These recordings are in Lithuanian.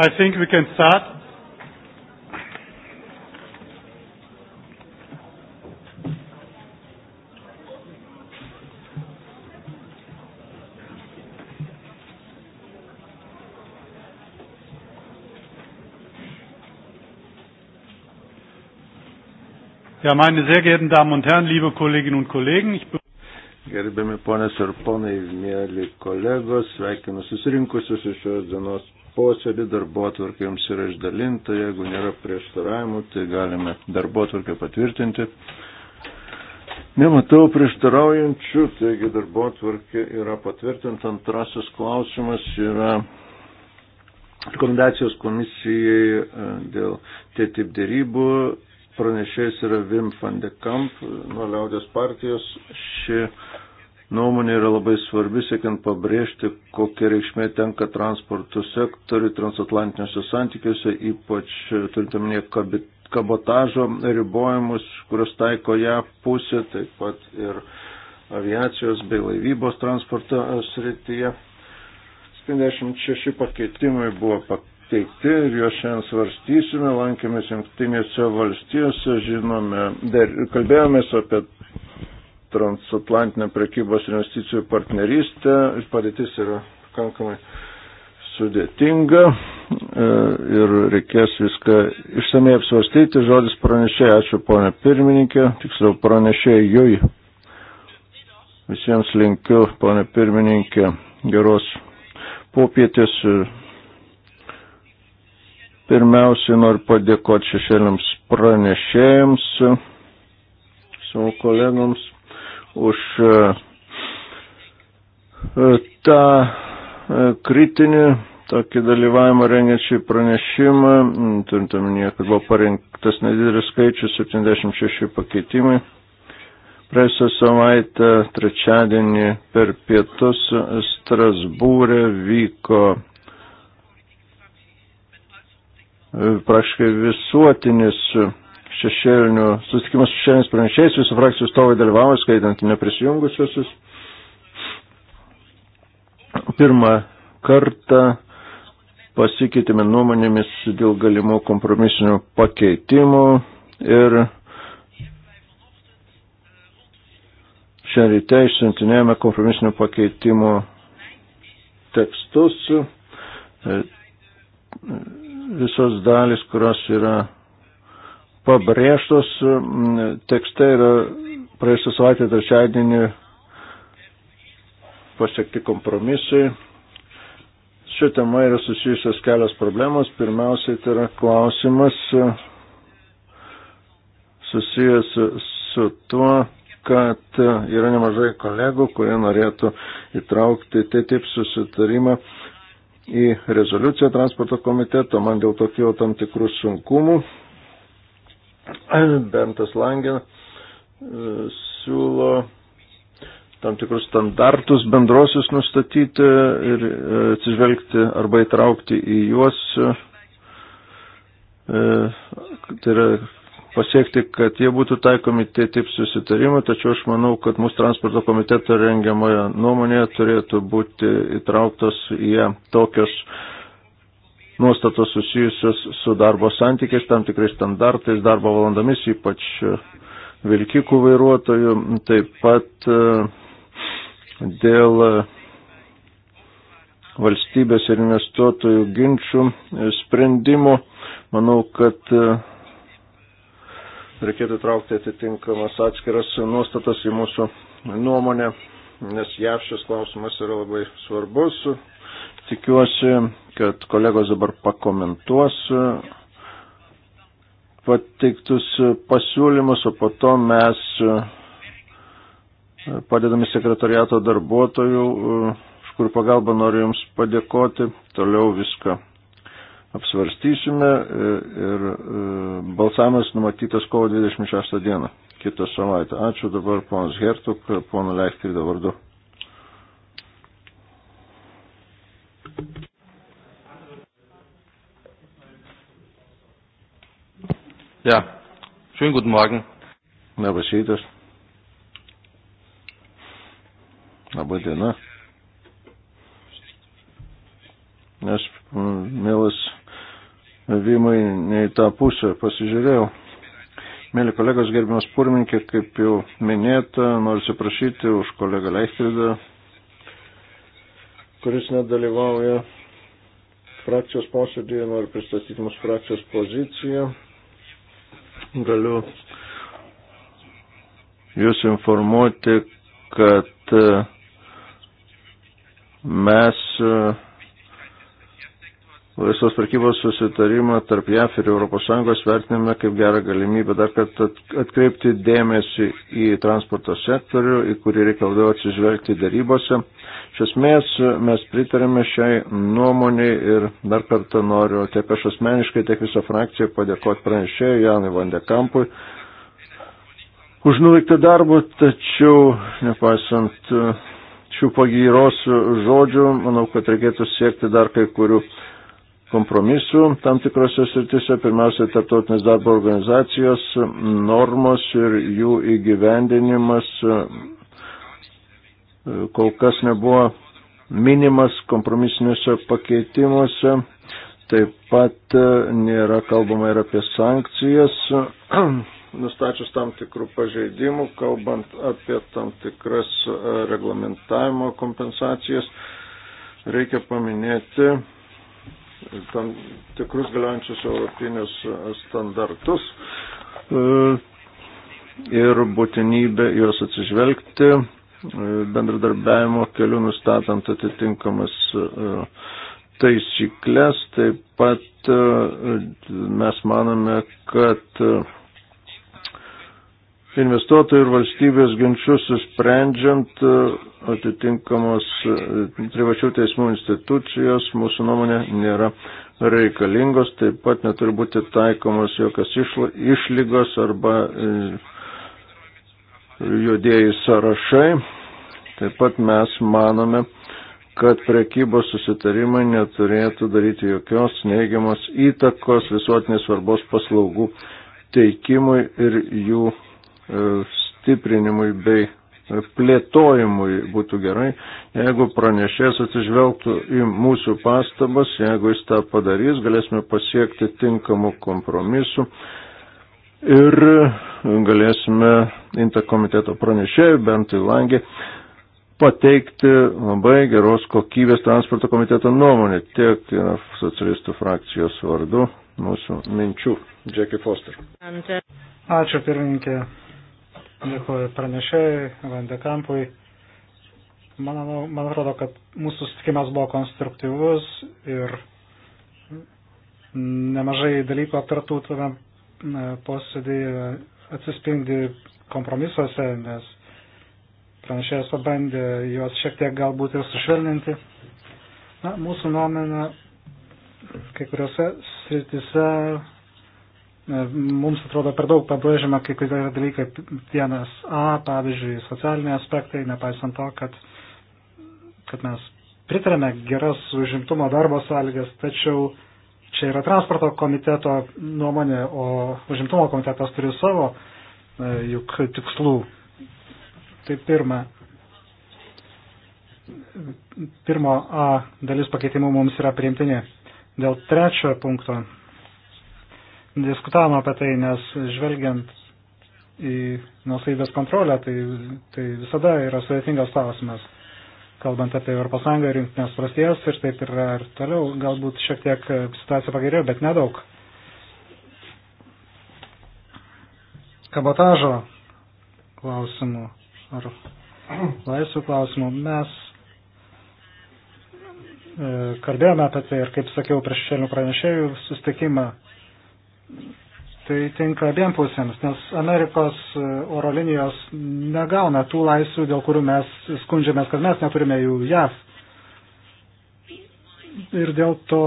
I think we can start. Ja, meine sehr geehrten Damen und Herren, liebe Kolleginnen und Kollegen, ich Gerbiami ponės ir ponai, mėly kolegos, sveikinu susirinkusius iš šios dienos posėdį, darbo atvarkė jums yra išdalinta, jeigu nėra prieštaravimų, tai galime darbo atvarkę patvirtinti. Nematau prieštaraujančių, taigi darbo atvarkė yra patvirtinta. Antrasis klausimas yra rekomendacijos komisijai e, dėl TTIP dėrybų. Pranešėjas yra Vim van de Kamp nuo liaudės partijos. Ši nuomonė yra labai svarbi, siekiant pabrėžti, kokia reikšmė tenka transporto sektoriui transatlantiniuose santykiuose, ypač e, turintaminė kabotažo ribojimus, kurios taiko ją pusė, taip pat ir aviacijos bei laivybos transporto e, srityje. 56 pakeitimai buvo pakeitimai teikti ir juos šiandien svarstysime, lankėmės jungtinėse valstijose, žinome, dar, kalbėjomės apie transatlantinę prekybos ir investicijų partnerystę. Padėtis yra pakankamai sudėtinga e, ir reikės viską išsamei apsvarstyti. Žodis pranešėjai, ačiū ponė pirmininkė, tiksliau pranešėjai jui. Visiems linkiu, ponė pirmininkė, geros popietės. Pirmiausiai noriu padėkoti šešėliams pranešėjams, savo kolegams už e, e, tą e, kritinį tokį dalyvavimą rengiant šį pranešimą, mm, turint omenyje, kad buvo parinktas nedidelis skaičius 76 pakeitimai. Praėjusią savaitę, trečiadienį per pietus Strasbūrė vyko praktiškai visuotinis šešėlinių, susitikimas su šešėliniais pranešėjais, visų frakcijų stovai dalyvavo, skaitant neprisijungusiusius. Pirmą kartą pasikeitėme nuomonėmis dėl galimų kompromisinių pakeitimų ir šiandien ryte išsiuntinėjome kompromisinių pakeitimų tekstus, visos dalis, kurios yra pabrėžtos tekste yra praėjusią savaitę trečiadienį pasiekti kompromisai. Šia tema yra susijusios kelios problemos. Pirmiausiai tai yra klausimas e, susijęs su tuo, kad yra nemažai kolegų, kurie norėtų įtraukti TTIP susitarimą į rezoliuciją transporto komiteto. Man dėl to kilo tam tikrų sunkumų. Bentas Langen e, siūlo tam tikrus standartus bendrosius nustatyti ir e, atsižvelgti arba įtraukti į juos. E, tai yra pasiekti, kad jie būtų taikomi tie taip susitarimai, tačiau aš manau, kad mūsų transporto komiteto rengiamoje nuomonėje turėtų būti įtrauktos į tokios uh, nuostatos susijusios su darbo santykiais, tam tikrais standartais, darbo valandomis, ypač e, vilkikų vairuotojų, taip pat e, dėl e, valstybės ir investuotojų ginčių sprendimų. Manau, kad reikėtų traukti atitinkamas atskiras nuostatas į mūsų nuomonę, nes jav šis klausimas yra labai svarbus Tikiuosi, kad kolegos dabar pakomentuos e, pateiktus e, pasiūlymus, o po to mes e, padedami sekretariato darbuotojų, už kur pagalbą noriu Jums padėkoti, toliau viską apsvarstysime ir balsavimas numatytas kovo 26 dieną, kitą savaitę. Ačiū dabar ponas Hertuk, pono Leichtrido vardu. Ja, schönen guten Morgen. Labas rytas. Labas diena. Aš, mielas Vimai, ne į tą pusę pasižiūrėjau. Mėly kolegos, gerbiamas pirmininkė, kaip jau minėta, noriu atsiprašyti už kolegą Leichtridą, kuris nedalyvauja frakcijos posėdėje, noriu pristatyti mūsų frakcijos poziciją. Galiu Jūs informuoti, kad mes laisvos prekybos susitarimą tarp JAF ir ES vertiname kaip gerą galimybę dar kartą atkreipti dėmesį į transporto sektorių, į kurį reikia labiau atsižvelgti darybose. Iš esmės mes pritarėme šiai nuomonį ir dar kartą noriu tiek aš asmeniškai, tiek visą frakciją padėkoti pranešėjui Janui Vandekampui už nuveiktą darbą, tačiau nepaisant uh, šių pagyros žodžių, manau, kad reikėtų siekti dar kai kurių kompromisų tam tikrose sritise, pirmiausia, tarptautinės darbo organizacijos normos ir jų įgyvendinimas kol kas nebuvo minimas kompromisiniuose pakeitimuose. Taip pat e, nėra kalbama ir apie sankcijas, nustačius tam tikrų pažeidimų, kalbant apie tam tikras e, reglamentavimo kompensacijas. Reikia paminėti tam tikrus galiojančius europinius standartus e, ir būtinybę juos atsižvelgti e, bendradarbiavimo keliu nustatant atitinkamas e, taisyklės. Taip pat mes manome, kad investuotojų ir valstybės ginčius sprendžiant e, atitinkamos e, privačių teismų institucijos mūsų nuomonė nėra reikalingos, taip pat neturi būti taikomos jokios išlygos arba e, judėjai sąrašai. Taip pat mes manome, kad prekybos susitarimai neturėtų daryti jokios neigiamos įtakos visuotinės svarbos paslaugų teikimui ir jų E, stiprinimui bei plėtojimui būtų gerai, jeigu pranešėjas atsižvelgtų į mūsų pastabas, jeigu jis tą padarys, galėsime pasiekti tinkamų kompromisų ir galėsime Inta komiteto pranešėjų, bent į langį, pateikti labai geros kokybės transporto komiteto nuomonę tiek socialistų frakcijos vardu mūsų minčių. Jackie Foster. Ačiū pirmininkė. Dėkuoju pranešėjai, Vandekampui. Man, man atrodo, kad mūsų susitikimas buvo konstruktyvus ir nemažai dalykų aptartų tame posėdėje atsispindi kompromisuose, nes pranešėjas pabandė juos šiek tiek galbūt ir sušvelninti. Na, mūsų nuomenė kai kuriuose sritise mums atrodo per daug pabrėžiama kai kurie dalykai vienas A, pavyzdžiui, socialiniai aspektai, nepaisant to, kad, kad mes pritarėme geras užimtumo darbo sąlygas, tačiau čia yra transporto komiteto nuomonė, o užimtumo komitetas turi savo e, juk tikslų. Tai pirma, pirmo A dalis pakeitimų mums yra priimtini. Dėl trečio punkto diskutavome apie tai, nes žvelgiant į nusaidės kontrolę, tai, tai visada yra sudėtingas klausimas, kalbant apie ES ir Junktinės valstijas ir taip yra ir toliau, galbūt šiek tiek situacija pagerėjo, bet nedaug. Kabotažo klausimų ar laisvų klausimų mes e, kalbėjome apie tai ir, kaip sakiau, prieš šešėlinių pranešėjų sustikimą tai tinka abiem pusėms, nes Amerikos e, oro linijos negauna tų laisvių, dėl kurių mes skundžiamės, kad mes neturime jų JAV. Ir dėl to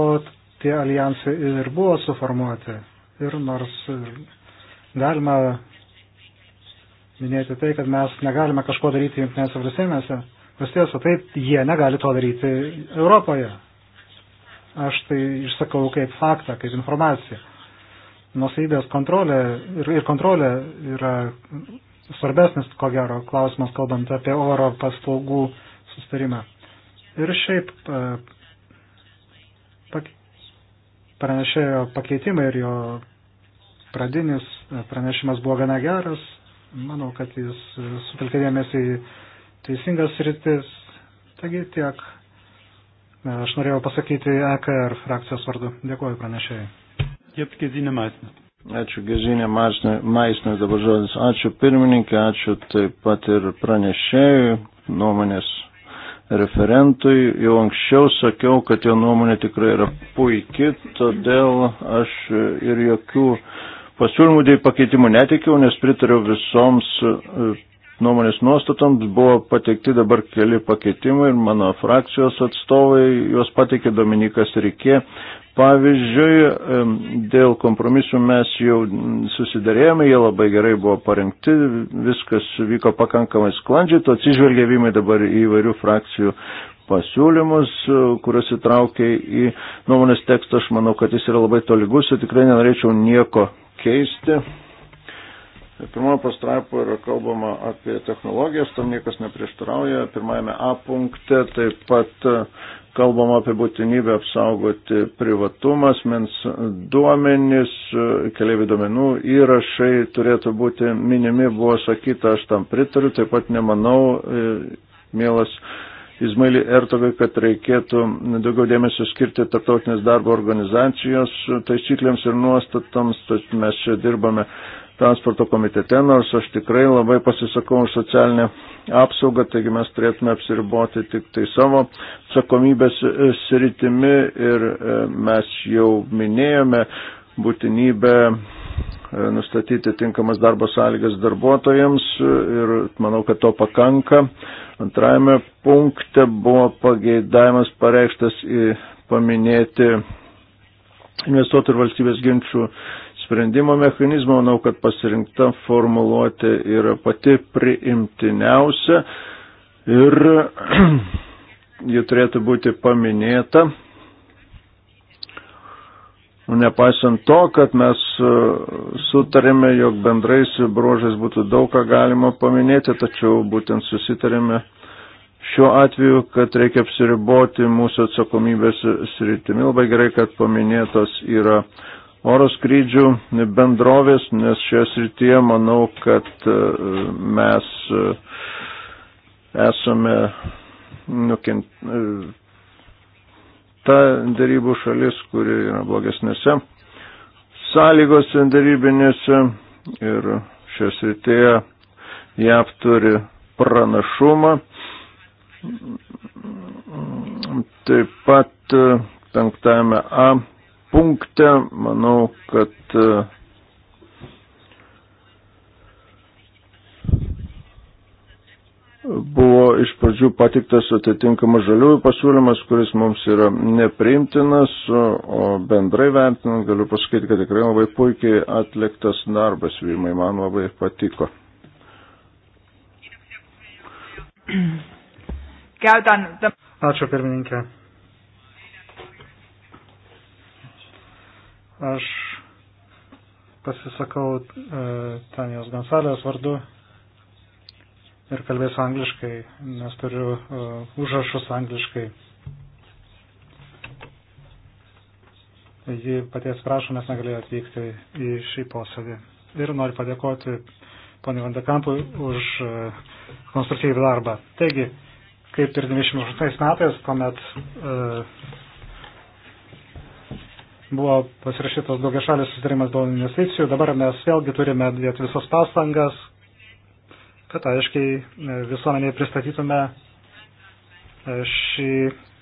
tie alijansai ir buvo suformuoti. Ir nors galima minėti tai, kad mes negalime kažko daryti jungtinėse valstybėse, valstybėse, taip jie negali to daryti Europoje. Aš tai išsakau kaip faktą, kaip informaciją nusaidės kontrolė ir, ir kontrolė yra svarbesnis, ko gero, klausimas, kalbant apie oro paslaugų sustarimą. Ir šiaip e, pranešėjo pakeitimai ir jo pradinis e, pranešimas buvo gana geras. Manau, kad jis e, sutelkė dėmesį į teisingas rytis. Taigi tiek. Aš norėjau pasakyti EKR frakcijos vardu. Dėkuoju pranešėjai. Jetzt Gesine Meisner. Ačiū Gezinė Maisnė dabar žodis. Ačiū pirmininkė, ačiū taip pat ir pranešėjui, nuomonės referentui. Jau anksčiau sakiau, kad jo nuomonė tikrai yra puikia, todėl aš ir jokių pasiūlymų dėl pakeitimų netikiau, nes pritariu visoms nuomonės nuostatoms buvo pateikti dabar keli pakeitimai ir mano frakcijos atstovai juos pateikė Dominikas Rikė. Pavyzdžiui, dėl kompromisų mes jau susidarėjome, jie labai gerai buvo parengti, viskas vyko pakankamai sklandžiai, to atsižvelgėvimai dabar į įvairių frakcijų pasiūlymus, kuriuos įtraukė į nuomonės tekstą, aš manau, kad jis yra labai tolygus ir tikrai nenorėčiau nieko keisti. Pirmojo pastraipo yra kalbama apie technologijas, tam niekas neprieštarauja. Pirmajame A punkte taip pat kalbama apie būtinybę apsaugoti privatumą, asmens duomenys, keliaivių duomenų įrašai turėtų būti minimi, buvo sakyta, aš tam pritariu, taip pat nemanau, mielas. Izmailį Ertogai, kad reikėtų daugiau dėmesio skirti tarptautinės darbo organizacijos taisyklėms ir nuostatams, tad mes čia dirbame transporto komitete, nors aš tikrai labai pasisakau už socialinę apsaugą, taigi mes turėtume apsiriboti tik tai savo atsakomybės e, sritimi ir e, mes jau minėjome būtinybę e, nustatyti tinkamas darbo sąlygas darbuotojams ir manau, kad to pakanka. Antrajame punkte buvo pageidavimas pareikštas į paminėti investuotojų ir valstybės ginčių sprendimo mechanizmą. Manau, kad pasirinkta formuluotė yra pati priimtiniausia ir ji turėtų būti paminėta. Nepaisant to, kad mes e, sutarėme, jog bendrais bruožais būtų daug ką galima paminėti, tačiau būtent susitarėme šiuo atveju, kad reikia apsiriboti mūsų atsakomybės sritimi. Labai gerai, kad paminėtos yra oro skrydžių bendrovės, nes šioje srityje manau, kad e, mes e, esame nukent... E, ta darybų šalis, kuri yra blogesnėse sąlygose darybinėse ir šioje srityje JAV turi pranašumą. Taip pat penktame A punkte. Manau, kad e, buvo iš pradžių patiktas atitinkamas žaliųjų pasiūlymas, kuris mums yra nepriimtinas, o bendrai vertinant galiu pasakyti, kad tikrai labai puikiai atliktas darbas, Vimai, man labai patiko. Ačiū pirmininkė. Aš pasisakau e, Tanijos Gonsalės vardu ir kalbėsiu angliškai, nes turiu e, užrašus angliškai. Ji paties prašo, nes negalėjo atvykti į šį posėdį. Ir noriu padėkoti ponį Vandekampui už e, konstruktyvų darbą. Taigi, kaip ir 98 metais, kuomet uh, buvo pasirašytas daugiašalis susitarimas dėl investicijų. Dabar mes vėlgi turime dėti visas pastangas, kad aiškiai e, visuomeniai pristatytume e, šį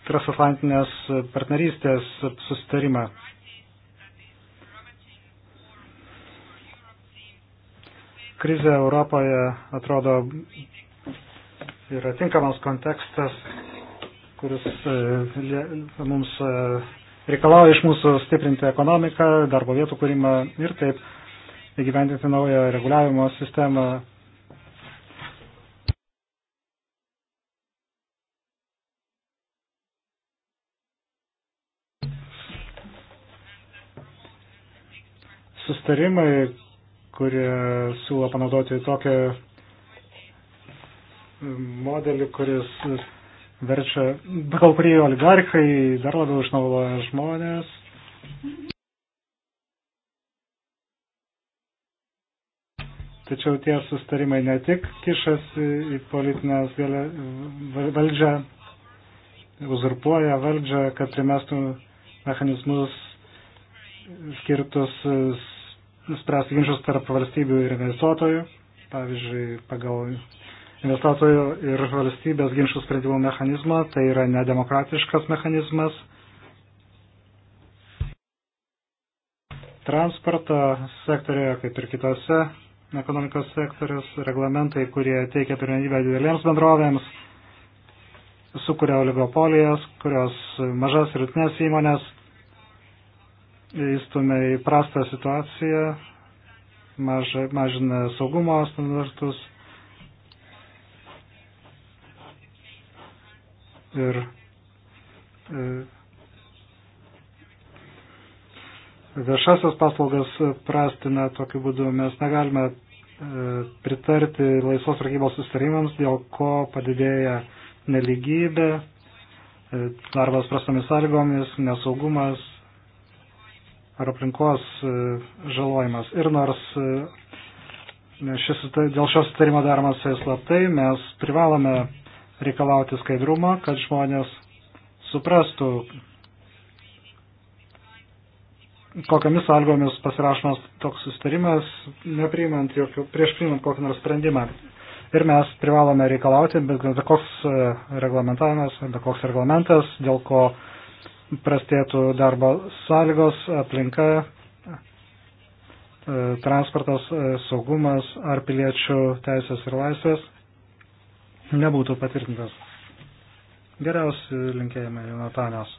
transatlantinės partnerystės susitarimą. Krizė Europoje atrodo yra tinkamas kontekstas, kuris e, mums reikalauja iš mūsų stiprinti ekonomiką, darbo vietų kūrimą ir taip įgyvendinti naują reguliavimo sistemą. Sustarimai, kurie siūlo panaudoti tokią modelį, kuris verčia, kol kurie oligarchai dar labiau išnaudoja žmonės. Tačiau tie sustarimai ne tik kišasi į politinę valdžią, uzurpuoja valdžią, kad primestų mechanizmus skirtus spręsti ginčius tarp valstybių ir investuotojų, pavyzdžiui, pagal investuotojų ir valstybės ginčių sprendimų mechanizmą. Tai yra nedemokratiškas mechanizmas. Transporto sektorėje, kaip ir kitose ekonomikos sektorius, reglamentai, kurie teikia pirmenybę didelėms bendrovėms, sukuria oligopolijas, kurios mažas ir rutinės įmonės įstumia į prastą situaciją, maž, mažina saugumo standartus, ir e, viešasios paslaugas prastina tokiu būdu. Mes negalime e, pritarti laisvos prekybos sustarimams, dėl ko padidėja neligybė, e, darbas prastomis sąlygomis, nesaugumas ar aplinkos žalojimas. Ir nors šis, dėl šios sustarimo daromas slaptai, mes privalome reikalauti skaidrumo, kad žmonės suprastų, kokiamis sąlygomis pasirašomas toks sustarimas, nepriimant jokių, prieš priimant kokį nors sprendimą. Ir mes privalome reikalauti, bet bet koks e, reglamentavimas, bet koks reglamentas, dėl ko prastėtų darbo sąlygos, aplinka, e, transportas, e, saugumas ar piliečių teisės ir laisvės nebūtų patvirtintas. Geriausi linkėjimai Jonatanios.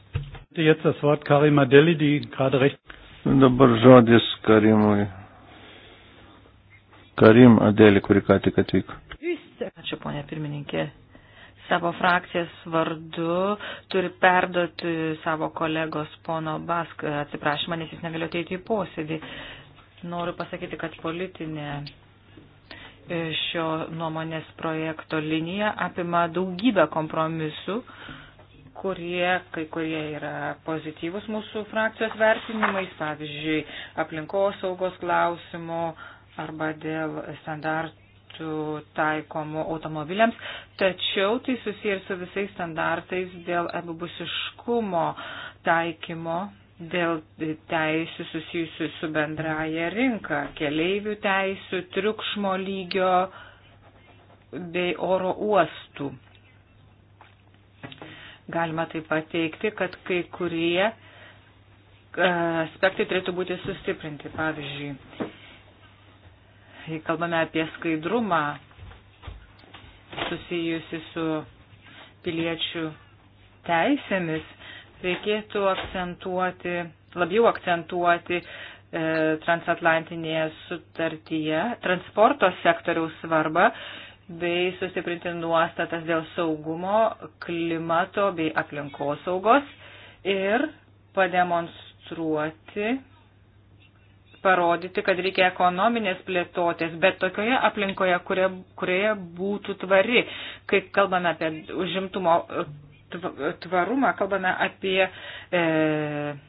Dabar žodis Karimui. Karim Adeli, kuri ką tik atvyko. Ačiū, ponė pirmininkė. Savo frakcijos vardu turi perduoti savo kolegos pono Bask atsiprašymą, nes jis negalėjo ateiti į posėdį. Noriu pasakyti, kad politinė šio nuomonės projekto linija apima daugybę kompromisų, kurie, kai kurie yra pozityvus mūsų frakcijos vertinimais, pavyzdžiui, aplinkosaugos klausimų arba dėl standartų taikomų automobiliams, tačiau tai susiję ir su visais standartais dėl abipusiškumo taikymo dėl teisų susijusių su bendraja rinka, keleivių teisų, triukšmo lygio bei oro uostų. Galima taip pat teikti, kad kai kurie e, aspektai turėtų būti sustiprinti. Pavyzdžiui, jei kalbame apie skaidrumą susijusi su piliečių teisėmis, reikėtų akcentuoti, labiau akcentuoti e, transatlantinėje sutartyje transporto sektoriaus svarbą bei sustiprinti nuostatas dėl saugumo, klimato bei aplinkosaugos ir pademonstruoti, parodyti, kad reikia ekonominės plėtotės, bet tokioje aplinkoje, kurioje, kurioje būtų tvari, kai kalbame apie užimtumo tvarumą, kalbame apie e,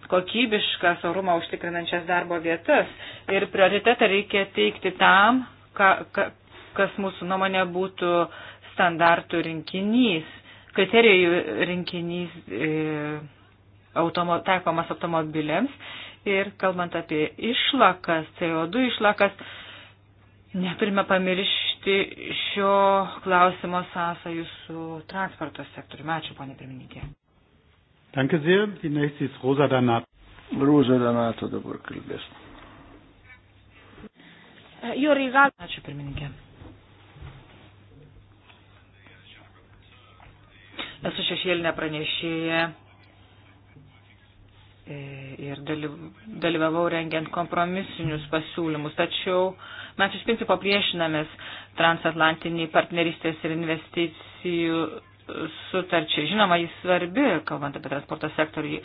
kokybišką saurumą užtikrinančias darbo vietas ir prioritetą reikia teikti tam, ka, ka, kas mūsų nuomonė būtų standartų rinkinys, kriterijų rinkinys e, automo, taikomas automobiliams ir kalbant apie išlakas, CO2 išlakas, neturime pamiršti išvelgti šio klausimo sąsajų su transporto sektoriumi. Ačiū, ponė pirmininkė. Danke sehr. Die nächste ist Rosa Danato. Rosa Danato dabar kalbės. Jūri, uh, gal. Ačiū, pirmininkė. Esu šešėlinė pranešėja e, ir dalyvavau rengiant kompromisinius pasiūlymus, tačiau uh, Mes iš principo priešinamės transatlantiniai partnerystės ir investicijų sutarčiai. Žinoma, jis svarbi, kalbant apie transporto sektorių.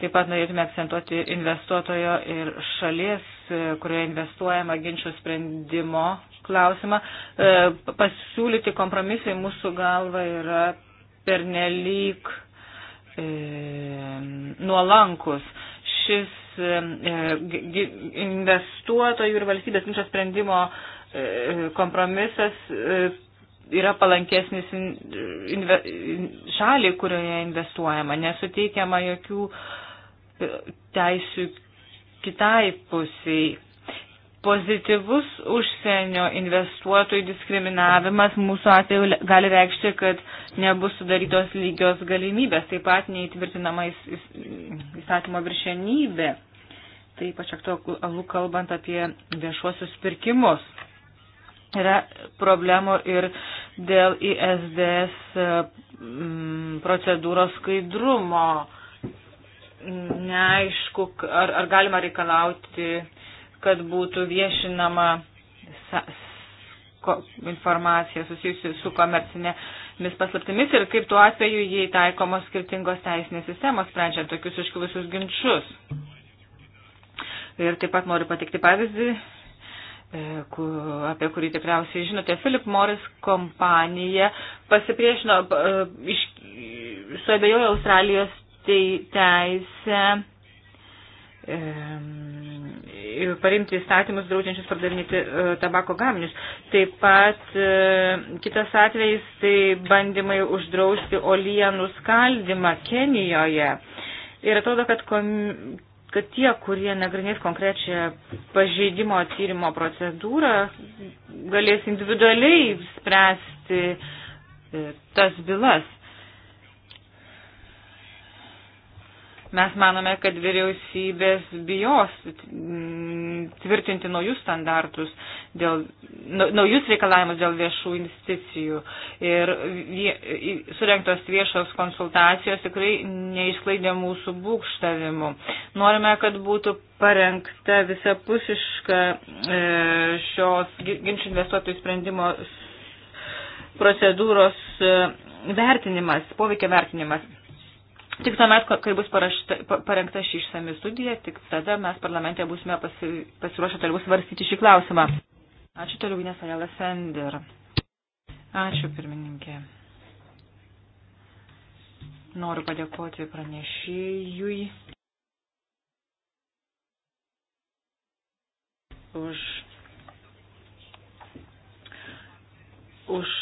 Taip pat norėtume akcentuoti investuotojo ir šalies, kurioje investuojama ginčių sprendimo klausimą. E, pasiūlyti kompromisai mūsų galva yra pernelyg e, nuolankus šis e, investuotojų ir valstybės ginčio sprendimo e, kompromisas e, yra palankesnis šaliai, kurioje investuojama, nesuteikiama jokių teisių kitai pusiai pozityvus užsienio investuotojų diskriminavimas mūsų atveju gali reikšti, kad nebus sudarytos lygios galimybės, taip pat neįtvirtinama įstatymo viršenybė. Tai ypač aktualu kalbant apie viešuosius pirkimus. Yra problemų ir dėl ISDS e, procedūros skaidrumo. Neaišku, ar, ar galima reikalauti kad būtų viešinama informacija susijusi su komercinėmis paslaptimis ir kaip tuo atveju jį taikomos skirtingos teisinės sistemos, sprendžiant tokius iškilusius ginčius. Ir taip pat noriu patikti pavyzdį, e, apie kurį tikriausiai žinote. Philip Morris kompanija pasipriešino, e, iš, suabejojo Australijos teisę. Um, paremti įstatymus draudžiančius pardavinėti e, tabako gaminius. Taip pat e, kitas atvejis tai bandymai uždrausti olienų skaldimą Kenijoje. Ir atrodo, kad, kom, kad tie, kurie nagrinės konkrečią pažeidimo tyrimo procedūrą, galės individualiai spręsti e, tas bylas. Mes manome, kad vyriausybės bijos tvirtinti naujus standartus, dėl, naujus reikalavimus dėl viešų investicijų. Ir vie, surinktos viešos konsultacijos tikrai neišklaidė mūsų būkštavimų. Norime, kad būtų parengta visapusiška e, šios ginčių investuotojų sprendimo procedūros e, vertinimas, poveikio vertinimas Tik tuomet, kai bus parašta, parengta ši išsami studija, tik tada mes parlamente būsime pasi, pasiruošę toliau svarstyti šį klausimą. Ačiū toliau, Ines Ajala Sender. Ačiū, pirmininkė. Noriu padėkoti pranešėjui už už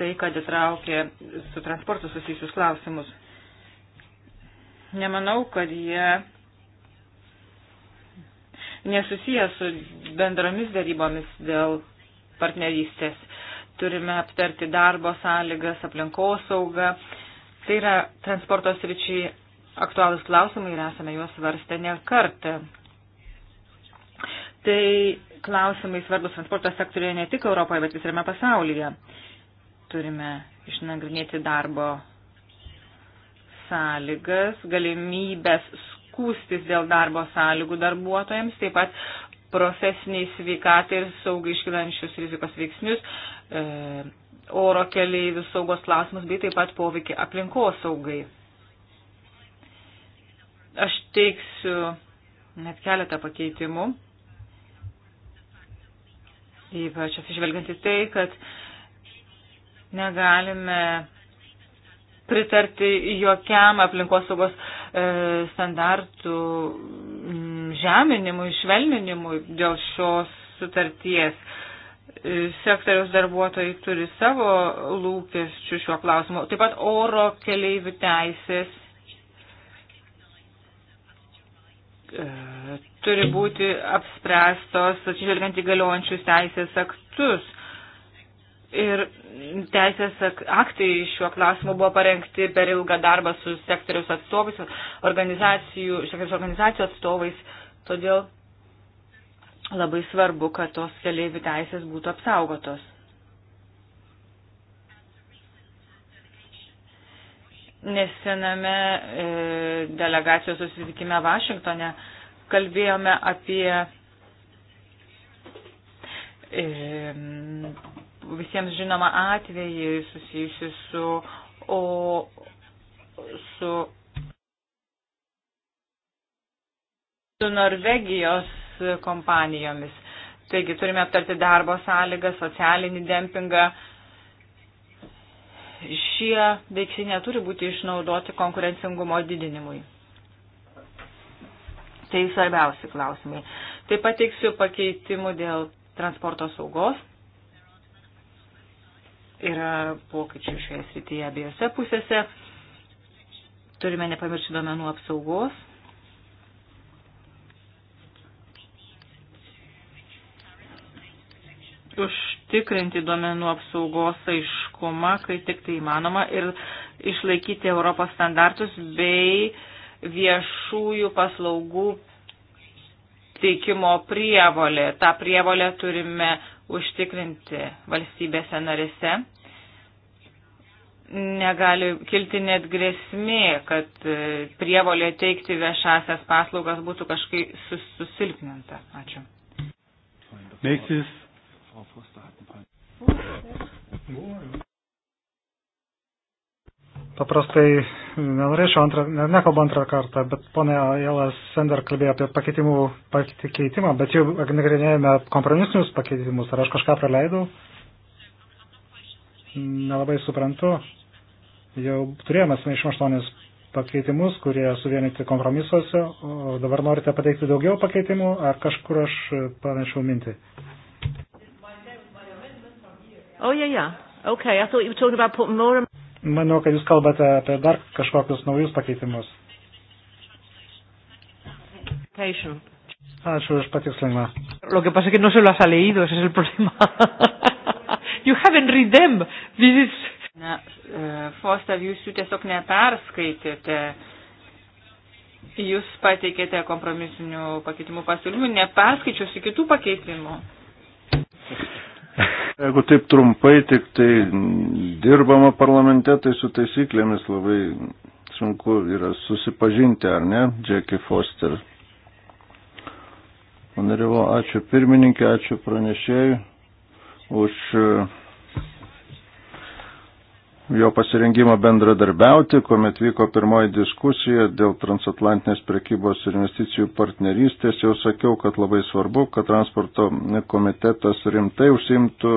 tai, kad įtraukė su transportu susijusius klausimus. Nemanau, kad jie nesusiję su bendromis darybomis dėl partnerystės. Turime aptarti darbo sąlygas, aplinkosaugą. Tai yra transporto sričiai aktualūs klausimai ir esame juos svarstę ne kartą. Tai klausimai svarbus transporto sektorėje ne tik Europoje, bet visame pasaulyje. Turime išnagrinėti darbo sąlygas, galimybės skūstis dėl darbo sąlygų darbuotojams, taip pat profesiniai sveikatai ir saugai iškilančius rizikos veiksnius, e, oro keliaivių saugos klausimus, bei taip pat poveikį aplinkos saugai. Aš teiksiu net keletą pakeitimų, ypač atsižvelgiant į tai, kad negalime pritarti jokiam aplinkosaugos e, standartų žeminimui, švelninimui dėl šios sutarties. E, sektoriaus darbuotojai turi savo lūkesčių šiuo klausimu. Taip pat oro keleivių teisės e, turi būti apspręstos atsižvelgiant į galiojančius teisės aktus. Ir teisės aktai šiuo klausimu buvo parengti per ilgą darbą su sektoriaus atstovais, organizacijų, sektoriaus organizacijų atstovais. Todėl labai svarbu, kad tos keliaivių teisės būtų apsaugotos. Nesename e, delegacijos susitikime Vašingtone kalbėjome apie e, visiems žinoma atvejį susijusi su, o, su, su Norvegijos kompanijomis. Taigi turime aptarti darbo sąlygą, socialinį dempingą. Šie veiksniai neturi būti išnaudoti konkurencingumo didinimui. Tai svarbiausi klausimai. Taip pat teiksiu pakeitimų dėl transporto saugos Yra pokyčių šioje srityje abiejose pusėse. Turime nepamiršti duomenų apsaugos. Užtikrinti duomenų apsaugos aiškumą, kai tik tai įmanoma, ir išlaikyti Europos standartus bei viešųjų paslaugų teikimo prievolė. Ta prievolė turime užtikrinti valstybėse narėse. Negali kilti net grėsmė, kad e, prievolė teikti viešasias paslaugas būtų kažkaip sus, susilpninta. Ačiū. Nächstes paprastai nenorėčiau antrą, nekalbu antrą kartą, bet ponia Jelas Sender kalbėjo apie pakeitimų pakeitimą, bet jau nagrinėjame kompromisinius pakeitimus. Ar aš kažką praleidau? Nelabai suprantu. Jau turėjome 78 pakeitimus, kurie suvienyti kompromisuose, o dabar norite pateikti daugiau pakeitimų, ar kažkur aš panašiau mintį? Oh, yeah, yeah. Okay, I thought you were talking about putting more... Manau, kad jūs kalbate apie dar kažkokius naujus pakeitimus. Ačiū už patikslinimą. Lo que pasa es que no se lo has leído, ese es el problema. you haven't read them. This is... Na, e, Fostav, jūs jų tiesiog neperskaitėte. Jūs pateikėte kompromisinių pakeitimų pasiūlymų, neperskaičiuosi kitų pakeitimų. Jeigu taip trumpai tik tai dirbama parlamente, tai su taisyklėmis labai sunku yra susipažinti, ar ne, Jackie Foster. Panerevo, ačiū pirmininkė, ačiū pranešėjai už. Uh, jo pasirengimo bendradarbiauti, kuomet vyko pirmoji diskusija dėl transatlantinės prekybos ir investicijų partnerystės, jau sakiau, kad labai svarbu, kad transporto komitetas rimtai užsimtų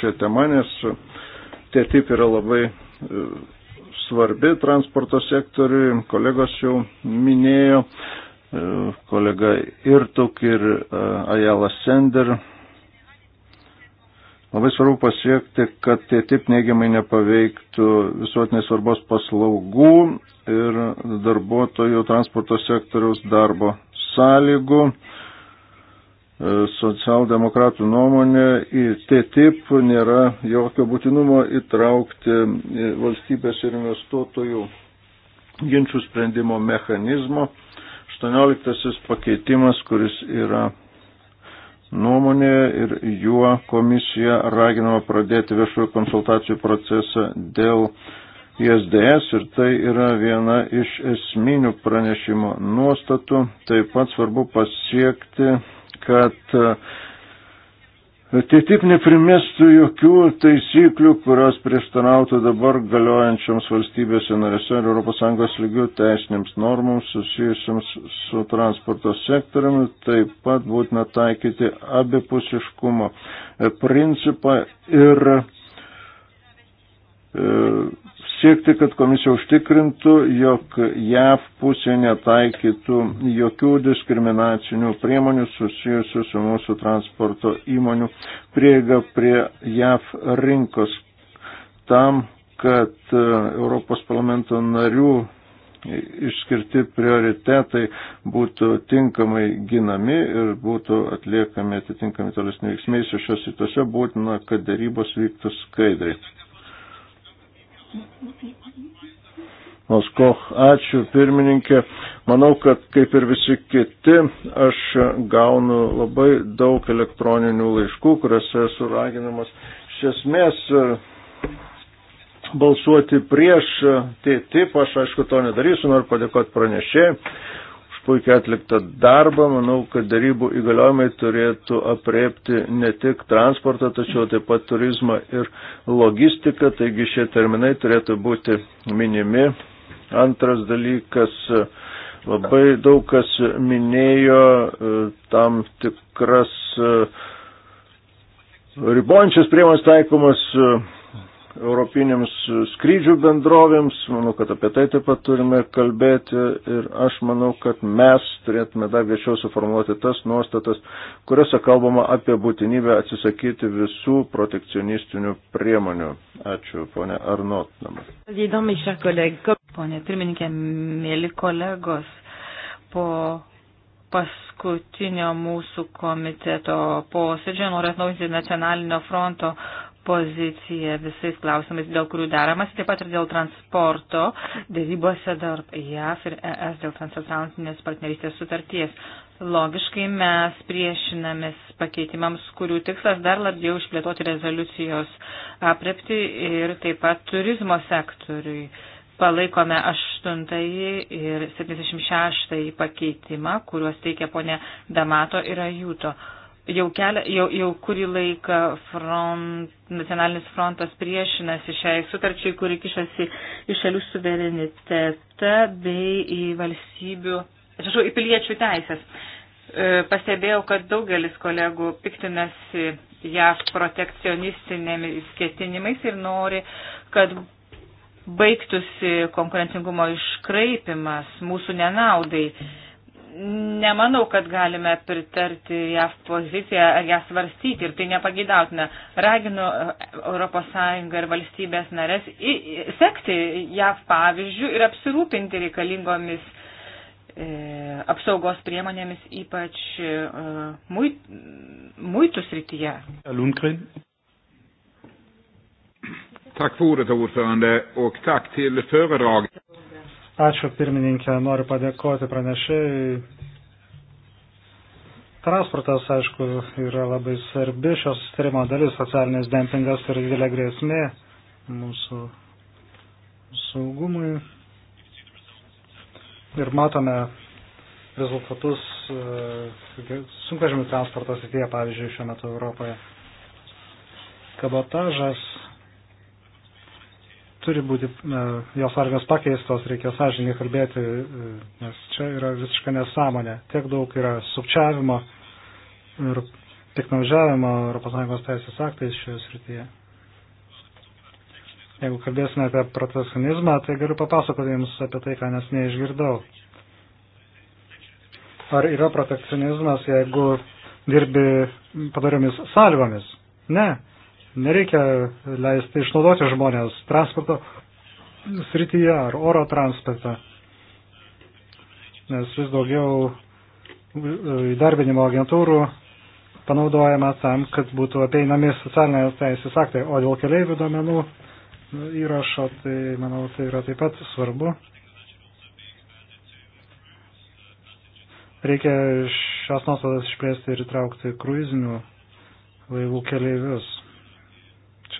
šią temą, nes tie tip yra labai e, svarbi transporto sektoriui, kolegos jau minėjo, e, kolega Irtuk ir e, Ajala Sender Labai svarbu pasiekti, kad tai taip neigiamai nepaveiktų visuotinės svarbos paslaugų ir darbuotojų transporto sektoriaus darbo sąlygų. E, socialdemokratų nuomonė į TTIP nėra jokio būtinumo įtraukti e, valstybės ir investuotojų ginčių sprendimo mechanizmo. 18 pakeitimas, kuris yra nuomonė ir juo komisija raginama pradėti viešųjų konsultacijų procesą dėl ISDS ir tai yra viena iš esminių pranešimo nuostatų. Taip pat svarbu pasiekti, kad Tai taip neprimestų jokių taisyklių, kurios prieštarautų dabar galiojančioms valstybėse narėse ir ES lygių teisinėms normoms susijusiams su transporto sektoriumi. Taip pat būtina taikyti abipusiškumo principą ir e, siekti, kad komisija užtikrintų, jog JAV pusė netaikytų jokių diskriminacinių priemonių susijusių su mūsų transporto įmonių prieiga prie JAV rinkos tam, kad e, Europos parlamento narių išskirti prioritetai būtų tinkamai ginami ir būtų atliekami atitinkami tolesni veiksmai. Šios situose būtina, kad darybos vyktų skaidriai. Moskoch, ačiū pirmininkė. Manau, kad kaip ir visi kiti, aš gaunu labai daug elektroninių laiškų, kuriuose esu raginamas iš esmės e, balsuoti prieš e, TTIP. Aš aišku to nedarysiu, noriu padėkoti pranešėjai puikiai atliktą darbą. Manau, kad darybų įgaliojimai turėtų apriepti ne tik transportą, tačiau taip pat turizmą ir logistiką. Taigi šie terminai turėtų būti minimi. Antras dalykas. Labai daug kas minėjo e, tam tikras e, ribojančias priemonės taikomas e, europinėms skrydžių bendrovėms. Manau, kad apie tai taip pat turime kalbėti ir aš manau, kad mes turėtume dar viešiau suformuoti tas nuostatas, kuriuose kalbama apie būtinybę atsisakyti visų protekcionistinių priemonių. Ačiū, ponė Arnot. Ponė pirmininkė, mėly kolegos, po paskutinio mūsų komiteto posėdžio noriu atnaujinti nacionalinio fronto poziciją visais klausimais, dėl kurių deramas, taip pat ir dėl transporto dėrybose tarp JAF ir ES dėl transatlantinės partnerystės sutarties. Logiškai mes priešinamės pakeitimams, kurių tikslas dar labiau išplėtoti rezoliucijos aprepti ir taip pat turizmo sektoriui. Palaikome 8 ir 76 pakeitimą, kuriuos teikia ponė Damato ir Ajuto. Jau, kelia, jau, jau kurį laiką front, nacionalinis frontas priešinasi šiai sutarčiai, kuri kišasi į šalių suverenitetą bei į valstybių, atsiprašau, į piliečių teisės. E, pastebėjau, kad daugelis kolegų piktinasi JAV protekcionistinėmis ketinimais ir nori, kad baigtųsi konkurencingumo iškraipimas mūsų nenaudai. Nemanau, kad galime pritarti JAV poziciją ar ją svarstyti ir tai nepagidautina. Raginu ES ir valstybės narės sekti JAV pavyzdžių ir apsirūpinti reikalingomis e, apsaugos priemonėmis, ypač e, muit, muitų srityje. Lundgren. Tack för ordet, ordförande, och tack till föredraget. Ačiū pirmininkė, noriu padėkoti pranešėjai. Transportas, aišku, yra labai svarbi šios sustarimo dalis, socialinis dempingas yra didelė grėsmė mūsų saugumui. Ir matome rezultatus e, sunkvežimių transporto srityje, pavyzdžiui, šiuo metu Europoje. Kabotažas turi būti jos armijos pakeistos, reikia sąžininkai kalbėti, e, nes čia yra visiška nesąmonė. Tiek daug yra sukčiavimo ir piknaudžiavimo ES teisės aktais šioje srityje. Jeigu kalbėsime apie protekcionizmą, tai galiu papasakoti Jums apie tai, ką nes neišgirdau. Ar yra protekcionizmas, jeigu dirbi padariomis sąlygomis? Ne Nereikia leisti išnaudoti žmonės transporto srityje ar oro transporte, nes vis daugiau e, įdarbinimo agentūrų panaudojama tam, kad būtų apeinami socialinės teisės aktai, o dėl keliaivių duomenų įrašo, tai manau, tai yra taip pat svarbu. Reikia šios nuostatas išplėsti ir įtraukti kruizinių laivų keleivius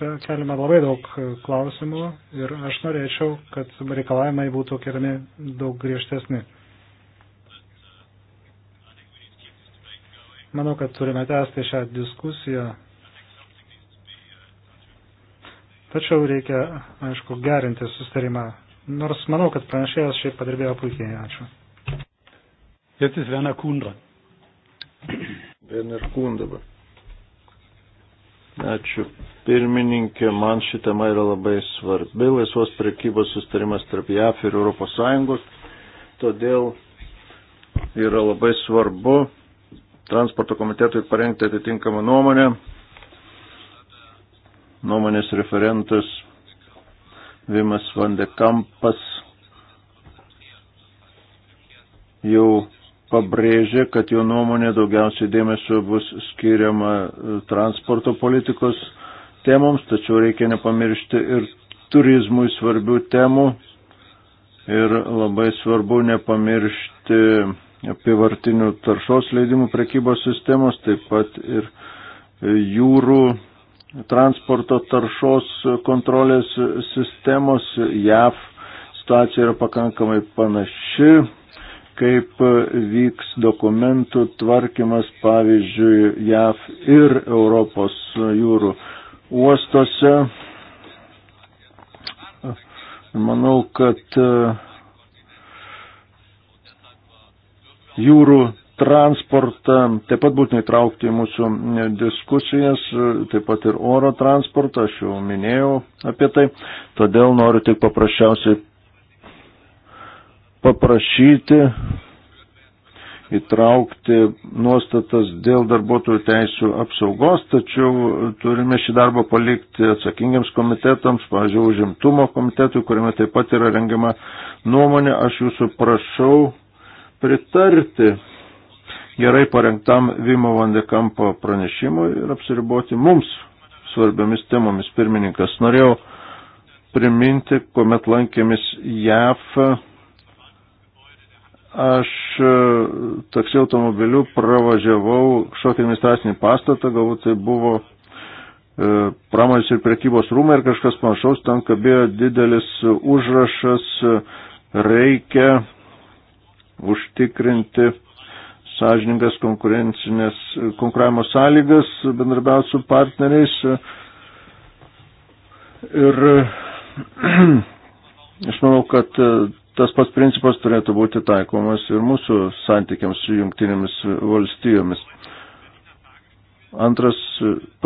čia keliame labai daug e, klausimų ir aš norėčiau, kad reikalavimai būtų keliami daug griežtesni. Manau, kad turime tęsti šią diskusiją. Tačiau reikia, aišku, gerinti sustarimą. Nors manau, kad pranešėjas šiaip padirbėjo puikiai. Ačiū. Jetzt ist Werner Kuhn dran. Werner Kuhn dabar. Ačiū. Pirmininkė, man ši tema yra labai svarbi. Laisvos prekybos sustarimas tarp JAF ir ES. Todėl yra labai svarbu transporto komitetui parengti atitinkamą nuomonę. Nuomonės referentas Vimas Vandekampas jau pabrėžė, kad jo nuomonė daugiausiai dėmesio bus skiriama e, transporto politikos temoms, tačiau reikia nepamiršti ir turizmui svarbių temų ir labai svarbu nepamiršti apivartinių taršos leidimų prekybos sistemos, taip pat ir e, jūrų transporto taršos kontrolės sistemos. JAV situacija yra pakankamai panaši kaip e, vyks dokumentų tvarkymas, pavyzdžiui, JAV ir Europos jūrų uostose. Manau, kad e, jūrų transportą taip pat būtinai traukti į mūsų diskusijas, e, taip pat ir oro transportą, aš jau minėjau apie tai, todėl noriu tik paprasčiausiai paprašyti įtraukti nuostatas dėl darbuotojų teisų apsaugos, tačiau turime šį darbą palikti atsakingiams komitetams, pavyzdžiui, užimtumo komitetui, kuriame taip pat yra rengiama nuomonė. Aš jūsų prašau pritarti gerai parengtam Vimo Vandekampo pranešimui ir apsiriboti mums svarbiomis temomis. Pirmininkas, norėjau priminti, kuomet lankėmis JAF Aš e, taksi automobiliu pravažiavau kažkokį administracinį pastatą, galbūt tai buvo e, pramonės ir prekybos rūmai ir kažkas panašaus, ten kabėjo didelis užrašas, e, reikia užtikrinti sąžiningas konkurencinės konkuravimo sąlygas bendrabiauti su partneriais. Ir aš manau, kad tas pats principas turėtų būti taikomas ir mūsų santykiams su jungtinėmis valstijomis. Antras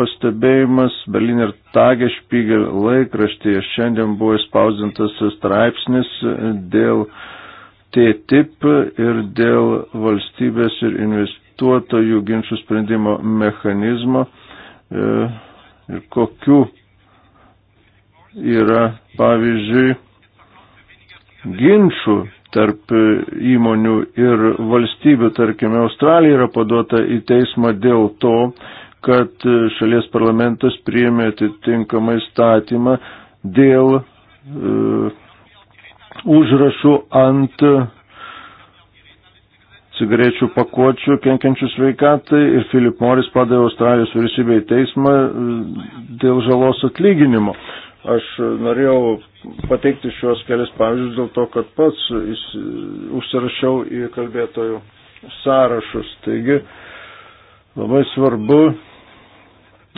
pastebėjimas Berliner Tagespiegel laikraštyje šiandien buvo įspausdintas straipsnis dėl TTIP ir dėl valstybės ir investuotojų ginčių sprendimo mechanizmo e, ir kokių yra, pavyzdžiui, ginčių tarp įmonių ir valstybių. Tarkime, Australija yra paduota į teismą dėl to, kad šalies parlamentas priėmė atitinkamą įstatymą dėl e, užrašų ant cigarečių pakuočių kenkiančių sveikatai ir Philip Morris padavė Australijos vyriausybę į teismą e, dėl žalos atlyginimo. E, Aš norėjau pateikti šiuos kelias pavyzdžius dėl to, kad pats užsirašiau į kalbėtojų sąrašus. Taigi labai svarbu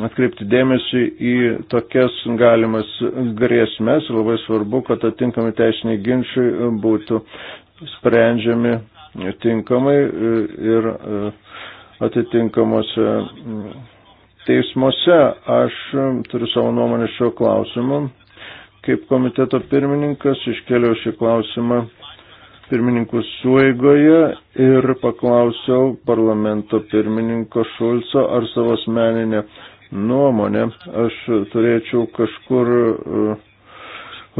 atkreipti dėmesį į tokias galimas grėsmės ir labai svarbu, kad atinkami teisiniai ginčiai būtų sprendžiami tinkamai ir e, atitinkamuose teismuose. Aš um, turiu savo nuomonę šio klausimu. Kaip komiteto pirmininkas iškėliau šį klausimą pirmininkų suėgoje ir paklausiau parlamento pirmininko Šulco ar savo asmeninę nuomonę. Aš turėčiau kažkur uh,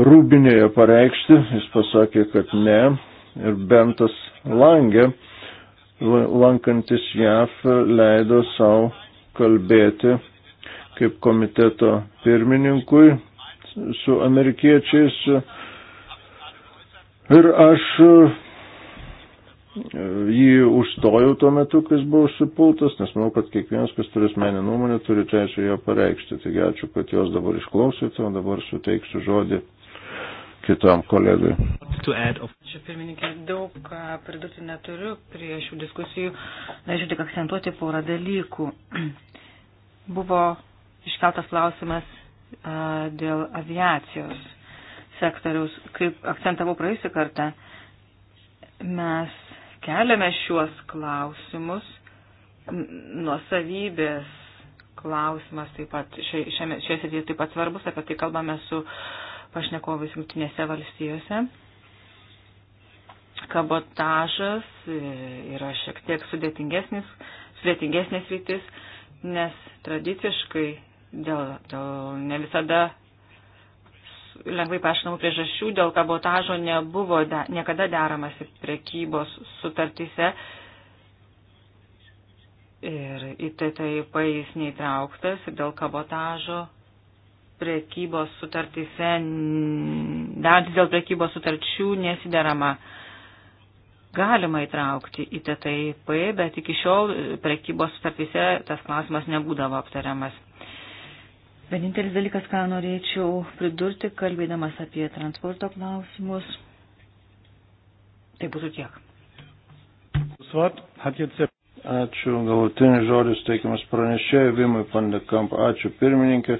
rūbinėje pareikšti, jis pasakė, kad ne. Ir Bentas Langė, lankantis JAF, leido savo kalbėti kaip komiteto pirmininkui su amerikiečiais. Ir aš e, jį užstojau tuo metu, kai jis buvo užsipultas, nes manau, kad kiekvienas, kas turi asmenį nuomonę, turi teisę ją pareikšti. Taigi ačiū, kad jos dabar išklausėte, o dabar suteiksiu žodį kitam kolegai. Ačiū pirmininkė, daug ką pridurti neturiu prie šių diskusijų. Norėčiau tik akcentuoti porą dalykų. Buvo iškeltas klausimas a, dėl aviacijos sektoriaus. Kaip akcentavau praėjusią kartą, mes keliame šiuos klausimus nuosavybės klausimas taip pat, šioje srityje taip pat svarbus, apie tai kalbame su uh, pašnekovais jungtinėse valstijose. Kabotažas e, yra šiek tiek sudėtingesnis, sudėtingesnės rytis, nes tradiciškai dėl, dėl ne visada lengvai paaiškinamų priežasčių dėl kabotažo nebuvo de, niekada deramasi prekybos sutartyse ir į tai taip jis neįtrauktas ir dėl kabotažo prekybos sutartyse, darantis dėl prekybos sutarčių nesiderama. Galima įtraukti į TTIP, bet iki šiol prekybos sutartyse tas klausimas nebūdavo aptariamas. Vienintelis dalykas, ką norėčiau pridurti, kalbėdamas apie transporto klausimus, tai būtų tiek. Ačiū, galutinis žodis teikiamas pranešėjai Vimui Pandekamp. Ačiū pirmininkė.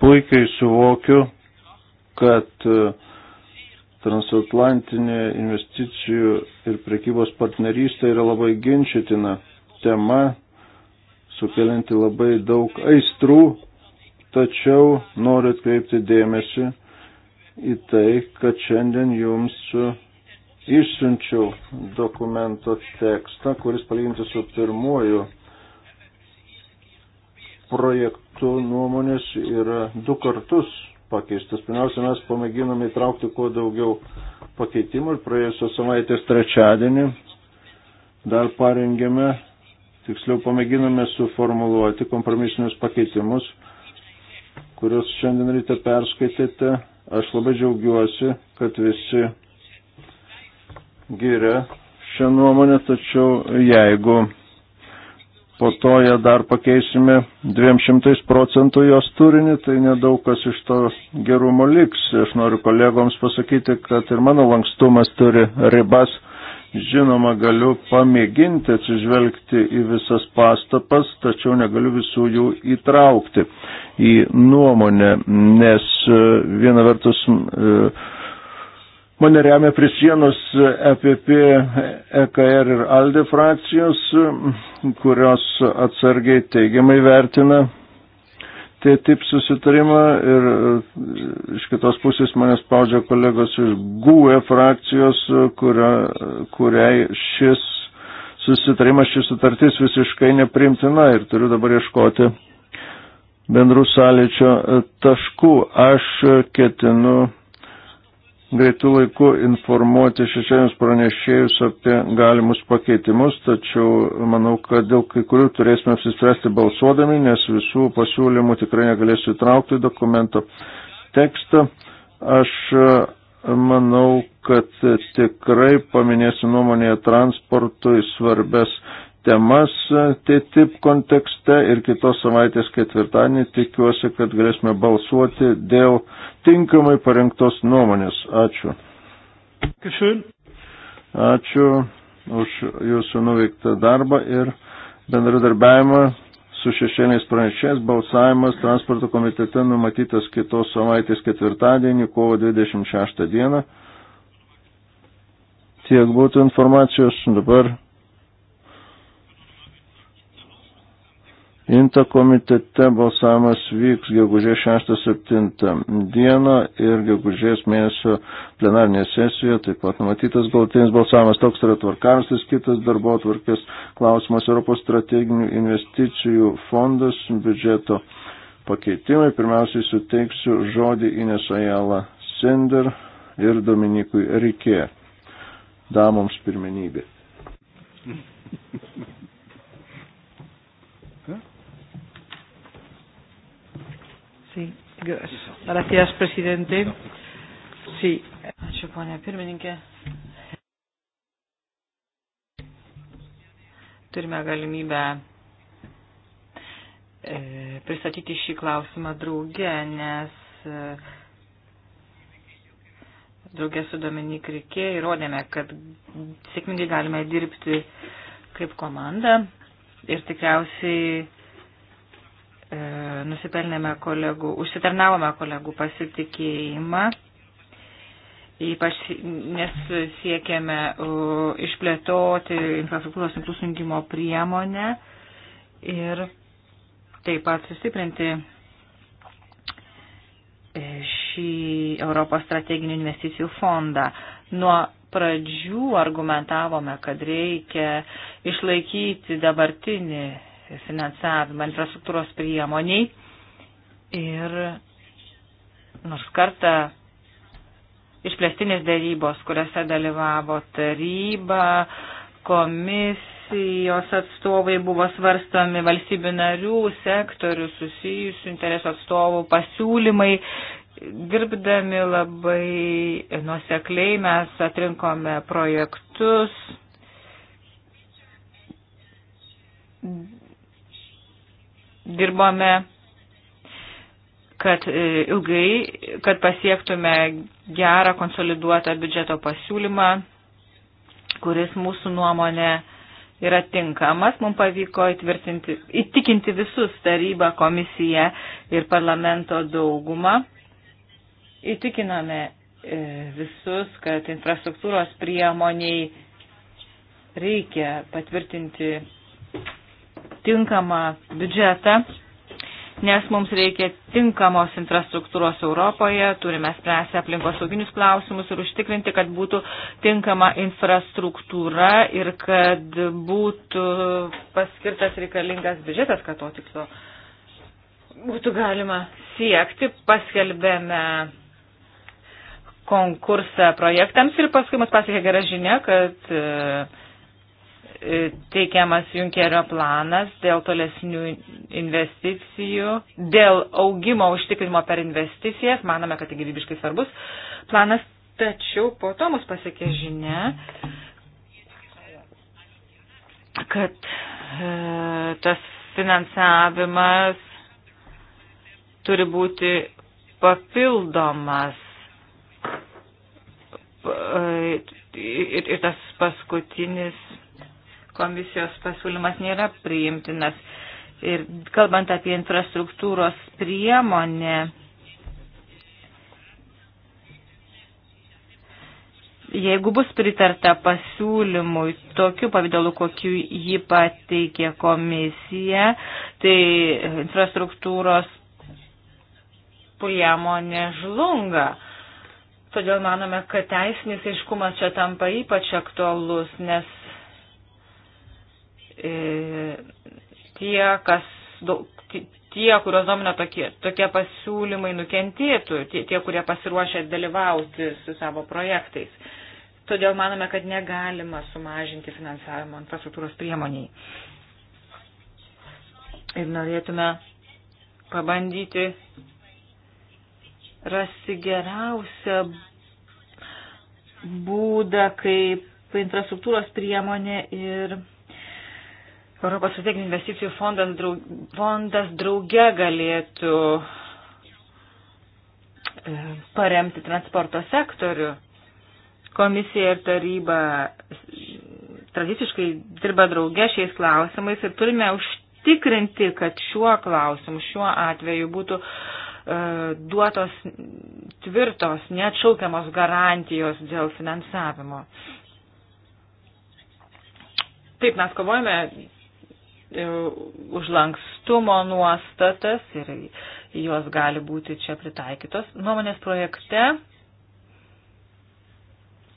puikiai suvokiu, kad e, transatlantinė investicijų ir prekybos partnerystė yra labai ginčitina tema, sukelinti labai daug aistrų, tačiau noriu atkreipti dėmesį į tai, kad šiandien jums išsiunčiau dokumento tekstą, kuris palyginti su pirmuoju projektu nuomonės yra du kartus pakeistas. Pirmiausia, mes pamėginome įtraukti kuo daugiau pakeitimų ir praėjusios savaitės trečiadienį dar parengėme, tiksliau pamėginome suformuluoti kompromisinius pakeitimus, kuriuos šiandien ryte perskaitėte. Aš labai džiaugiuosi, kad visi giria šią nuomonę, tačiau jeigu po to ją dar pakeisime 200 procentų jos turinį, tai nedaug kas iš to gerumo liks. Aš noriu kolegoms pasakyti, kad ir mano lankstumas turi ribas. Žinoma, galiu pamėginti atsižvelgti į visas pastapas, tačiau negaliu visų jų įtraukti į nuomonę, nes e, viena vertus. E, Mane remia prie sienos EPP, EKR ir ALDE frakcijos, kurios atsargiai teigiamai vertina TTIP susitarimą ir e, iš kitos pusės mane spaudžia kolegos iš GUE frakcijos, kuria, kuriai šis susitarimas, šis sutartis visiškai neprimtina ir turiu dabar ieškoti bendrų sąlyčio e, taškų. Aš ketinu greitų laikų informuoti šešėlius pranešėjus apie galimus pakeitimus, tačiau manau, kad dėl kai kurių turėsime apsispręsti balsuodami, nes visų pasiūlymų tikrai negalėsiu įtraukti dokumento tekstą. Aš e, manau, kad tikrai paminėsiu nuomonėje transportui svarbes temas e, TTIP kontekste ir kitos savaitės ketvirtadienį tikiuosi, kad galėsime balsuoti dėl tinkamai parengtos nuomonės. Ačiū. Ačiū už jūsų nuveiktą darbą ir bendradarbiavimą su šešėliais pranešės. Balsavimas transporto komitete numatytas kitos savaitės ketvirtadienį, kovo 26 dieną. Tiek būtų informacijos dabar. Inta komitete balsavimas vyks gegužės 6-7 dieną ir gegužės mėnesio plenarinėje sesijoje taip pat numatytas galutinis balsavimas. Toks yra tvarkarstis, kitas darbo tvarkės klausimas Europos strateginių investicijų fondas biudžeto pakeitimai. Pirmiausiai suteiksiu žodį Ines Ajala Sender ir Dominikui Rikė. Damoms pirmenybė. Sí, gracias, presidente. Sí. Ačiū, ponia pirmininkė. Turime galimybę e, pristatyti šį klausimą drauge, nes e, draugė su Dominik Rikė įrodėme, kad sėkmingai galime dirbti kaip komanda ir tikriausiai E, nusipelnėme kolegų, užsitarnavome kolegų pasitikėjimą, ypač nes siekėme išplėtoti infrastruktūros tinklų sujungimo priemonę ir taip pat sustiprinti e, šį Europos strateginių investicijų fondą. Nuo pradžių argumentavome, kad reikia išlaikyti dabartinį finansavimą infrastruktūros priemoniai. Ir nors kartą išplėstinės dėrybos, kuriuose dalyvavo taryba, komisijos atstovai buvo svarstomi valstybių narių, sektorių susijusių interesų atstovų pasiūlymai. Dirbdami labai nuosekliai mes atrinkome projektus, dirbome, kad e, ilgai, kad pasiektume gerą konsoliduotą biudžeto pasiūlymą, kuris mūsų nuomonė yra tinkamas. Mums pavyko įtikinti visus tarybą, komisiją ir parlamento daugumą. Įtikiname e, visus, kad infrastruktūros priemoniai reikia patvirtinti tinkamą biudžetą, nes mums reikia tinkamos infrastruktūros Europoje, turime spręsti aplinkosauginius klausimus ir užtikrinti, kad būtų tinkama infrastruktūra ir kad būtų paskirtas reikalingas biudžetas, kad to tikslo būtų galima siekti. Paskelbėme konkursą projektams ir paskui mus pasiekė gera žinia, kad e, E, teikiamas Junkerio planas dėl tolesnių investicijų, dėl augimo užtikrimo per investicijas, manome, kad tai gyvybiškai svarbus planas, tačiau po to mus pasiekė žinia, kad e, tas finansavimas turi būti papildomas. E, ir, ir tas paskutinis komisijos pasiūlymas nėra priimtinas. Ir kalbant apie infrastruktūros priemonę, jeigu bus pritarta pasiūlymui tokiu pavydalu, kokiu jį pateikė komisija, tai infrastruktūros priemonė žlunga. Todėl manome, kad teisinis aiškumas čia tampa ypač aktualus, nes E, tie, kas, tie kurios domina tokie, tokie pasiūlymai nukentėtų, tie, tie, kurie pasiruošę dalyvauti su savo projektais. Todėl manome, kad negalima sumažinti finansavimo infrastruktūros priemoniai. Ir norėtume pabandyti rasti geriausią būdą, kaip infrastruktūros priemonė ir Europos strateginių investicijų fondas, draug, fondas drauge galėtų e, paremti transporto sektorių. Komisija ir taryba tradiciškai dirba drauge šiais klausimais ir turime užtikrinti, kad šiuo klausimu, šiuo atveju būtų uh, duotos tvirtos, neatšaukiamos garantijos dėl finansavimo. Taip, mes kovojame E, už lankstumo nuostatas ir jos gali būti čia pritaikytos. Nuomonės projekte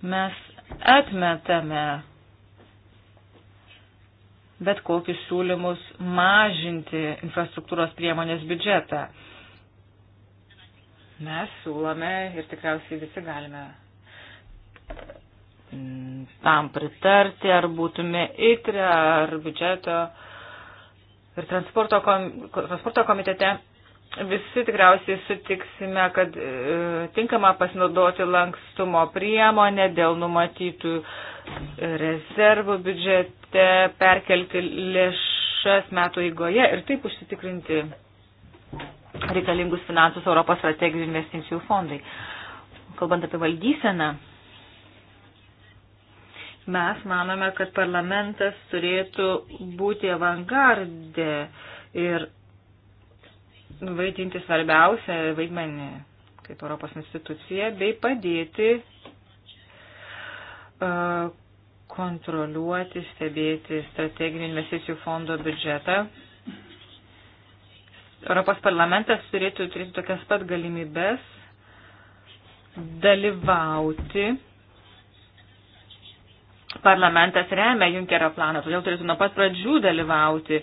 mes atmetame bet kokius siūlymus mažinti infrastruktūros priemonės biudžetą. Mes siūlome ir tikriausiai visi galime tam pritarti, ar būtume itri, ar biudžeto ir transporto, kom, transporto komitete visi tikriausiai sutiksime, kad e, tinkama pasinaudoti lankstumo priemonę dėl numatytų rezervų biudžete, perkelti lėšas metų eigoje ir taip užsitikrinti reikalingus finansus Europos strateginių investicijų fondai. Kalbant apie valdyseną, Mes manome, kad parlamentas turėtų būti avangardė ir vaidinti svarbiausią vaidmenį kaip Europos institucija, bei padėti uh, kontroliuoti, stebėti strateginių investicijų fondo biudžetą. Europos parlamentas turėtų turėti tokias pat galimybės dalyvauti Parlamentas remia Junkerio planą, todėl turėtų nuo pat pradžių dalyvauti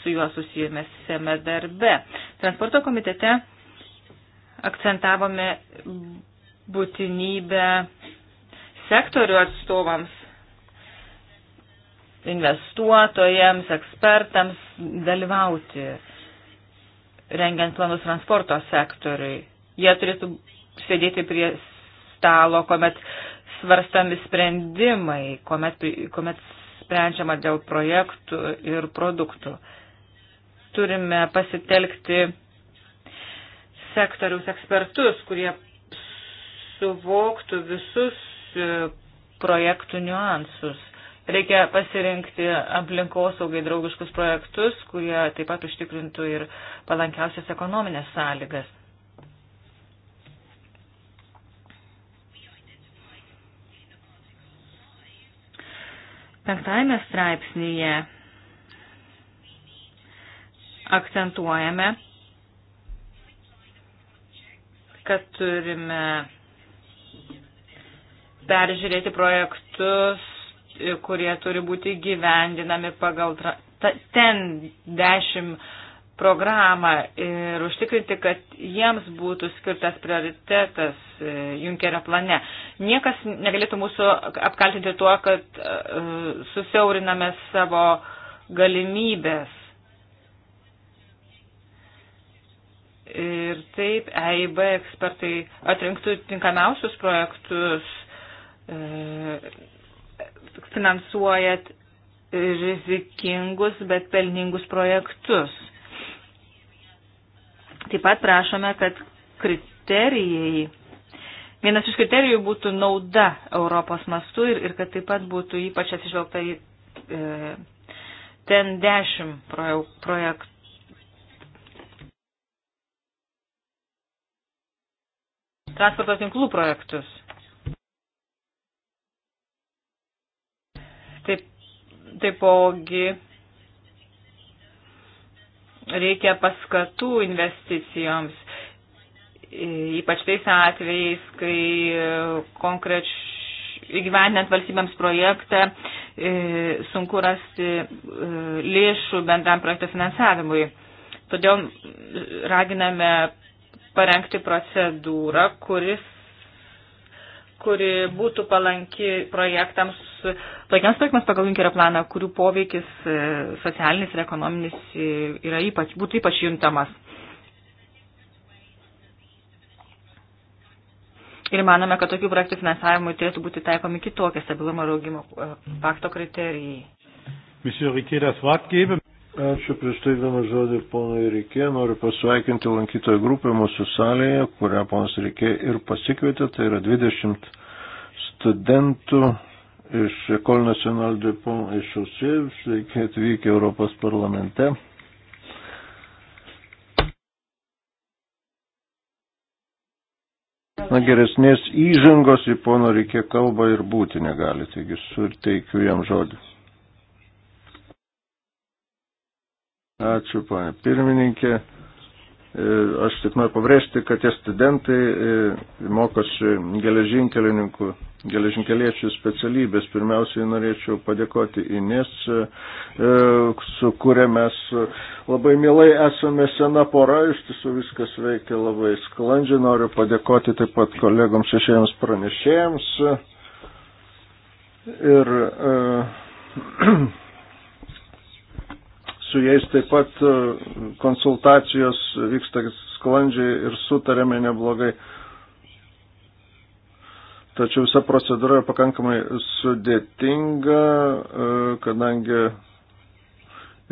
su juo susijęmėsime darbe. Transporto komitete akcentavome būtinybę sektorių atstovams, investuotojams, ekspertams dalyvauti, rengiant planus transporto sektoriui. Jie turėtų sėdėti prie stalo, kuomet uh, svarstami sprendimai, kuomet, kuomet sprendžiama dėl projektų ir produktų. Turime pasitelkti sektoriaus ekspertus, kurie suvoktų visus e, projektų niuansus. Reikia pasirinkti aplinkosaugai draugiškus projektus, kurie taip pat užtikrintų ir palankiausias ekonominės sąlygas. Penktajame straipsnėje akcentuojame, kad turime peržiūrėti projektus, kurie turi būti gyvendinami pagal ten 10 programą ir užtikrinti, kad jiems būtų skirtas prioritetas e, Junkerio plane. Niekas negalėtų mūsų apkaltinti tuo, kad e, susiauriname savo galimybės. Ir taip EIB ekspertai atrinktų tinkamiausius projektus, e, finansuojat rizikingus, bet pelningus projektus. Taip pat prašome, kad kriterijai, vienas iš kriterijų būtų nauda Europos mastu ir, ir kad taip pat būtų ypač atsižvelgta į e, ten 10 projektų. transporto tinklų projektus. Taip, taipogi reikia paskatų investicijoms, e, ypač tais atvejais, kai e, konkreč įgyvendinant valstybėms projektą e, sunku rasti lėšų bendram projekto finansavimui. Todėl raginame parengti procedūrą, kuris kuri būtų palanki projektams, palankiems projektams pagal Junkerio planą, kurių poveikis e, socialinis ir ekonominis e, yra ypač, būtų ypač juntamas. Ir manome, kad tokių projektų finansavimui turėtų būti taikomi kitokie stabilumo ir augimo e, pakto kriterijai. Ačiū prieš tai vieną žodį ponui Reikė. Noriu pasveikinti lankytojų grupę mūsų salėje, kurią ponas Reikė ir pasikvietė. Tai yra 20 studentų iš Ecole National de Pont et Chaussée. Sveiki atvykę Europos parlamente. Na, geresnės įžangos į pono Reikė kalbą ir būti negali, taigi suteikiu jam žodį. Ačiū, panė pirmininkė. Aš tik noriu pabrėžti, kad tie studentai e, mokosi geležinkelininkų, geležinkeliečių specialybės. Pirmiausiai norėčiau padėkoti Inės, e, su kuria mes labai mielai esame sena pora, iš tiesų viskas veikia labai sklandžiai. Noriu padėkoti taip pat kolegoms šešiems pranešėjams. Ir uh, su jais taip pat e, konsultacijos vyksta sklandžiai ir sutarėme neblogai. Tačiau visa procedūra yra pakankamai sudėtinga, e, kadangi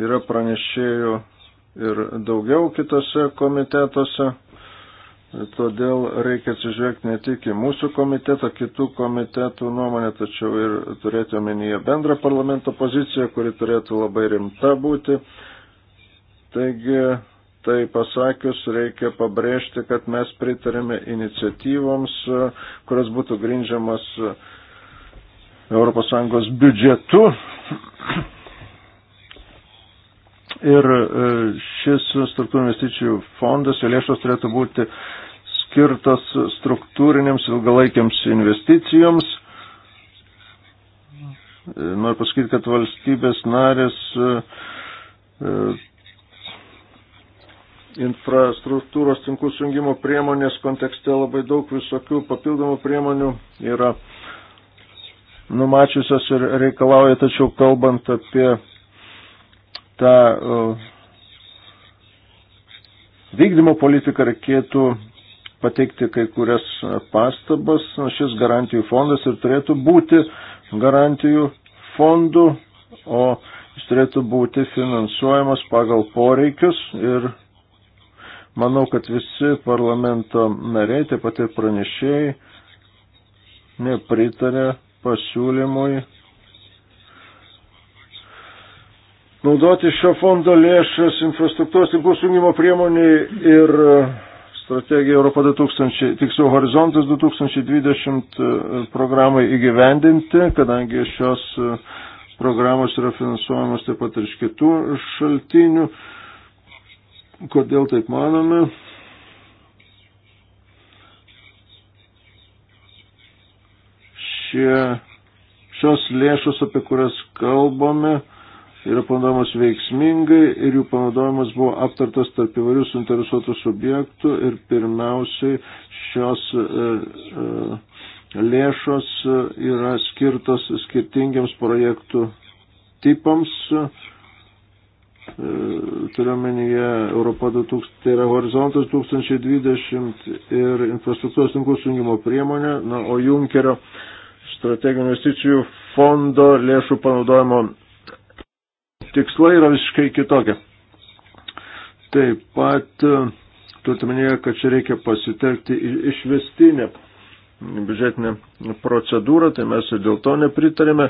yra pranešėjų ir daugiau kitose komitetuose. Todėl reikia atsižvelgti ne tik į mūsų komiteto, kitų komitetų nuomonę, tačiau ir turėti omenyje bendrą parlamento poziciją, kuri turėtų labai rimta būti. Taigi, tai pasakius, reikia pabrėžti, kad mes pritarėme iniciatyvoms, kurios būtų grindžiamas ES biudžetu. Ir e, šis struktūrinių investicijų fondas, jo lėšos turėtų būti skirtas struktūrinėms ilgalaikiams investicijoms. E, noriu pasakyti, kad valstybės narės e, infrastruktūros tinklų sujungimo priemonės kontekste labai daug visokių papildomų priemonių yra numačiusios ir reikalauja, tačiau kalbant apie tą vykdymo politiką reikėtų pateikti kai kurias pastabas. Šis garantijų fondas ir turėtų būti garantijų fondų, o jis turėtų būti finansuojamas pagal poreikius ir manau, kad visi parlamento nariai, taip pat ir pranešėjai, nepritarė pasiūlymui naudoti šio fondo lėšas infrastruktūros tinklų sujungimo priemoniai ir e, strategija Europa 2000, tiksliau Horizontas 2020 e, programai įgyvendinti, kadangi šios e, programos yra finansuojamos taip pat ir iš kitų šaltinių. Kodėl taip manome? Šie, šios lėšos, apie kurias kalbame, yra panaudojamas veiksmingai ir jų panaudojimas buvo aptartas tarp įvairių suinteresuotų subjektų ir pirmiausiai šios e, e, lėšos e, yra skirtos skirtingiams projektų tipams. Turiuomenyje Europa 2000, tai yra horizontas 2020 ir infrastruktūros tinklų sujungimo priemonė, na, o Junkerio strateginių investicijų fondo lėšų panaudojimo tikslai yra visiškai kitokie. Taip pat e, turtuminėje, kad čia reikia pasitelkti išvestinę biudžetinę procedūrą, tai mes ir dėl to nepritarėme.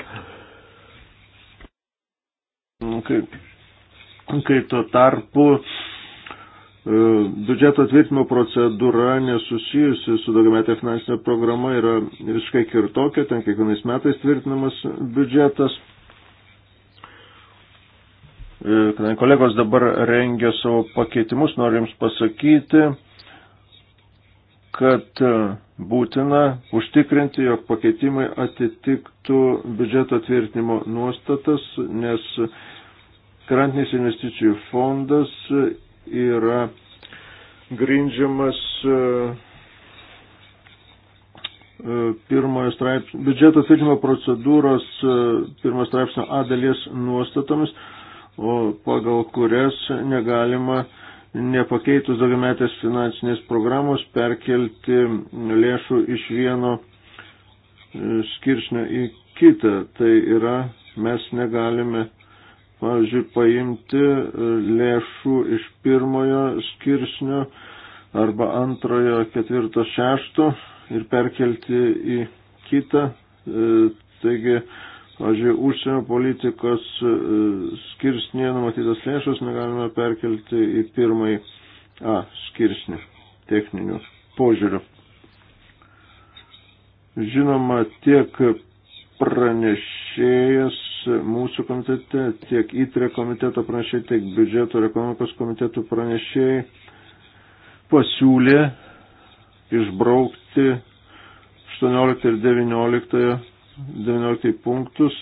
Kaip, kaip tuo tarpu e, biudžeto atvirtimo procedūra nesusijusi su daugiametė finansinė programa yra visiškai kirtokia, ten kiekvienais metais tvirtinamas biudžetas E, kadangi kolegos dabar rengia savo pakeitimus, noriu Jums pasakyti, kad e, būtina užtikrinti, jog pakeitimai atitiktų biudžeto tvirtinimo nuostatas, nes garantinis investicijų fondas yra grindžiamas e, pirmojo straipsnio, biudžeto tvirtinimo procedūros pirmojo straipsnio A dalies nuostatomis pagal kurias negalima nepakeitus daugiametės finansinės programos perkelti lėšų iš vieno e, skirsnio į kitą. Tai yra, mes negalime, pavyzdžiui, paimti e, lėšų iš pirmojo skirsnio arba antrojo, ketvirto, šešto ir perkelti į kitą. E, taigi, Pavyzdžiui, užsienio politikos e, skirsnėje numatytas lėšas negalime perkelti į pirmąjį A skirsnį techninių požiūrių. Žinoma, tiek pranešėjas mūsų komitete, tiek įtrė komiteto pranešėjai, tiek biudžeto ir ekonomikos komitetų pranešėjai pasiūlė išbraukti 18 ir 19 19 punktus,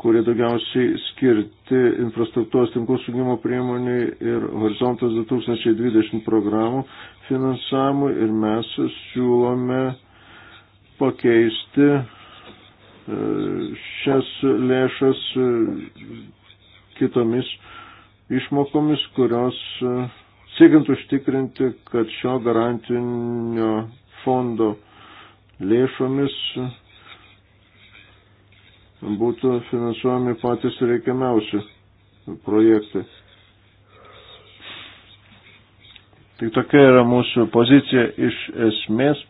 kurie daugiausiai skirti infrastruktūros tinklų sujungimo priemoniai ir horizontas 2020 programų finansavimui ir mes siūlome pakeisti e, šias lėšas e, kitomis išmokomis, kurios e, siekiant užtikrinti, kad šio garantinio fondo lėšomis būtų finansuojami patys reikiamiausi projektai. Tai tokia yra mūsų pozicija iš esmės,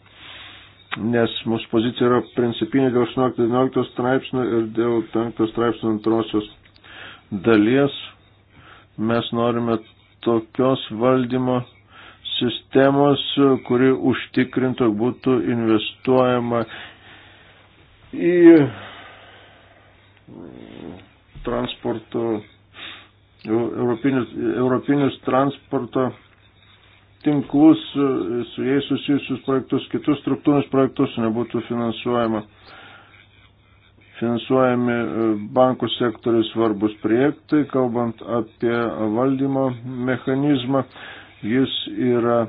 nes mūsų pozicija yra principinė dėl 18-19 straipsnių ir dėl 5 straipsnių antrosios dalies. Mes norime tokios valdymo sistemos, kuri užtikrintų, būtų investuojama į transporto, europinius, europinius transporto tinklus, su jais susijusius projektus, kitus struktūrinius projektus nebūtų finansuojama. Finansuojami e, bankų sektoriai svarbus projektai, kalbant apie valdymo mechanizmą, jis yra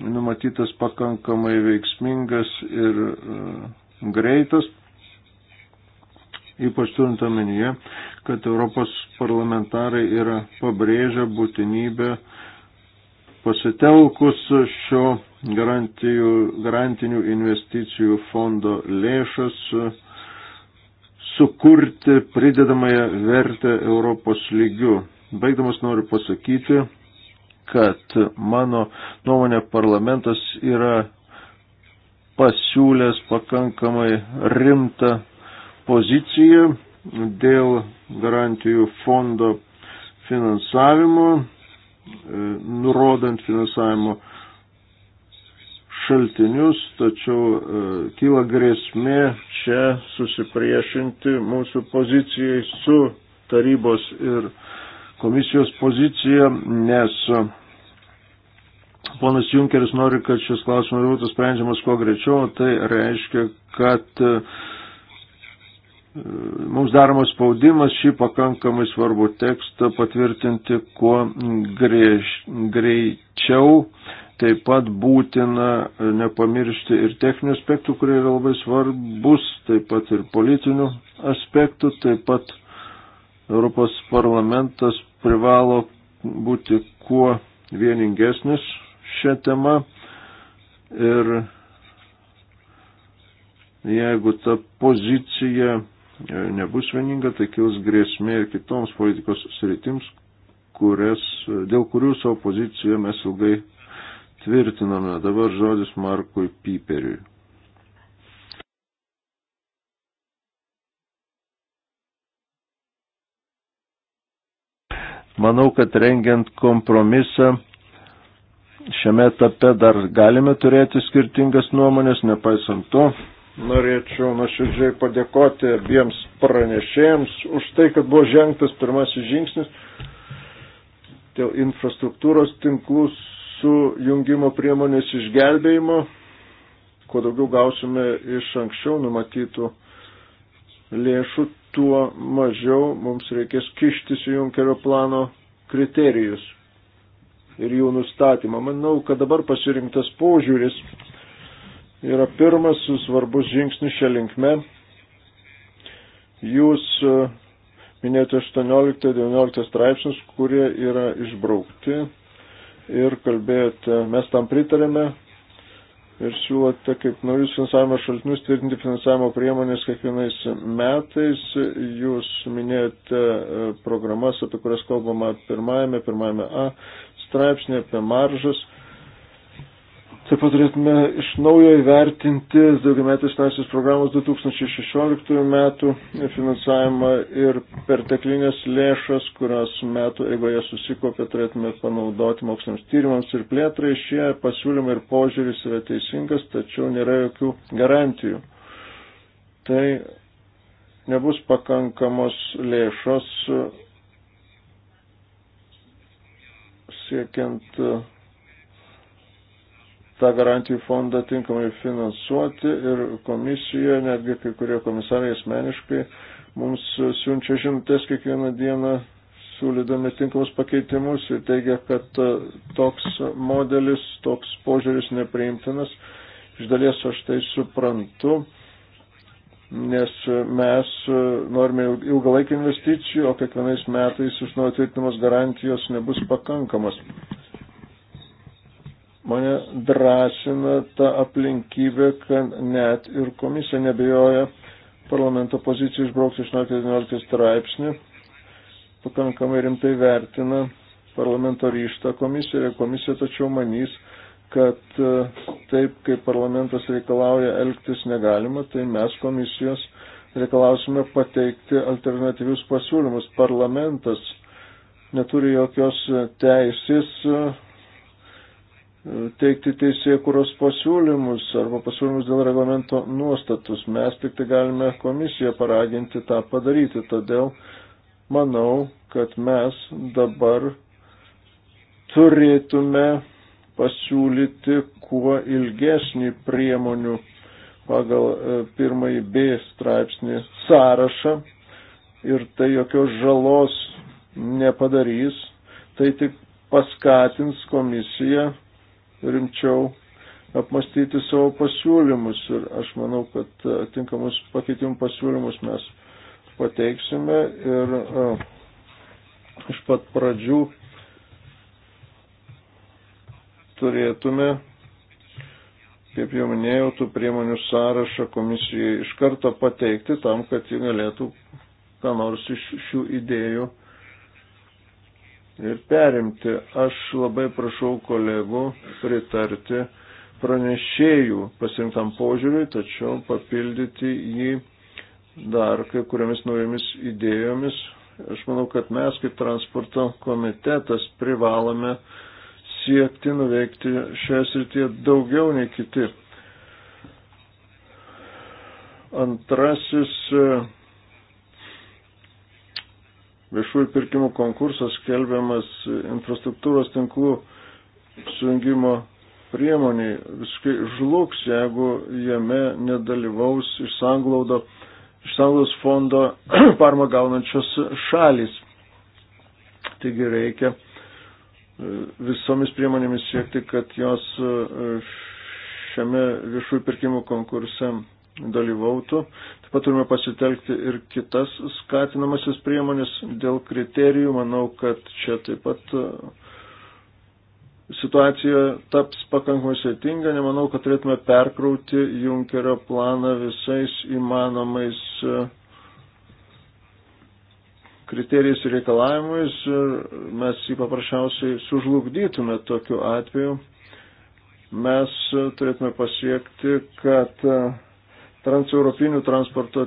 numatytas pakankamai veiksmingas ir e, greitas. Ypač turint omenyje, kad Europos parlamentarai yra pabrėžę būtinybę pasitelkus šio garantijų, garantinių investicijų fondo lėšas sukurti pridedamąją vertę Europos lygių. Baigdamas noriu pasakyti, kad mano nuomonė parlamentas yra pasiūlęs pakankamai rimtą poziciją dėl garantijų fondo finansavimo, e, nurodant finansavimo šaltinius, tačiau e, kyla grėsmė čia susipriešinti mūsų pozicijai su tarybos ir komisijos pozicija, nes e, ponas Junkeris nori, kad šis klausimas būtų sprendžiamas kuo greičiau, tai reiškia, kad uh, mums daromas spaudimas šį pakankamai svarbų tekstą patvirtinti kuo griež, greičiau. Taip pat būtina nepamiršti ir techninių aspektų, kurie yra labai svarbus, taip pat ir politinių aspektų, taip pat Europos parlamentas privalo būti kuo vieningesnis šią temą ir jeigu ta pozicija E, nebus vieninga, tai kils grėsmė ir kitoms politikos sritims, kurias, e, dėl kurių savo poziciją mes ilgai tvirtiname. Dabar žodis Markui Piperiui. Manau, kad rengiant kompromisą šiame etape dar galime turėti skirtingas nuomonės, nepaisant to, Norėčiau nuoširdžiai padėkoti abiems pranešėjams už tai, kad buvo žengtas pirmasis žingsnis dėl infrastruktūros tinklų sujungimo priemonės išgelbėjimo. Kuo daugiau gausime iš anksčiau numatytų lėšų, tuo mažiau mums reikės kištis į Junkerio plano kriterijus ir jų nustatymą. Manau, kad dabar pasirinktas požiūris yra pirmas svarbus žingsnis šią linkme. Jūs e, minėjote 18-19 straipsnius, kurie yra išbraukti ir kalbėjote, mes tam pritarėme ir siūlote kaip naujus finansavimo šaltinius tvirtinti finansavimo priemonės kiekvienais metais. Jūs minėjote e, programas, apie kurias kalbama pirmajame, pirmajame A straipsnė, apie maržas Taip pat turėtume iš naujo įvertinti daugiametės finansinės programos 2016 metų finansavimą ir perteklinės lėšas, kurios metų eigoje susikopė, turėtume panaudoti moksliniams tyrimams ir plėtrai. Šie pasiūlymai ir požiūris yra teisingas, tačiau nėra jokių garantijų. Tai nebus pakankamos lėšos siekiant tą garantijų fondą tinkamai finansuoti ir komisija, netgi kai kurie komisarai asmeniškai mums siunčia žinutės kiekvieną dieną, siūlydami tinkamus pakeitimus ir teigia, kad e, toks modelis, toks požiūris nepriimtinas. Iš dalies aš tai suprantu, nes mes e, norime ilgalaikį investicijų, o kiekvienais metais iš naujo tvirtinamos garantijos nebus pakankamas. Mane drąsina ta aplinkybė, kad net ir komisija nebejoja parlamento poziciją išbraukti iš 19 straipsnių. Pakankamai rimtai vertina parlamento ryštą komisijoje. Komisija tačiau manys, kad e, taip, kaip parlamentas reikalauja elgtis negalima, tai mes komisijos reikalausime pateikti alternatyvius pasiūlymus. Parlamentas neturi jokios teisės e, teikti teisėkuros pasiūlymus arba pasiūlymus dėl reglamento nuostatus. Mes tik tai galime komisiją paraginti tą padaryti. Todėl manau, kad mes dabar turėtume pasiūlyti kuo ilgesnį priemonių pagal e, pirmąjį B straipsnį sąrašą ir tai jokios žalos nepadarys, tai tik paskatins komisiją rimčiau apmastyti savo pasiūlymus ir aš manau, kad atinkamus e, pakeitimų pasiūlymus mes pateiksime ir a, e, iš pat pradžių turėtume, kaip jau minėjau, tų priemonių sąrašą komisijai iš karto pateikti tam, kad ji galėtų ką nors iš šių idėjų ir perimti. Aš labai prašau kolegų pritarti pranešėjų pasirinktam požiūriui, tačiau papildyti jį dar kai kuriamis naujomis idėjomis. Aš manau, kad mes kaip transporto komitetas privalome siekti nuveikti šioje srityje daugiau nei kiti. Antrasis viešųjų pirkimų konkursas skelbiamas infrastruktūros tinklų sujungimo priemoniai visiškai žlugs, jeigu jame nedalyvaus iš sanglaudos fondo parma gaunančios šalis. Taigi reikia e, visomis priemonėmis siekti, kad jos e, šiame viešųjų pirkimų konkurse dalyvautų. Taip pat turime pasitelkti ir kitas skatinamasis priemonės dėl kriterijų. Manau, kad čia taip pat e, situacija taps pakankamai sveitinga. Nemanau, kad turėtume perkrauti Junkerio planą visais įmanomais e, kriterijais ir reikalavimais ir mes jį paprasčiausiai sužlugdytume tokiu atveju. Mes e, turėtume pasiekti, kad transeuropinių transporto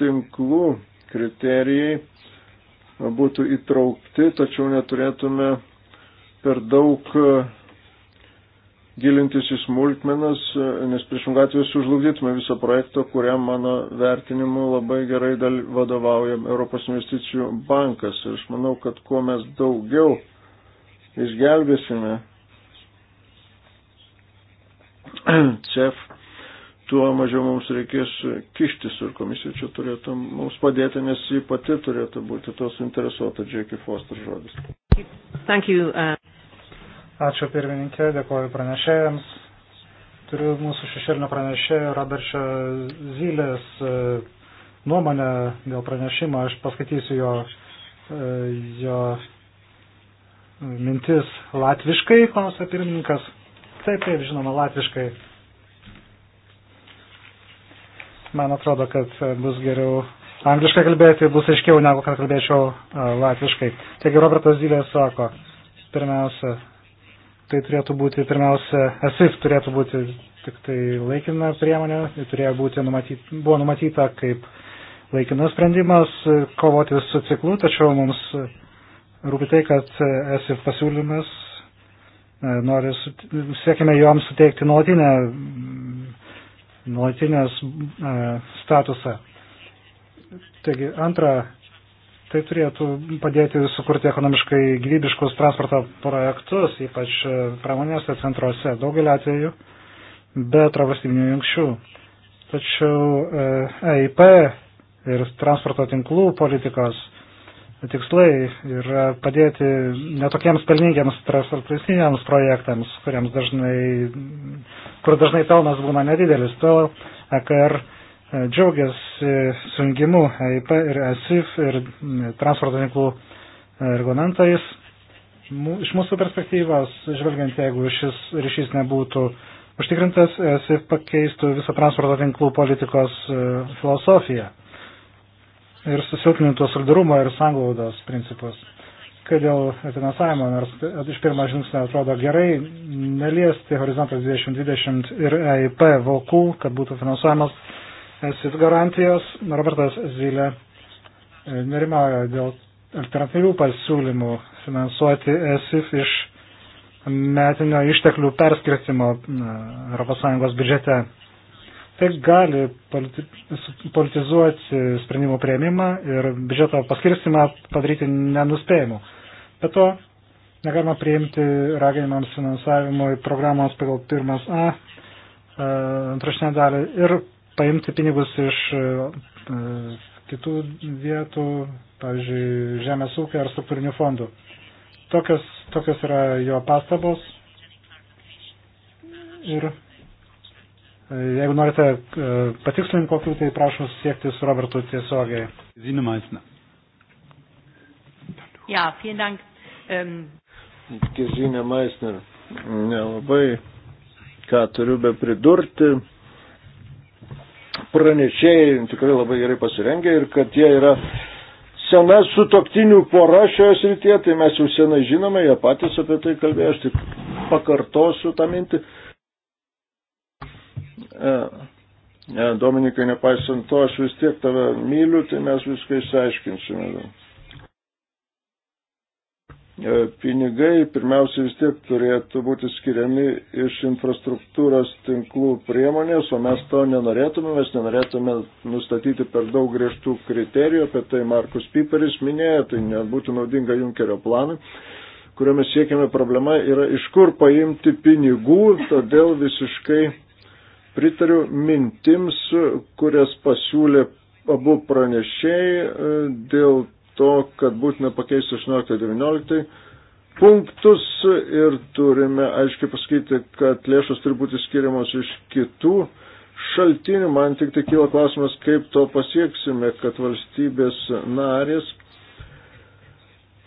tinklų kriterijai būtų įtraukti, tačiau neturėtume per daug e, gilintis į smulkmenas, e, nes priešingą atveju sužlugdytume visą projektą, kuriam mano vertinimu labai gerai vadovauja Europos investicijų bankas. Ir aš manau, kad kuo mes daugiau išgelbėsime CEF tuo mažiau mums reikės kištis ir komisija čia turėtų mums padėti, nes ji pati turėtų būti to suinteresuota. Džeki Foster žodis. Thank you, uh... Ačiū pirmininkė, dėkoju pranešėjams. Turiu mūsų šešėlinio pranešėjo Roberčio Zylės uh, nuomonę dėl pranešimo. Aš paskaitysiu jo, uh, jo mintis latviškai, klausia pirmininkas. Taip, taip, žinoma, latviškai. man atrodo, kad bus geriau angliškai kalbėti, bus aiškiau negu kad kalbėčiau e, latviškai. Taigi Robertas Zylė sako, pirmiausia, tai turėtų būti, pirmiausia, asif turėtų būti tik tai laikina priemonė, tai turėjo būti numatyta, buvo numatyta kaip laikinas sprendimas kovoti su ciklu, tačiau mums rūpi tai, kad asif pasiūlymas e, nori, siekime joms suteikti nuolatinę nuolatinės e, statusą. Taigi, antra, tai turėtų padėti sukurti ekonomiškai gyvybiškus transporto projektus, ypač e, pramonėse centruose, daugelį atvejų, be travastybinių jungčių. Tačiau EIP e ir transporto tinklų politikos tikslai yra padėti netokiems pelningiams transatlantinėms projektams, kuriems dažnai, kur dažnai pelnas būna nedidelis. Todėl EKR e, džiaugiasi sungimu EIP ir ESIF ir e, transporto tinklų e, reglamentais. Iš mūsų perspektyvos, žvelgiant, jeigu šis ryšys nebūtų užtikrintas, ESIF pakeistų visą transporto tinklų politikos filosofiją ir susilpnintų solidarumo ir sanglaudos principus. Kad dėl finansavimo, nors iš pirmo žingsnio atrodo gerai, neliesti Horizontas 2020 ir EIP vokų, kad būtų finansuojamas SIS garantijos. Robertas Zylė e, nerimauja dėl alternatyvių pasiūlymų finansuoti SIF iš metinio išteklių perskirstimo ES biudžete. Tai gali politizuoti sprendimų prieimimą ir biudžeto paskirstimą padaryti nenuspėjimu. Be to, negalima priimti raginimams finansavimui programos pagal pirmas A e, antrašinę dalį ir paimti pinigus iš e, e, kitų vietų, pavyzdžiui, žemės ūkio ar struktūrinių fondų. Tokios, tokios yra jo pastabos ir Jeigu norite e, patikslinti kokių, tai prašau siekti su Robertu tiesiogiai. Žinoma, esame. Ja, vielen Dank. Ähm. Gezinė Maisner, nelabai ką turiu be pridurti. Pranešėjai tikrai labai gerai pasirengę ir kad jie yra sena sutoktinių pora šioje srityje, tai mes jau senai žinome, jie patys apie tai kalbėjo, aš tik pakartosiu tą mintį. Dominikai, nepaisant to, aš vis tiek tave myliu, tai mes viską išsiaiškinsime. E, pinigai pirmiausia vis tiek turėtų būti skiriami iš infrastruktūros tinklų priemonės, o mes to nenorėtume, mes nenorėtume nustatyti per daug griežtų kriterijų, apie tai Markus Piperis minėjo, tai nebūtų naudinga Junkerio planui kuriuo mes siekiame problema, yra iš kur paimti pinigų, todėl visiškai Pritariu mintims, kurias pasiūlė abu pranešėjai e, dėl to, kad būtina pakeisti 18-19 punktus ir turime aiškiai pasakyti, kad lėšos turi būti skiriamos iš kitų šaltinių. Man tik tai kyla klausimas, kaip to pasieksime, kad valstybės narės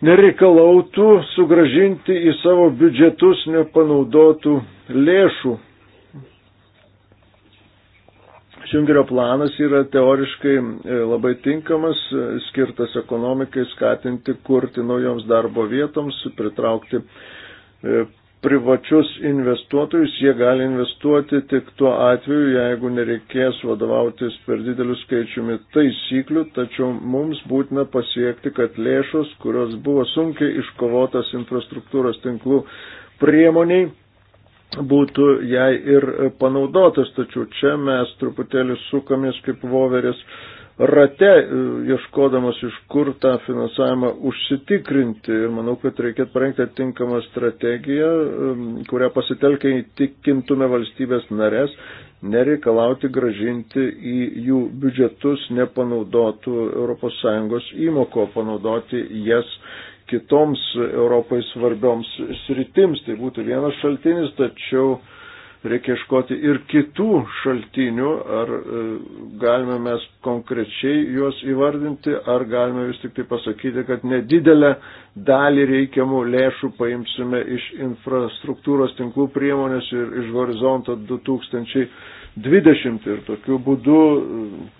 nereikalautų sugražinti į savo biudžetus nepanaudotų lėšų. Jungerio planas yra teoriškai e, labai tinkamas, e, skirtas ekonomikai skatinti, kurti naujoms darbo vietoms, pritraukti e, privačius investuotojus. Jie gali investuoti tik tuo atveju, jeigu nereikės vadovautis per dideliu skaičiumi taisyklių, tačiau mums būtina pasiekti, kad lėšos, kurios buvo sunkiai iškovotas infrastruktūros tinklų priemoniai, būtų jai ir panaudotas, tačiau čia mes truputėlį sukamės kaip voveris rate, ieškodamas iš kur tą finansavimą užsitikrinti. Ir manau, kad reikėtų parengti atitinkamą strategiją, um, kurią pasitelkę įtikintume valstybės narės, nereikalauti gražinti į jų biudžetus nepanaudotų ES įmoko, panaudoti jas kitoms Europai svarbioms sritims. Tai būtų vienas šaltinis, tačiau reikia iškoti ir kitų šaltinių, ar e, galime mes konkrečiai juos įvardinti, ar galime vis tik tai pasakyti, kad nedidelę dalį reikiamų lėšų paimsime iš infrastruktūros tinklų priemonės ir iš horizonto 2000 20 ir tokiu būdu e,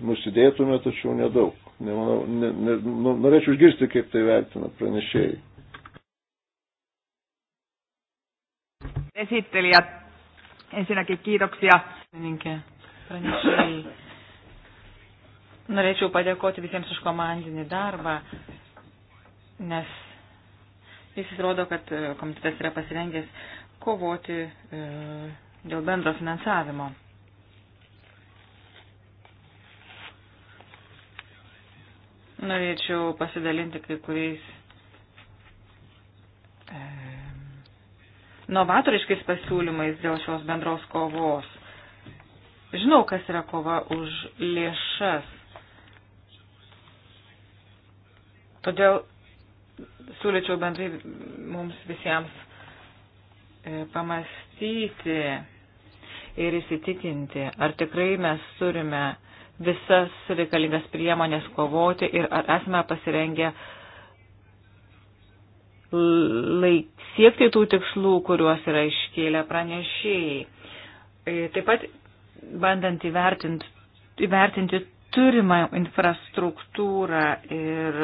nusidėtume, tačiau nedaug. Nemanau, ne, ne, nu, norėčiau išgirsti, kaip tai vertina pranešėjai. Esittelijät, ensinnäkin kiitoksia. Pranešėjai. Norėčiau padėkoti visiems už komandinį darbą, nes jis įrodo, kad e, komitetas yra pasirengęs kovoti e, dėl bendro finansavimo. Norėčiau pasidalinti kai kuriais e, novatoriškais pasiūlymais dėl šios bendros kovos. Žinau, kas yra kova už lėšas. Todėl siūlyčiau bendrai mums visiems e, pamastyti ir įsitikinti, ar tikrai mes turime visas reikalingas priemonės kovoti ir ar esame pasirengę laik, siekti tų tikslų, kuriuos yra iškėlę pranešėjai. E, taip pat bandant įvertinti, įvertinti turimą infrastruktūrą ir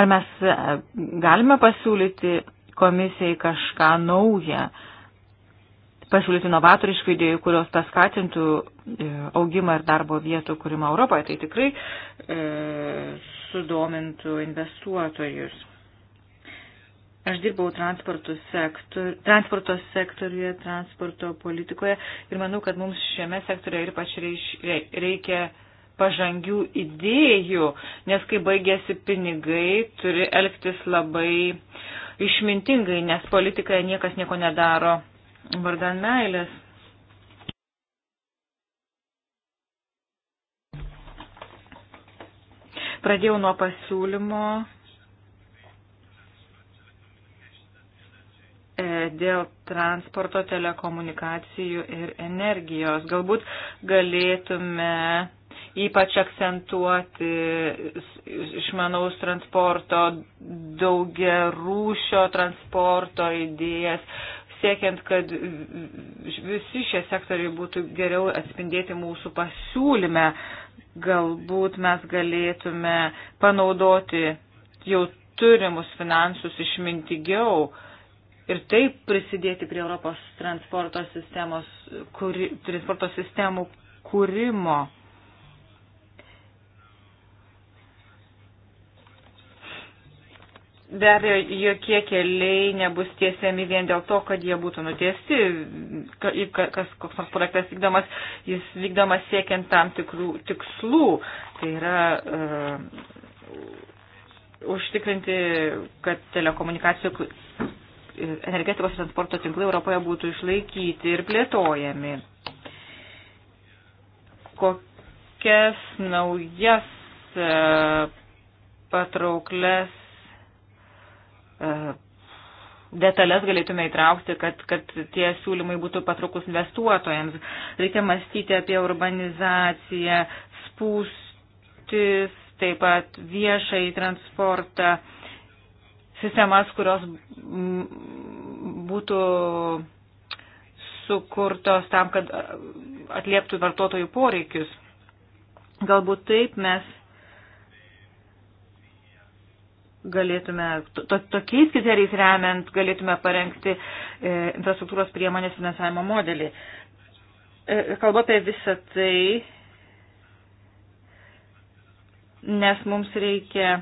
ar mes e, galime pasiūlyti komisijai kažką naują, pasiūlyti novatoriškų idėjų, kurios paskatintų e, augimą ir darbo vietų kūrimą Europoje, tai tikrai e, sudomintų investuotojus. Aš dirbau transporto, sektor, transporto sektoriuje, transporto politikoje ir manau, kad mums šiame sektoriuje ir pač reikia pažangių idėjų, nes kai baigėsi pinigai, turi elgtis labai išmintingai, nes politikoje niekas nieko nedaro vardan meilės. Pradėjau nuo pasiūlymo e, dėl transporto, telekomunikacijų ir energijos. Galbūt galėtume ypač akcentuoti išmanaus transporto, daugia rūšio transporto idėjas, siekiant, kad visi šie sektoriai būtų geriau atspindėti mūsų pasiūlyme, galbūt mes galėtume panaudoti jau turimus finansus išmintigiau ir taip prisidėti prie Europos transporto, sistemos, kuri, transporto sistemų kūrimo. Be abejo, jokie keliai nebus tiesiami vien dėl to, kad jie būtų nutiesti, kas, koks nors projektas vykdomas, jis vykdomas siekiant tam tikrų tikslų. Tai yra uh, užtikrinti, kad telekomunikacijų energetikos transporto tinklai Europoje būtų išlaikyti ir plėtojami. Kokias naujas uh, patraukles detalės galėtume įtraukti, kad, kad tie siūlymai būtų patraukus investuotojams. Reikia mąstyti apie urbanizaciją, spūstis, taip pat viešai transportą, sistemas, kurios būtų sukurtos tam, kad atlieptų vartotojų poreikius. Galbūt taip mes galėtume, to, tokiais kriterijais remiant, galėtume parengti e, infrastruktūros priemonės finansavimo modelį. E, kalbu apie visą tai, nes mums reikia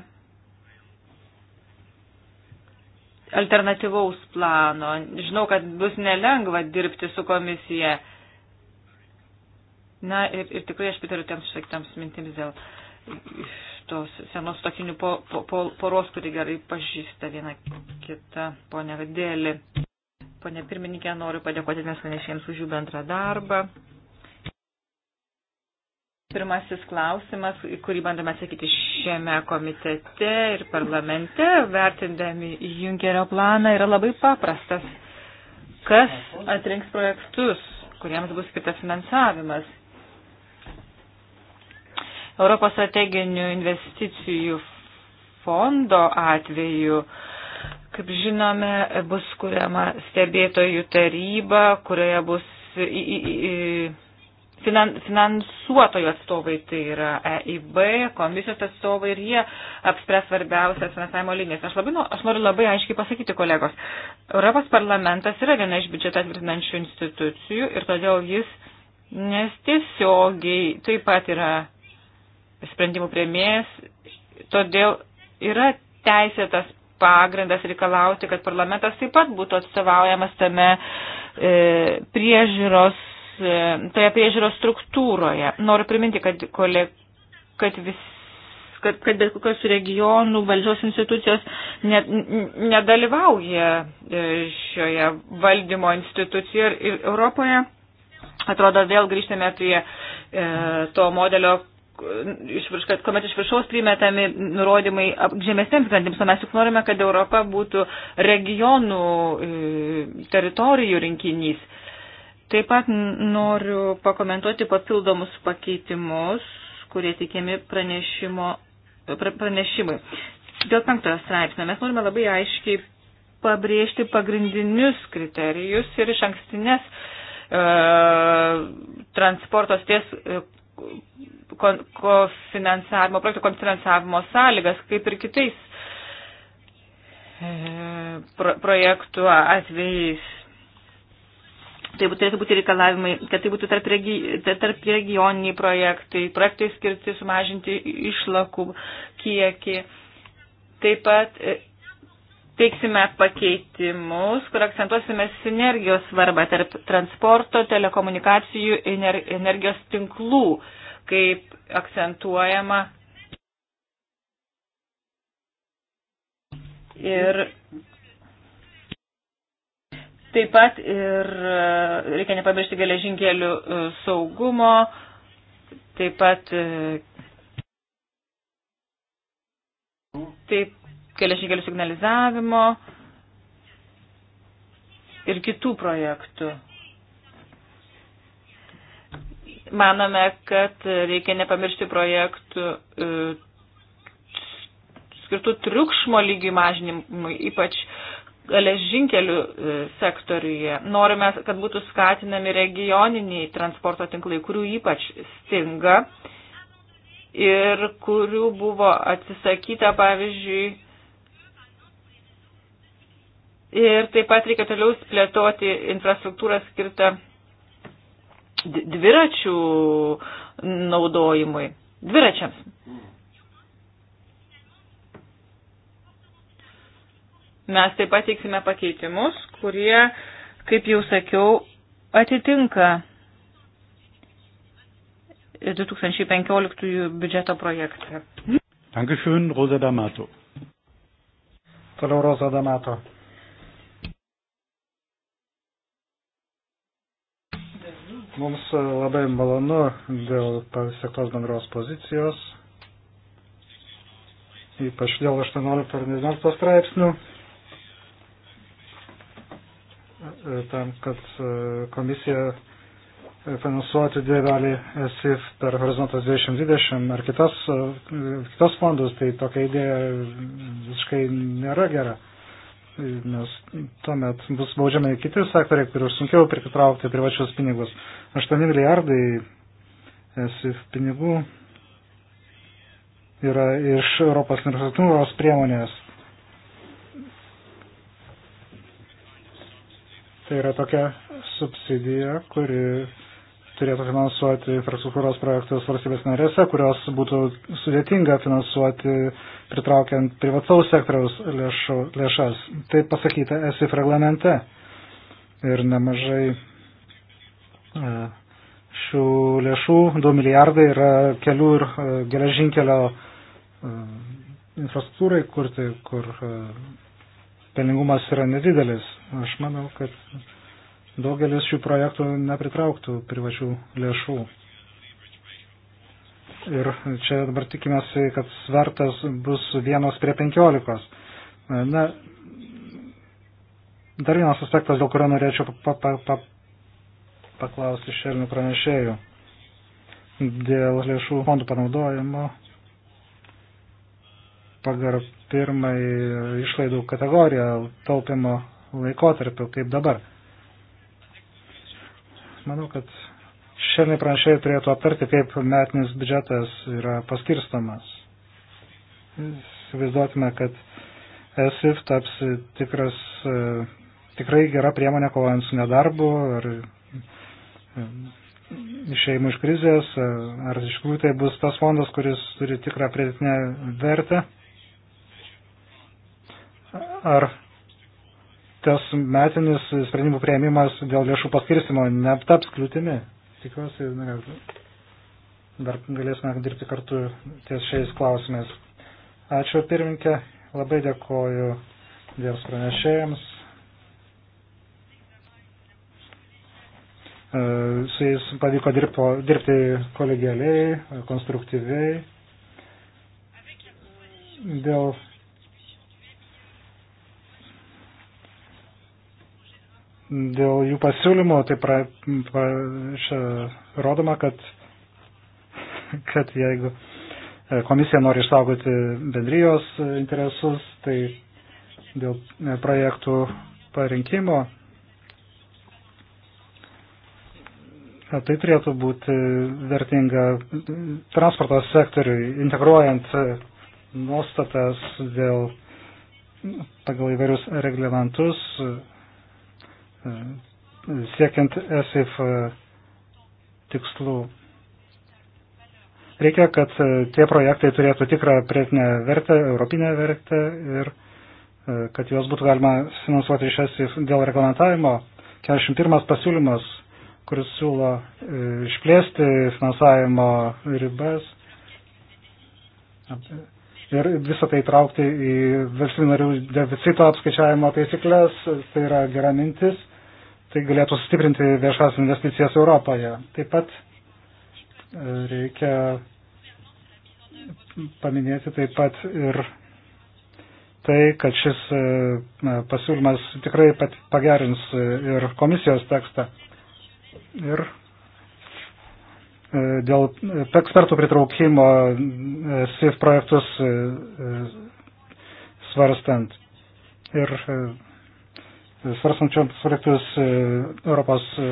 alternatyvaus plano. Žinau, kad bus nelengva dirbti su komisija. Na ir, ir tikrai aš pritariu tiems išsakytams mintims dėl tos senos tokinių po, po, poros, kuri gerai pažįsta vieną kitą ponę Vadėlį. Pone pirmininkė, noriu padėkoti mes pranešėjams už jų bendrą darbą. Pirmasis klausimas, kurį bandome sakyti šiame komitete ir parlamente, vertindami Junkerio planą, yra labai paprastas. Kas atrinks projektus, kuriems bus skirtas finansavimas? Europos strateginių investicijų fondo atveju, kaip žinome, bus kuriama stebėtojų taryba, kurioje bus į, į, į, finan, finansuotojų atstovai, tai yra EIB, komisijos atstovai ir jie apspręs svarbiausias finansavimo linijas. Aš, labai, nu, aš noriu labai aiškiai pasakyti, kolegos, Europos parlamentas yra viena iš biudžetą tvirtinančių institucijų ir todėl jis nes tiesiogiai taip pat yra sprendimų prieimėjas, todėl yra teisėtas pagrindas reikalauti, kad parlamentas taip pat būtų atstovaujamas tame e, priežiūros, e, toje priežiūros struktūroje. Noriu priminti, kad, kole, kad vis kad, kad bet kokios regionų valdžios institucijos ne, nedalyvauja e, šioje valdymo institucijoje ir, ir Europoje. Atrodo, vėl grįžtame prie e, to modelio, iš virš, kad kuomet iš viršaus primetami nurodymai žemesnėms grandims, o mes juk norime, kad Europa būtų regionų e, teritorijų rinkinys. Taip pat noriu pakomentuoti papildomus pakeitimus, kurie tikiami pranešimo, pranešimui. Dėl penktojo straipsnio mes norime labai aiškiai pabrėžti pagrindinius kriterijus ir iš ankstinės e, transporto sties e, kofinansavimo, projektų kofinansavimo sąlygas, kaip ir kitais e, pro, projektų atvejais. Tai turėtų būti reikalavimai, kad tai būtų tarp, regi, tarp regioniniai projektai, projektai skirti sumažinti išlakų kiekį. Taip pat e, teiksime pakeitimus, kur akcentuosime sinergijos svarbą tarp transporto, telekomunikacijų, energijos tinklų, kaip akcentuojama. Ir taip pat ir e, reikia nepamiršti geležinkelių e, saugumo, taip pat e, Taip geležinkelių signalizavimo ir kitų projektų. Manome, kad reikia nepamiršti projektų e, skirtų triukšmo lygių mažinimui, ypač geležinkelių e, sektoriuje. Norime, kad būtų skatinami regioniniai transporto tinklai, kurių ypač stinga ir kurių buvo atsisakyta, pavyzdžiui, Ir taip pat reikia toliau plėtoti infrastruktūrą skirtą dviračių naudojimui. Dviračiams. Mes taip pat teiksime pakeitimus, kurie, kaip jau sakiau, atitinka 2015 biudžeto projektą. Dankeschön, Rosa D'Amato. Toliau Rosa D'Amato. Mums e, labai malonu dėl pasiektos bendros pozicijos, ypač dėl 18 ir 19 straipsnių, e, tam, kad e, komisija finansuoti dėlį SIF per Horizontas 2020 ar kitas, kitas fondus, tai tokia idėja visiškai nėra gera nes tuomet bus baudžiami kiti sektoriai, kuriuos sunkiau pritraukti privačius pinigus. 8 milijardai SIF pinigų yra iš Europos infrastruktūros priemonės. Tai yra tokia subsidija, kuri turėtų finansuoti infrastruktūros projektus valstybės narėse, kurios būtų sudėtinga finansuoti pritraukiant privataus sektoriaus lėšų, lėšas. Tai pasakyta ESIF reglamente. Ir nemažai e, šių lėšų, 2 milijardai yra kelių ir e, geležinkelio e, infrastruktūrai kurti, kur pelningumas yra nedidelis. Aš manau, kad daugelis šių projektų nepritrauktų privačių lėšų. Ir čia dabar tikimasi, kad svertas bus vienas prie penkiolikos. Na, dar vienas aspektas, dėl kurio norėčiau pa, pa, pa, paklausti šelnių pranešėjų dėl lėšų fondų panaudojimo pagal pirmąjį išlaidų kategoriją taupimo laikotarpiu, kaip dabar manau, kad šiandien pranešėjai turėtų aptarti, kaip metinis biudžetas yra paskirstamas. Įsivaizduotume, kad ESIF taps tikras, e, tikrai gera priemonė kovojant su nedarbu ar e, išeimu iš krizės, e, ar iš tikrųjų tai bus tas fondas, kuris turi tikrą pridėtinę vertę, ar tas metinis sprendimų prieimimas dėl lėšų paskirstimo netaps kliūtimi. Tikiuosi, dar galėsime dirbti kartu ties šiais klausimais. Ačiū pirminkė, labai dėkoju dėl pranešėjams. E, su jais pavyko dirbo, dirbti kolegialiai, konstruktyviai. Dėl dėl jų pasiūlymų, tai pra, pra, šia, rodoma, kad, kad jeigu e, komisija nori išsaugoti bendrijos interesus, tai dėl e, projektų parinkimo e, tai turėtų būti vertinga transporto sektoriui, integruojant nuostatas dėl pagal įvairius reglamentus Uh, siekiant ESIF uh, tikslų. Reikia, kad uh, tie projektai turėtų tikrą prietinę vertę, europinę vertę ir kad juos būtų galima finansuoti iš ESIF dėl reglamentavimo. 41 pasiūlymas, kuris siūlo išplėsti finansavimo ribas ir visą tai traukti į valstybių narių deficito apskaičiavimo taisyklės, tai yra gera mintis tai galėtų sustiprinti viešas investicijas Europoje. Taip pat e, reikia paminėti taip pat ir tai, kad šis e, pasiūlymas tikrai pat pagerins e, ir komisijos tekstą. Ir dėl ekspertų pritraukimo SIF projektus svarstant. Ir svarstančioms projektus e, Europos e,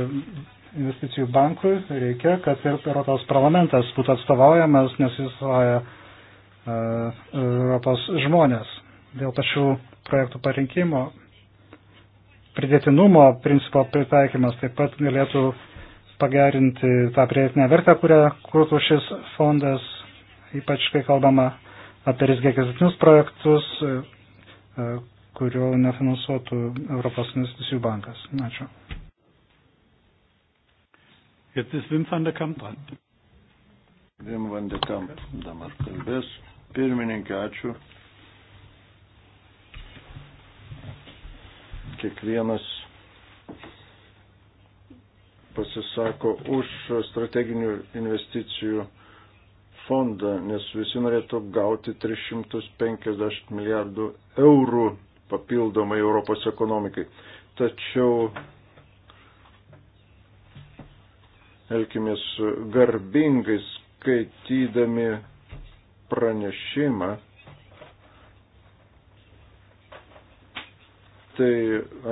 investicijų bankui reikia, kad ir Europos parlamentas būtų atstovaujamas, nes jis atstovauja e, Europos žmonės. Dėl pačių projektų parinkimo pridėtinumo principo pritaikymas taip pat galėtų pagerinti tą pridėtinę vertę, kurią kurtų šis fondas, ypač kai kalbama apie rizgekizitinius projektus, kurio nefinansuotų Europos investicijų bankas. Ačiū. Jetzt ist Wim van der Kamp dran. Wim van der Kamp dabar kalbės. Pirmininkė, ačiū. Kiekvienas pasisako už strateginių investicijų fondą, nes visi norėtų gauti 350 milijardų eurų papildomai Europos ekonomikai. Tačiau elkimės garbingai skaitydami pranešimą. Tai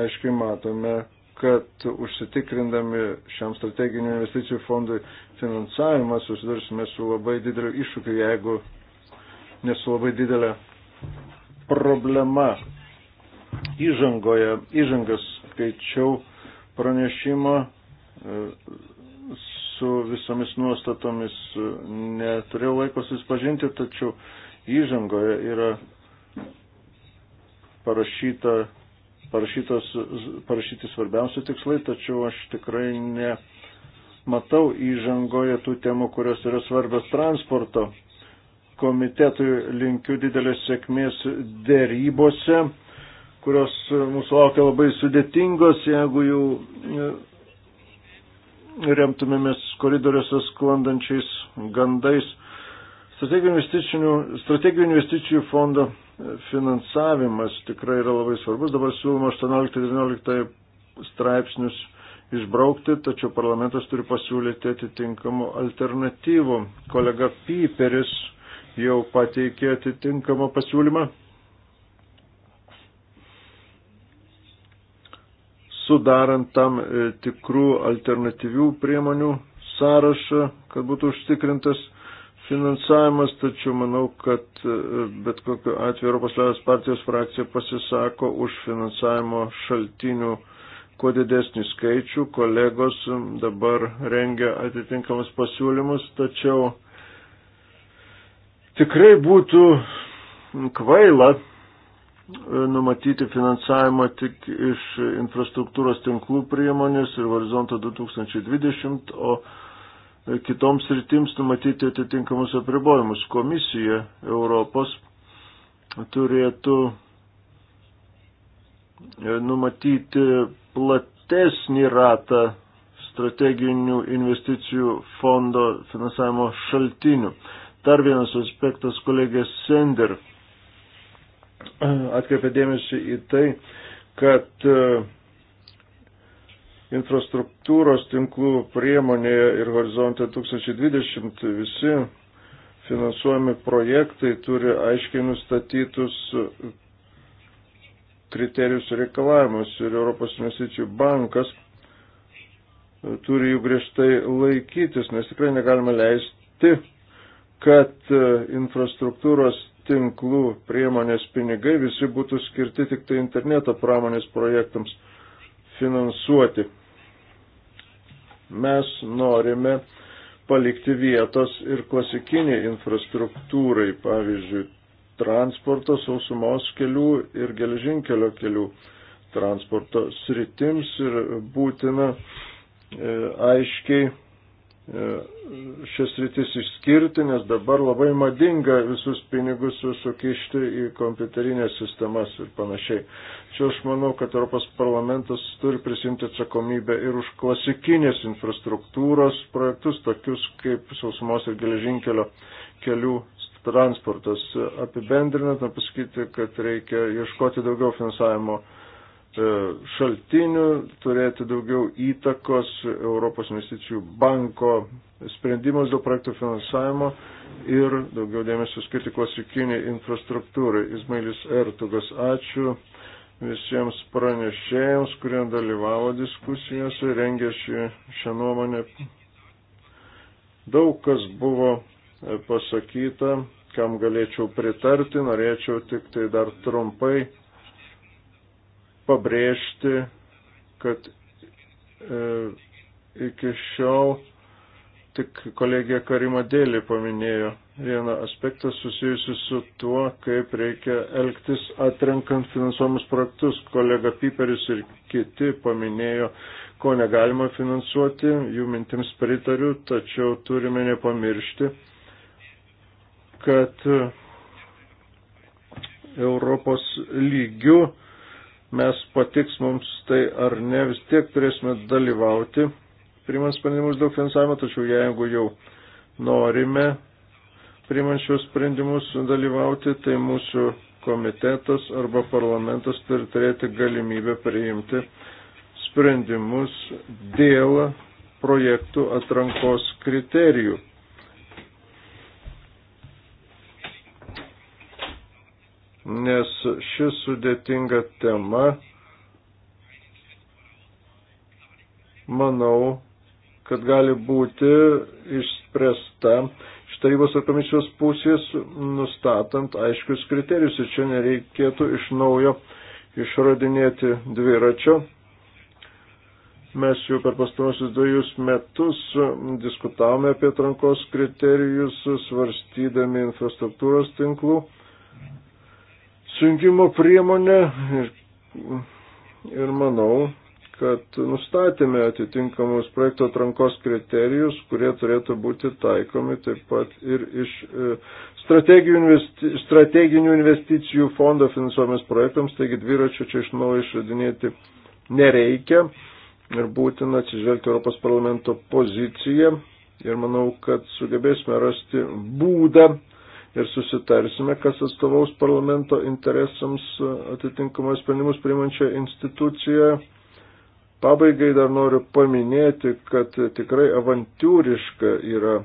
aiškiai matome, kad užsitikrindami šiam strateginių investicijų fondui finansavimą susidursime su labai dideliu iššūkiu, jeigu nesu labai didelė problema įžangoje, įžangas skaičiau pranešimą e, su visomis nuostatomis, e, neturėjau laiko susipažinti, tačiau įžangoje yra parašyta, parašytos, parašyti svarbiausi tikslai, tačiau aš tikrai ne. Matau įžangoje tų temų, kurios yra svarbios transporto komitetui linkiu didelės sėkmės dėrybose kurios e, mūsų laukia labai sudėtingos, jeigu jau e, remtumėmės koridoriuose sklandančiais gandais. Strateginių investicijų, strateginių investicijų fondo e, finansavimas tikrai yra labai svarbus. Dabar siūloma 18-19 straipsnius išbraukti, tačiau parlamentas turi pasiūlyti atitinkamų alternatyvų. Kolega Piperis jau pateikė atitinkamą pasiūlymą sudarant tam e, tikrų alternatyvių priemonių sąrašą, kad būtų užtikrintas finansavimas, tačiau manau, kad e, bet kokiu atveju Europos Liaudės partijos frakcija pasisako už finansavimo šaltinių kuo didesnį skaičių. Kolegos dabar rengia atitinkamus pasiūlymus, tačiau tikrai būtų kvaila E, numatyti finansavimą tik iš infrastruktūros tinklų priemonės ir horizonto 2020, o e, kitoms rytims numatyti atitinkamus apribojimus. Komisija Europos turėtų e, numatyti platesnį ratą strateginių investicijų fondo finansavimo šaltinių. Dar vienas aspektas kolegės Sender atkreipė dėmesį į tai, kad e, infrastruktūros tinklų priemonėje ir horizonte 2020 visi finansuojami projektai turi aiškiai nustatytus kriterijus ir reikalavimus ir Europos investicijų bankas e, turi jų griežtai laikytis, nes tikrai negalime leisti, kad e, infrastruktūros tinklų priemonės pinigai visi būtų skirti tik tai interneto pramonės projektams finansuoti. Mes norime palikti vietos ir klasikiniai infrastruktūrai, pavyzdžiui, transporto, sausumos kelių ir geležinkelio kelių transporto sritims ir būtina e, aiškiai E, šias rytis išskirti, nes dabar labai madinga visus pinigus sukišti į kompiuterinės sistemas ir panašiai. Čia aš manau, kad Europos parlamentas turi prisimti atsakomybę ir už klasikinės infrastruktūros projektus, tokius kaip sausumos ir geležinkelio kelių transportas. Apibendrinant, pasakyti, kad reikia ieškoti daugiau finansavimo E, šaltinių, turėti daugiau įtakos Europos investicijų banko sprendimus dėl projektų finansavimo ir daugiau dėmesio skirti klasikiniai infrastruktūrai. Izmailis Ertugas, ačiū visiems pranešėjams, kurie dalyvavo diskusijose, rengė šį, šią nuomonę. Daug kas buvo pasakyta, kam galėčiau pritarti, norėčiau tik tai dar trumpai pabrėžti, kad e, iki šiol tik kolegija Karima Dėlį paminėjo vieną aspektą susijusi su tuo, kaip reikia elgtis atrenkant finansuomus projektus. Kolega Piperis ir kiti paminėjo, ko negalima finansuoti, jų mintims pritariu, tačiau turime nepamiršti, kad Europos lygių mes patiks mums tai ar ne, vis tiek turėsime dalyvauti, priimant sprendimus daug finansavimo, tačiau jeigu jau norime priimant šios sprendimus dalyvauti, tai mūsų komitetas arba parlamentas turi turėti galimybę priimti sprendimus dėl projektų atrankos kriterijų. nes ši sudėtinga tema, manau, kad gali būti išspręsta iš tarybos ar komisijos pusės, nustatant aiškius kriterijus. Ir čia nereikėtų iš naujo išradinėti dviračio. Mes jau per pastarosius dviejus metus diskutavome apie trankos kriterijus, svarstydami infrastruktūros tinklų sujungimo priemonę ir, ir manau, kad nustatėme atitinkamus projekto atrankos kriterijus, kurie turėtų būti taikomi taip pat ir iš e, strateginių, investi strateginių investicijų fondo finansuojamas projektams, taigi dviračio čia iš naujo išradinėti nereikia ir būtina atsižvelgti Europos parlamento poziciją ir manau, kad sugebėsime rasti būdą ir susitarsime, kas atstovaus parlamento interesams e, atitinkamai sprendimus priimančią instituciją. Pabaigai dar noriu paminėti, kad tikrai avantūriška yra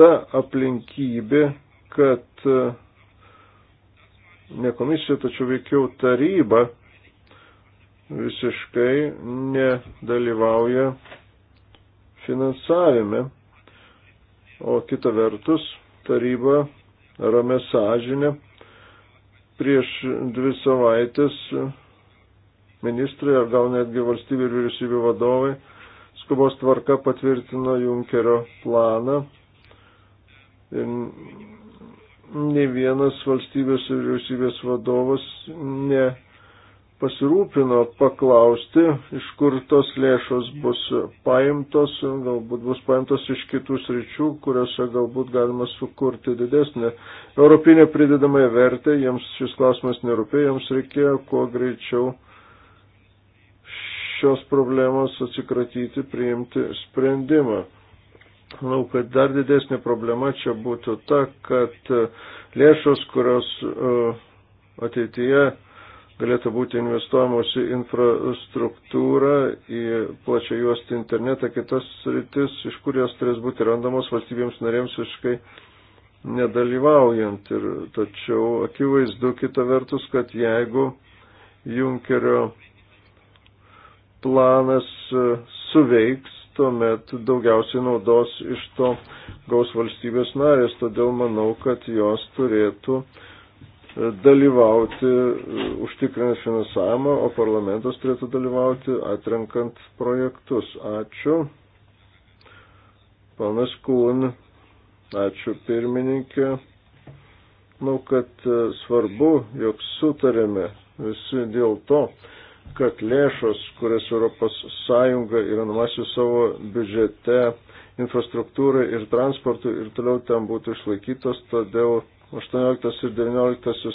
ta aplinkybė, kad e, ne komisija, tačiau veikiau taryba visiškai nedalyvauja finansavime, o kita vertus taryba ramė sąžinė. Prieš dvi savaitės ministrai ar gal netgi valstybių ir vyriausybių vadovai skubos tvarka patvirtino Junkerio planą. Ir ne vienas valstybės ir vyriausybės vadovas ne pasirūpino paklausti, iš kur tos lėšos bus paimtos, galbūt bus paimtos iš kitų sričių, kuriuose galbūt galima sukurti didesnę europinę pridedamąją vertę. Jiems šis klausimas nerūpėjo, jiems reikėjo kuo greičiau šios problemos atsikratyti, priimti sprendimą. Manau, kad dar didesnė problema čia būtų ta, kad lėšos, kurios uh, ateityje galėtų būti investuojamos į infrastruktūrą, į plačią juostį internetą, kitas sritis, iš kurios turės būti randamos valstybėms narėms visiškai nedalyvaujant. Ir, tačiau akivaizdu kita vertus, kad jeigu Junkerio planas e, suveiks, tuomet daugiausiai naudos iš to gaus valstybės narės, todėl manau, kad jos turėtų uh, dalyvauti e, užtikrinant finansavimą, o parlamentas turėtų dalyvauti atrenkant projektus. Ačiū. Panas Kūn, ačiū pirmininkė. Manau, kad e, svarbu, jog sutarėme visi dėl to, kad lėšos, kurias ES yra numasiu savo biudžete infrastruktūrai ir transportui ir toliau ten būtų išlaikytos, todėl 18 ir 19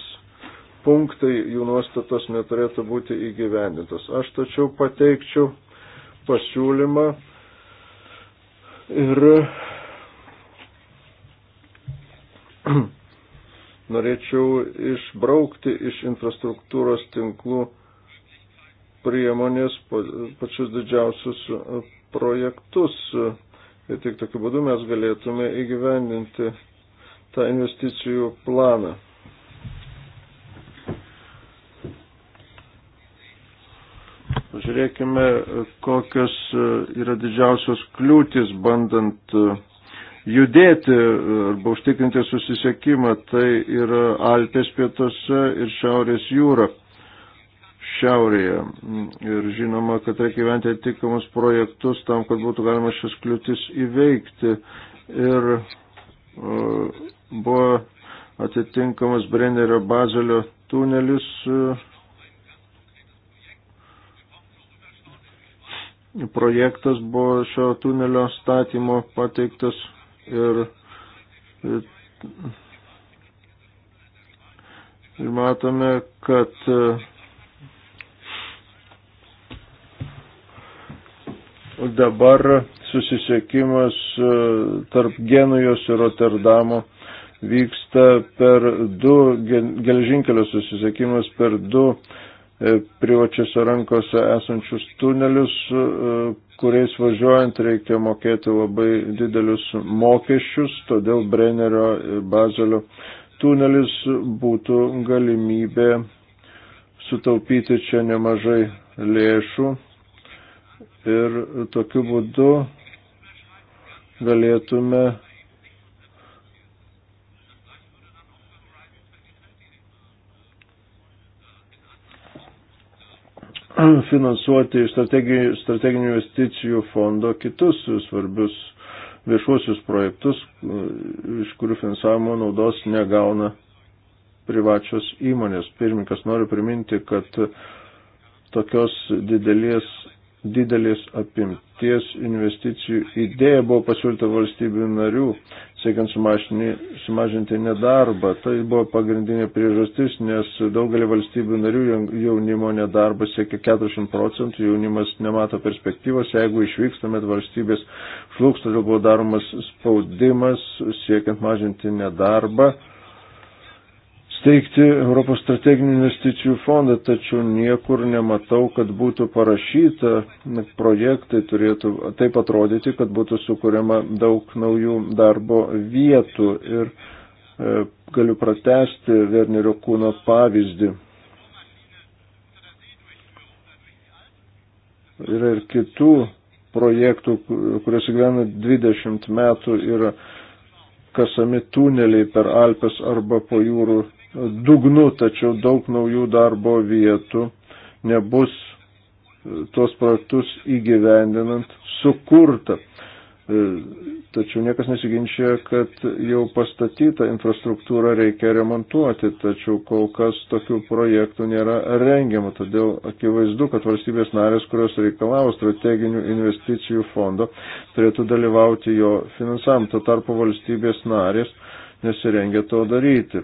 punktai jų nuostatos neturėtų būti įgyvendintos. Aš tačiau pateikčiau pasiūlymą ir norėčiau išbraukti iš infrastruktūros tinklų priemonės pačius didžiausius projektus. Ir tik tokiu būdu mes galėtume įgyvendinti tą investicijų planą. Pažiūrėkime, kokios e, yra didžiausios kliūtis bandant e, judėti e, arba užtikrinti susisiekimą. Tai yra Alpės pietose ir Šiaurės jūra šiaurėje. Ir žinoma, kad reikia gyventi atitikamus projektus tam, kad būtų galima šias kliūtis įveikti. Ir uh, buvo atitinkamas Brennerio Bazelio tunelis. E, projektas buvo šio tunelio statymo pateiktas ir, ir, e, ir matome, kad e, dabar susisiekimas tarp Genujos ir Rotterdamo vyksta per du geležinkelio susisiekimus, per du e, privačiose rankose esančius tunelius, e, kuriais važiuojant reikia mokėti labai didelius mokesčius, todėl Brennerio ir Bazelio tunelis būtų galimybė sutaupyti čia nemažai lėšų ir tokiu būdu galėtume finansuoti iš strateginių investicijų fondo kitus svarbius viešuosius projektus, e, iš kurių finansavimo naudos negauna privačios įmonės. Pirmininkas noriu priminti, kad tokios didelės, didelės apimties investicijų idėja buvo pasiūlyta valstybių narių siekiant sumažinti nedarbą. Tai buvo pagrindinė priežastis, nes daugelį valstybių narių jaunimo nedarbas siekia 40 procentų, jaunimas nemato perspektyvos, jeigu išvykstumėt valstybės šlūks, todėl buvo daromas spaudimas siekiant mažinti nedarbą steigti Europos strateginių investicijų fondą, tačiau niekur nematau, kad būtų parašyta, projektai turėtų taip atrodyti, kad būtų sukūriama daug naujų darbo vietų ir e, galiu pratesti Wernerio kūno pavyzdį. Yra ir kitų projektų, kuriuose gyvena 20 metų, yra kasami tuneliai per Alpes arba po jūrų dugnu, tačiau daug naujų darbo vietų nebus tuos projektus įgyvendinant sukurta. E, tačiau niekas nesiginčia, kad jau pastatytą infrastruktūrą reikia remontuoti, tačiau kol kas tokių projektų nėra rengiama. Todėl akivaizdu, kad valstybės narės, kurios reikalavo strateginių investicijų fondo, turėtų dalyvauti jo finansavimu. Tuo tarpu valstybės narės nesirengia to daryti.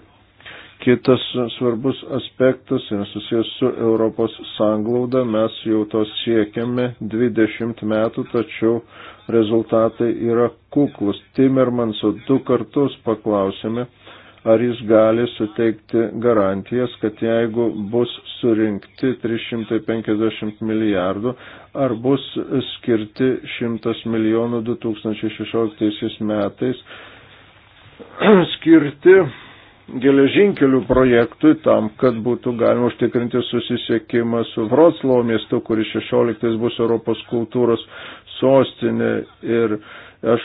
Kitas svarbus aspektas yra susijęs su Europos sanglauda. Mes jau to siekiame 20 metų, tačiau rezultatai yra kuklus. Timmermanso du kartus paklausėme, ar jis gali suteikti garantijas, kad jeigu bus surinkti 350 milijardų, ar bus skirti 100 milijonų 2016 metais skirti geležinkelių projektui tam, kad būtų galima užtikrinti susisiekimą su Vroclavo miestu, kuris 16 bus Europos kultūros sostinė. Ir aš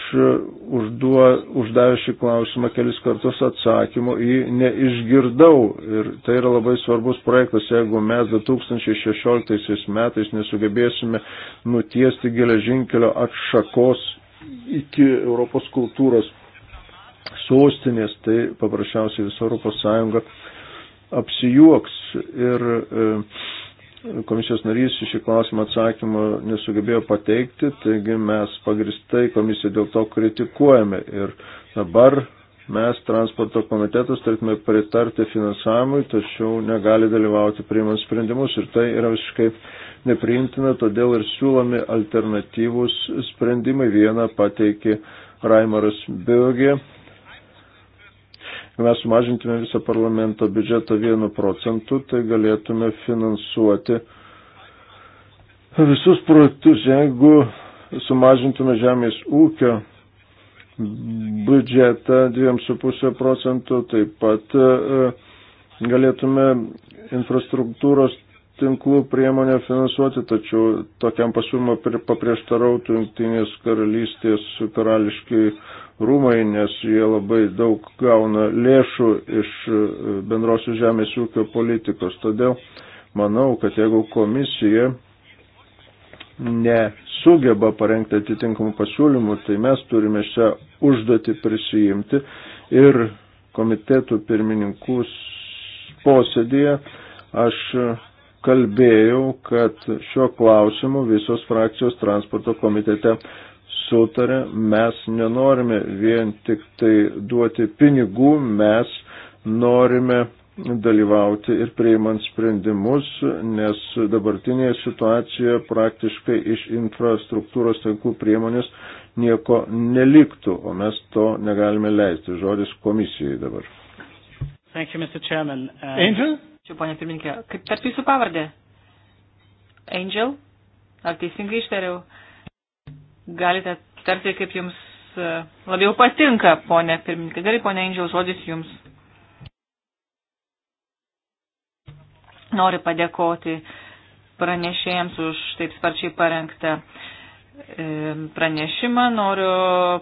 užduo, uždavęs šį klausimą kelis kartus atsakymų į neišgirdau. Ir tai yra labai svarbus projektas, jeigu mes 2016 metais nesugebėsime nutiesti geležinkelio atšakos iki Europos kultūros sostinės, tai paprasčiausiai visą Europos Sąjungą apsijuoks. Ir e, komisijos narys šį klausimą atsakymą nesugebėjo pateikti, taigi mes pagristai komisiją dėl to kritikuojame. Ir dabar mes, transporto komitetas, turėtume pritarti finansavimui, tačiau negali dalyvauti priimant sprendimus. Ir tai yra visiškai nepriimtina, todėl ir siūlomi alternatyvūs sprendimai. Vieną pateikė Raimaras Biogė mes sumažintume visą parlamento biudžetą vienu procentu, tai galėtume finansuoti visus projektus, jeigu sumažintume žemės ūkio biudžetą 2,5 procentų, taip pat e, galėtume infrastruktūros tinklų priemonę finansuoti, tačiau tokiam pasiūlymui paprieštarautų Junktinės karalystės karališkiai rūmai, nes jie labai daug gauna lėšų iš e, bendrosios žemės ūkio politikos. Todėl manau, kad jeigu komisija nesugeba parengti atitinkamų pasiūlymų, tai mes turime šią užduotį prisijimti ir komitetų pirmininkus posėdėje aš kalbėjau, kad šiuo klausimu visos frakcijos transporto komitete sutarė, mes nenorime vien tik tai duoti pinigų, mes norime dalyvauti ir priimant sprendimus, nes dabartinėje situacijoje praktiškai iš infrastruktūros tinklų priemonės nieko neliktų, o mes to negalime leisti. Žodis komisijai dabar. Thank you, Mr. Chairman. Uh... Angel? Čia, ponė pirminkė, kaip tarp jūsų pavardė? Angel? Ar teisingai ištariau? Galite tarti, kaip jums e, labiau patinka, ponė pirmininkė. Gerai, ponė Angel, žodis jums. Noriu padėkoti pranešėjams už taip sparčiai parengtą e, pranešimą. Noriu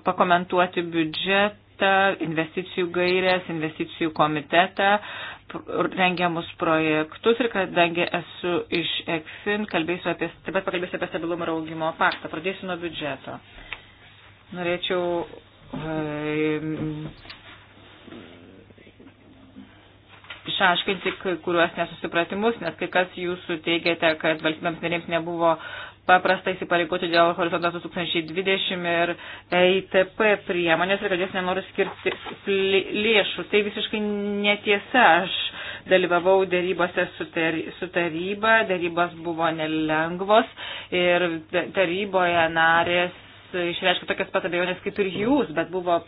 pakomentuoti biudžetą projektą, investicijų gairės, investicijų komitetą, rengiamus projektus ir kadangi esu iš ECFIN, kalbėsiu apie, taip pat pakalbėsiu apie stabilumo ir augimo paktą. Pradėsiu nuo biudžeto. Norėčiau išaiškinti kai kuriuos nesusipratimus, nes kai kas jūsų teigiate, kad valstybėms narėms nebuvo paprasta įsipareigoti dėl horizontas 2020 ir EITP priemonės ir kad jis nenori skirti lėšų. Tai visiškai netiesa. Aš dalyvavau dėrybose su, tar su taryba, dėrybos buvo nelengvos ir taryboje narės išreiškia tokias pat abejonės kaip ir jūs, bet buvo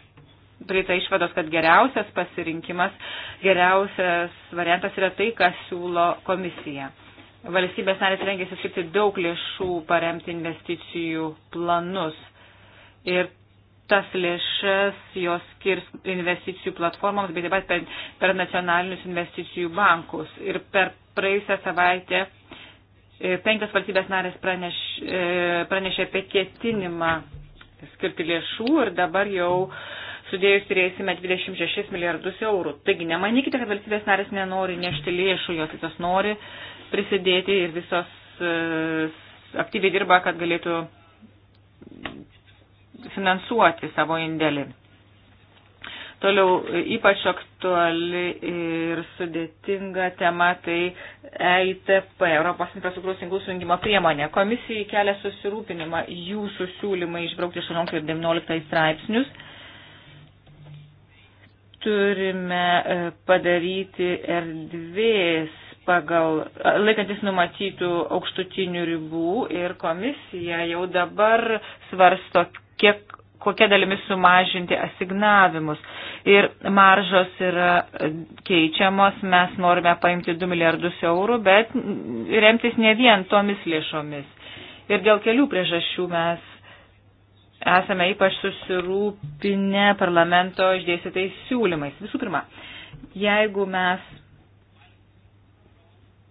prieita išvados, kad geriausias pasirinkimas, geriausias variantas yra tai, ką siūlo komisija valstybės narės rengėsi skirti daug lėšų paremti investicijų planus. Ir tas lėšas jos skirs investicijų platformoms, bet taip pat per, per nacionalinius investicijų bankus. Ir per praėjusią savaitę e, penkios valstybės narės praneš, e, pranešė apie ketinimą skirti lėšų ir dabar jau sudėjus turėsime 26 milijardus eurų. Taigi nemanykite, kad valstybės narės nenori nešti lėšų, jos jos nori prisidėti ir visos e, aktyviai dirba, kad galėtų finansuoti savo indėlį. Toliau e, ypač aktuali ir sudėtinga tema tai EITP, Europos infrastruktūros tinklų sujungimo priemonė. Komisijai kelia susirūpinimą jūsų siūlymai išbraukti 18 ir 19 straipsnius. Turime e, padaryti erdvės pagal laikantis numatytų aukštutinių ribų ir komisija jau dabar svarsto, kiek, kokia dalimi sumažinti asignavimus. Ir maržos yra keičiamos, mes norime paimti 2 milijardus eurų, bet remtis ne vien tomis lėšomis. Ir dėl kelių priežasčių mes esame ypač susirūpinę parlamento išdėstytais siūlymais. Visų pirma, jeigu mes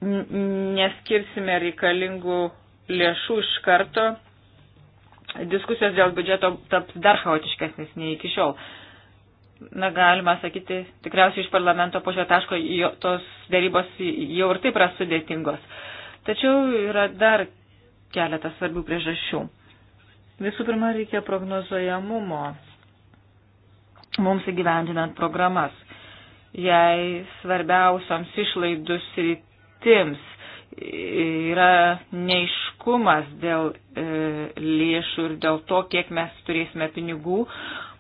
neskirsime reikalingų lėšų iš karto, diskusijos dėl biudžeto taps dar chaotiškesnis nei iki šiol. Na, galima sakyti, tikriausiai iš parlamento požiūrė taško tos dėrybos jau ir taip yra sudėtingos. Tačiau yra dar keletas svarbių priežasčių. Visų pirma, reikia prognozojamumo mums įgyvendinant programas. Jei svarbiausioms išlaidus ir sritims. Yra neiškumas dėl e, lėšų ir dėl to, kiek mes turėsime pinigų.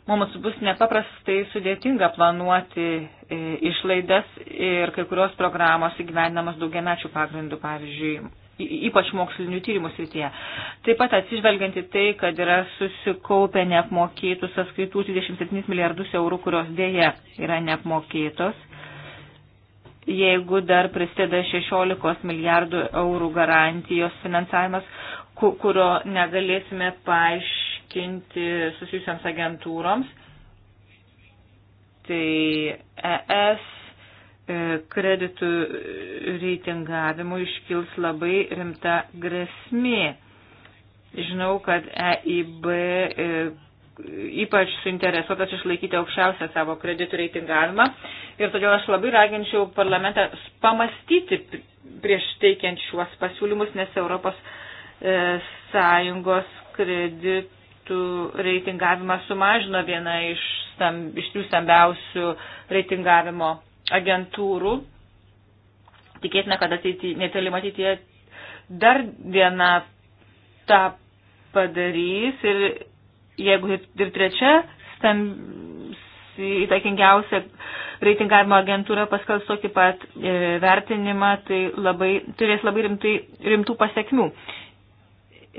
Mums bus nepaprastai sudėtinga planuoti e, išlaidas ir kai kurios programos įgyvendinamas daugiamečių pagrindų, pavyzdžiui, ypač mokslinių tyrimų srityje. Taip pat atsižvelgianti tai, kad yra susikaupę neapmokėtų sąskaitų 27 milijardus eurų, kurios dėje yra neapmokėtos jeigu dar prisideda 16 milijardų eurų garantijos finansavimas, kurio negalėsime paaiškinti susijusiams agentūroms. Tai ES e, kreditų reitingavimu iškils labai rimta grėsmė. Žinau, kad EIB e, ypač suinteresuotas išlaikyti aukščiausią savo kreditų reitingavimą. Ir todėl aš labai raginčiau parlamentą pamastyti prieš teikiant šiuos pasiūlymus, nes Europos e, Sąjungos kreditų reitingavimą sumažino viena iš, stamb, iš tų stambiausių reitingavimo agentūrų. Tikėtina, kad ateity, netoli matyti dar viena tą padarys ir jeigu ir trečia įtakingiausia reitingavimo agentūra paskelbs tokį pat e, vertinimą, tai labai, turės labai rimtai, rimtų pasiekmių.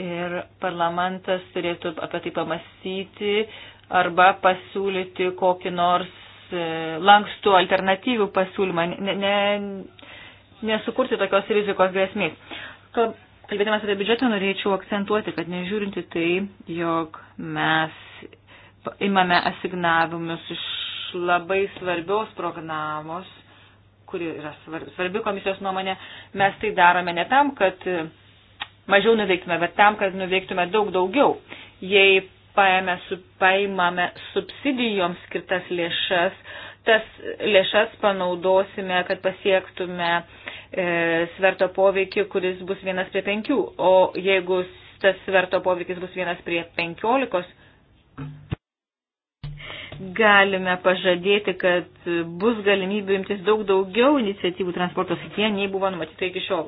Ir parlamentas turėtų apie tai pamastyti arba pasiūlyti kokį nors e, lankstų alternatyvių pasiūlymą, ne, ne, nesukurti tokios rizikos grėsmės. Kal, Kalbėdamas apie biudžetą norėčiau akcentuoti, kad nežiūrinti tai, jog mes imame asignavimus iš labai svarbios programos, kuri yra svarbi, svarbi komisijos nuomonė, mes tai darome ne tam, kad mažiau nuveiktume, bet tam, kad nuveiktume daug daugiau. Jei paėmė, su, paimame subsidijoms skirtas lėšas, tas lėšas panaudosime, kad pasiektume uh, E, sverto poveikį, kuris bus vienas prie penkių. O jeigu tas sverto poveikis bus vienas prie penkiolikos, galime pažadėti, kad bus galimybių imtis daug daugiau iniciatyvų transporto srityje, nei buvo numatyta iki šiol.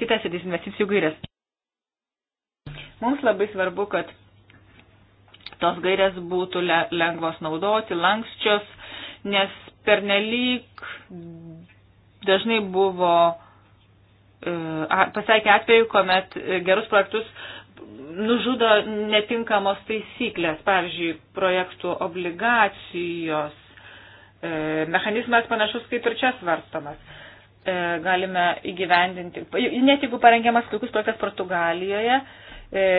Kitas sėdys investicijų gairės. Mums labai svarbu, kad tos gairės būtų lengvos naudoti, lankščios, nes pernelyg Dažnai buvo e, pasiekia atveju, kuomet gerus projektus nužudo netinkamos taisyklės, pavyzdžiui, projektų obligacijos. E, mechanizmas panašus kaip ir čia svarstomas. E, galime įgyvendinti, net jeigu parengiamas puikus projektas Portugalijoje,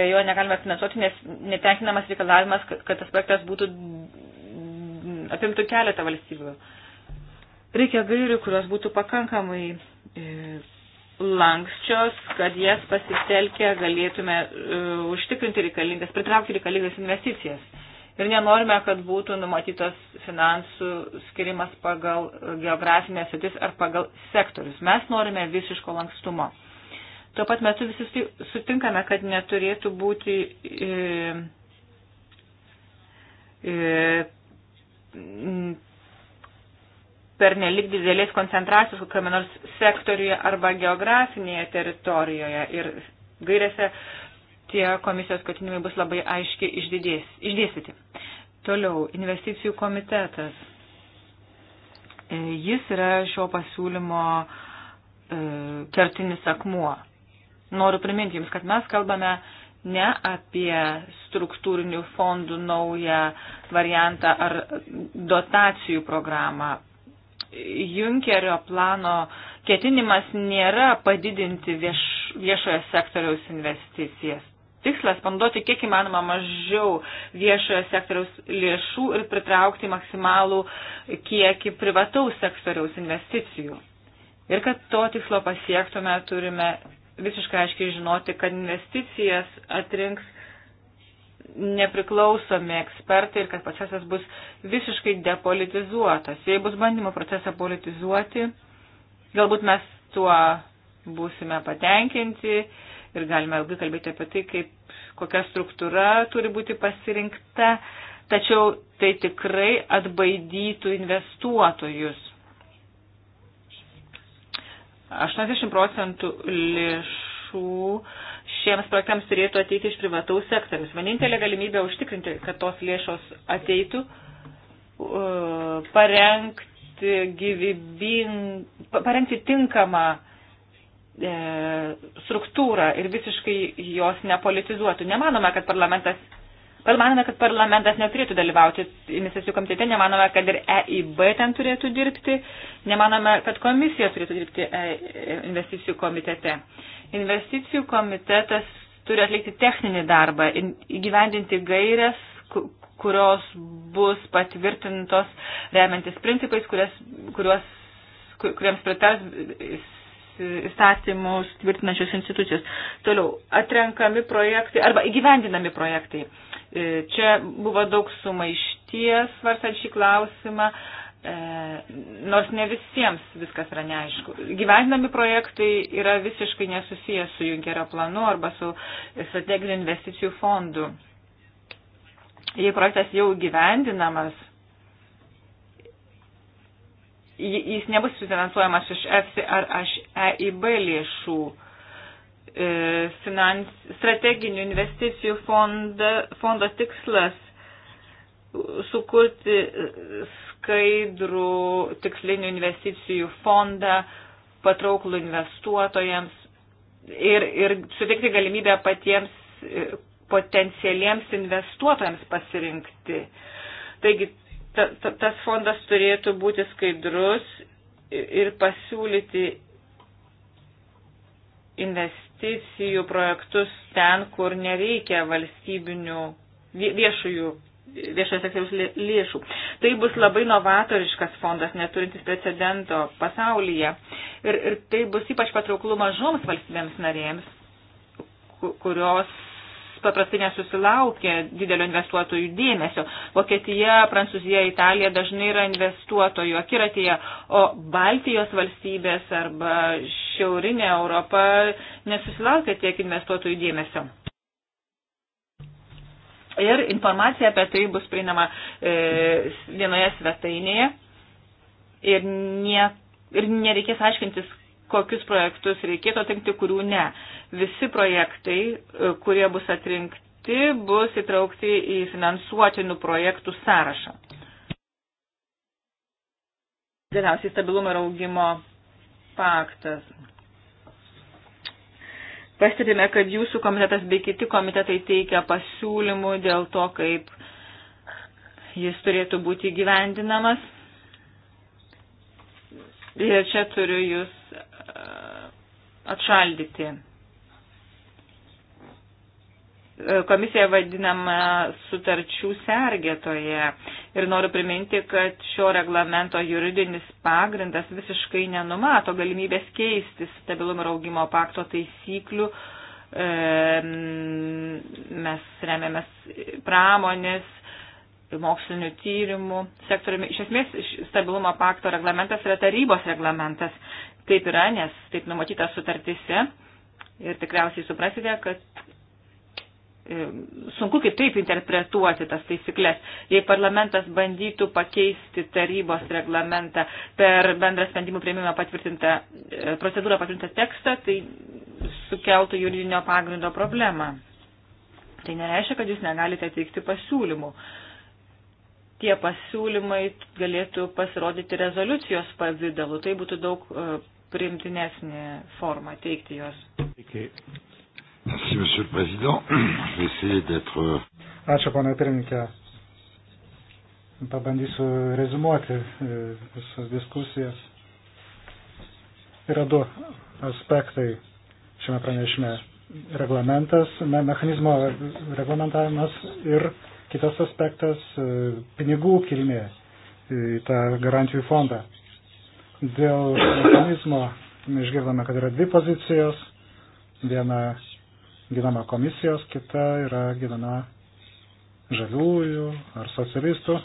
jo negalime finansuoti, nes netenkinamas reikalavimas, kad tas projektas būtų apimtų keletą valstybių Reikia gairių, kurios būtų pakankamai e, lankščios, kad jas pasitelkę galėtume uh, užtikrinti reikalingas, pritraukti reikalingas investicijas. Ir nenorime, kad būtų numatytos finansų skirimas pagal geografinės sritis ar pagal sektorius. Mes norime visiško lankstumo. Tuo pat metu visi sutinkame, kad neturėtų būti e, e, per nelik didelės koncentracijos kokiame nors sektoriuje arba geografinėje teritorijoje. Ir gairėse tie komisijos skatinimai bus labai aiškiai išdidės, išdėstyti. Toliau, investicijų komitetas. E, jis yra šio pasiūlymo e, kertinis akmuo. Noriu priminti Jums, kad mes kalbame ne apie struktūrinių fondų naują variantą ar dotacijų programą. Junkerio plano ketinimas nėra padidinti vieš, viešojo sektoriaus investicijas. Tikslas panduoti kiek įmanoma mažiau viešojo sektoriaus lėšų ir pritraukti maksimalų kiekį privataus sektoriaus investicijų. Ir kad to tikslo pasiektume, turime visiškai aiškiai žinoti, kad investicijas atrinks nepriklausomi ekspertai ir kad procesas bus visiškai depolitizuotas. Jei bus bandymo procesą politizuoti, galbūt mes tuo būsime patenkinti ir galime ilgai kalbėti apie tai, kaip, kokia struktūra turi būti pasirinkta, tačiau tai tikrai atbaidytų investuotojus. 80 procentų lėšų šiems projektams turėtų ateiti iš privataus sektorius. Vienintelė galimybė užtikrinti, kad tos lėšos ateitų, e, parengti, gyvybin, parengti tinkamą e, struktūrą ir visiškai jos nepolitizuotų. Nemanome, kad parlamentas Bet manome, kad parlamentas neturėtų dalyvauti investicijų komitete, nemanome, kad ir EIB ten turėtų dirbti, nemanome, kad komisija turėtų dirbti e e, investicijų komitete. Investicijų komitetas turi atlikti techninį darbą, įgyvendinti gairias, kurios bus patvirtintos remiantis principais, kurias, kuriuos, kuriems pritars įstatymus tvirtinančios institucijos. Toliau, atrenkami projektai arba įgyvendinami projektai. E, čia buvo daug sumaišties svarstant šį klausimą, e, nors ne visiems viskas yra neaišku. Gyvendami projektai yra visiškai nesusiję su Junkerio planu arba su strateginiu investicijų fondu. Jei projektas jau gyvendinamas, jis nebus finansuojamas iš EFSI ar iš EIB lėšų E, finans, strateginių investicijų fonda, fondo tikslas sukurti skaidrų tikslinių investicijų fondą patrauklų investuotojams ir, ir suteikti galimybę patiems e, potencialiems investuotojams pasirinkti. Taigi ta, ta, tas fondas turėtų būti skaidrus ir pasiūlyti investicijų projektus ten, kur nereikia valstybinių viešųjų viešojo sektoriaus lėšų. Tai bus labai novatoriškas fondas, neturintis precedento pasaulyje. Ir, ir tai bus ypač patrauklu mažoms valstybėms narėms, kurios paprastai nesusilaukia didelio investuotojų dėmesio. Vokietija, Prancūzija, Italija dažnai yra investuotojų akiratėje, o Baltijos valstybės arba Šiaurinė Europa nesusilaukia tiek investuotojų dėmesio. Ir informacija apie tai bus prieinama e, vienoje svetainėje ir, nie, ir nereikės aiškintis, kokius projektus reikėtų atrinkti, kurių ne. Visi projektai, e, kurie bus atrinkti, bus įtraukti į finansuotinų projektų sąrašą. Galiausiai stabilumo ir augimo paktas. Pastebime, kad jūsų komitetas bei kiti komitetai teikia pasiūlymų dėl to, kaip jis turėtų būti gyvendinamas. Ir čia turiu jūs atšaldyti. E, komisija vadinama sutarčių sergėtoje ir noriu priminti, kad šio reglamento juridinis pagrindas visiškai nenumato galimybės keisti stabilumo ir augimo pakto taisyklių e, mes remiamės pramonės, mokslinių tyrimų sektoriumi. Iš esmės, stabilumo pakto reglamentas yra tarybos reglamentas taip yra, nes taip numatyta sutartise. Ir tikriausiai suprasite, kad e, sunku kaip taip interpretuoti tas taisyklės. Jei parlamentas bandytų pakeisti tarybos reglamentą per bendrą sprendimų prieimimą patvirtintą e, procedūrą patvirtintą tekstą, tai sukeltų juridinio pagrindo problemą. Tai nereiškia, kad jūs negalite teikti pasiūlymų. Tie pasiūlymai galėtų pasirodyti rezoliucijos pavydalu. Tai būtų daug e, primtinesnį formą teikti juos. Ačiū, ponai pirmininkė. Pabandysiu rezumuoti e, visas diskusijas. Yra du aspektai šiame pranešime. Reglamentas, me, mechanizmo reglamentavimas ir kitas aspektas e, - pinigų kilmė į tą garantijų fondą. Dėl mechanizmo išgirdome, kad yra dvi pozicijos. Viena ginama komisijos, kita yra ginama žaliųjų ar socialistų.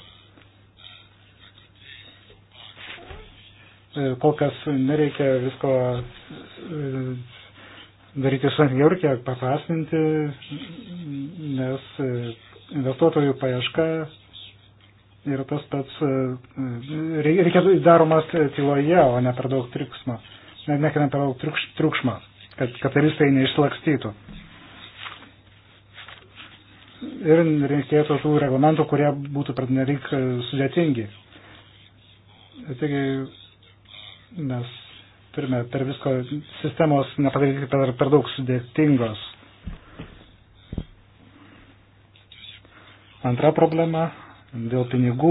E, kol kas nereikia visko e, daryti sunkiau, reikia paprastinti, nes e, investuotojų paieška ir tas pats e, reikėtų daromas tyloje, o ne per daug triukšmo, ne, nekeliant per daug triukš, triukšmą, kad katalistai neišlakstytų. Ir reikėtų tų reglamentų, kurie būtų pernelyg e, sudėtingi. Taigi mes turime per visko sistemos nepadaryti per, per daug sudėtingos. Antra problema dėl pinigų.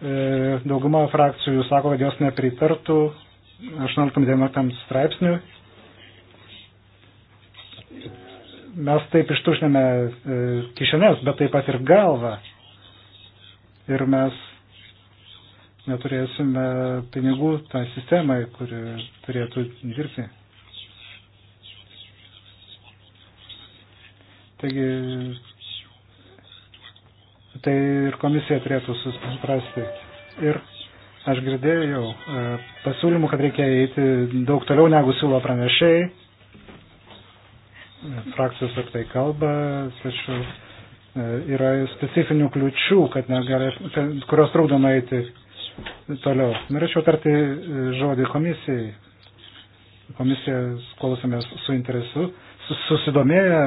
E, dauguma frakcijų sako, kad jos nepritartų 18 straipsniui. Mes taip ištušnėme e, kišenės, bet taip pat ir galvą. Ir mes neturėsime pinigų tą tai sistemą, kuri turėtų dirbti. Taigi tai ir komisija turėtų suprasti. Ir aš girdėjau e, pasiūlymų, kad reikia eiti daug toliau negu siūlo pranešėjai. E, frakcijos apie tai kalba, tačiau e, yra specifinių kliučių, kad negali, kurios trūdoma eiti toliau. Norėčiau tarti žodį komisijai. Komisija klausomės su interesu, susidomėję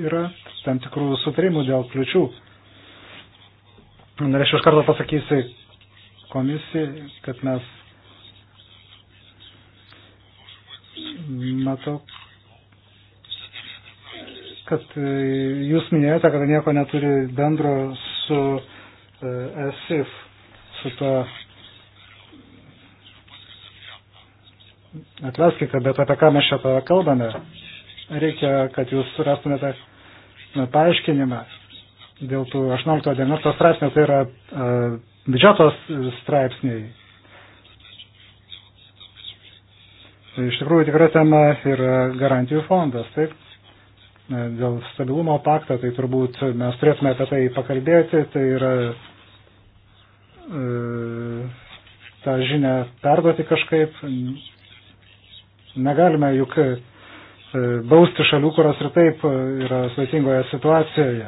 yra tam tikrų sutarimų dėl kliučių. Norėčiau iš karto pasakysi komisijai, kad mes matau, kad e, jūs minėjote, kad nieko neturi bendro su ESIF, su to atleiskite, bet apie ką mes čia kalbame reikia, kad jūs surastumėte paaiškinimą dėl tų 18-19 straipsnių, tai yra uh, biudžetos straipsniai. Iš tikrųjų tikra tema yra garantijų fondas, taip. Dėl stabilumo pakto, tai turbūt mes turėtume apie tai pakalbėti, tai yra uh, tą žinę perduoti kažkaip. Negalime juk uh, bausti šalių, kurios ir taip e, yra sveitingoje situacijoje.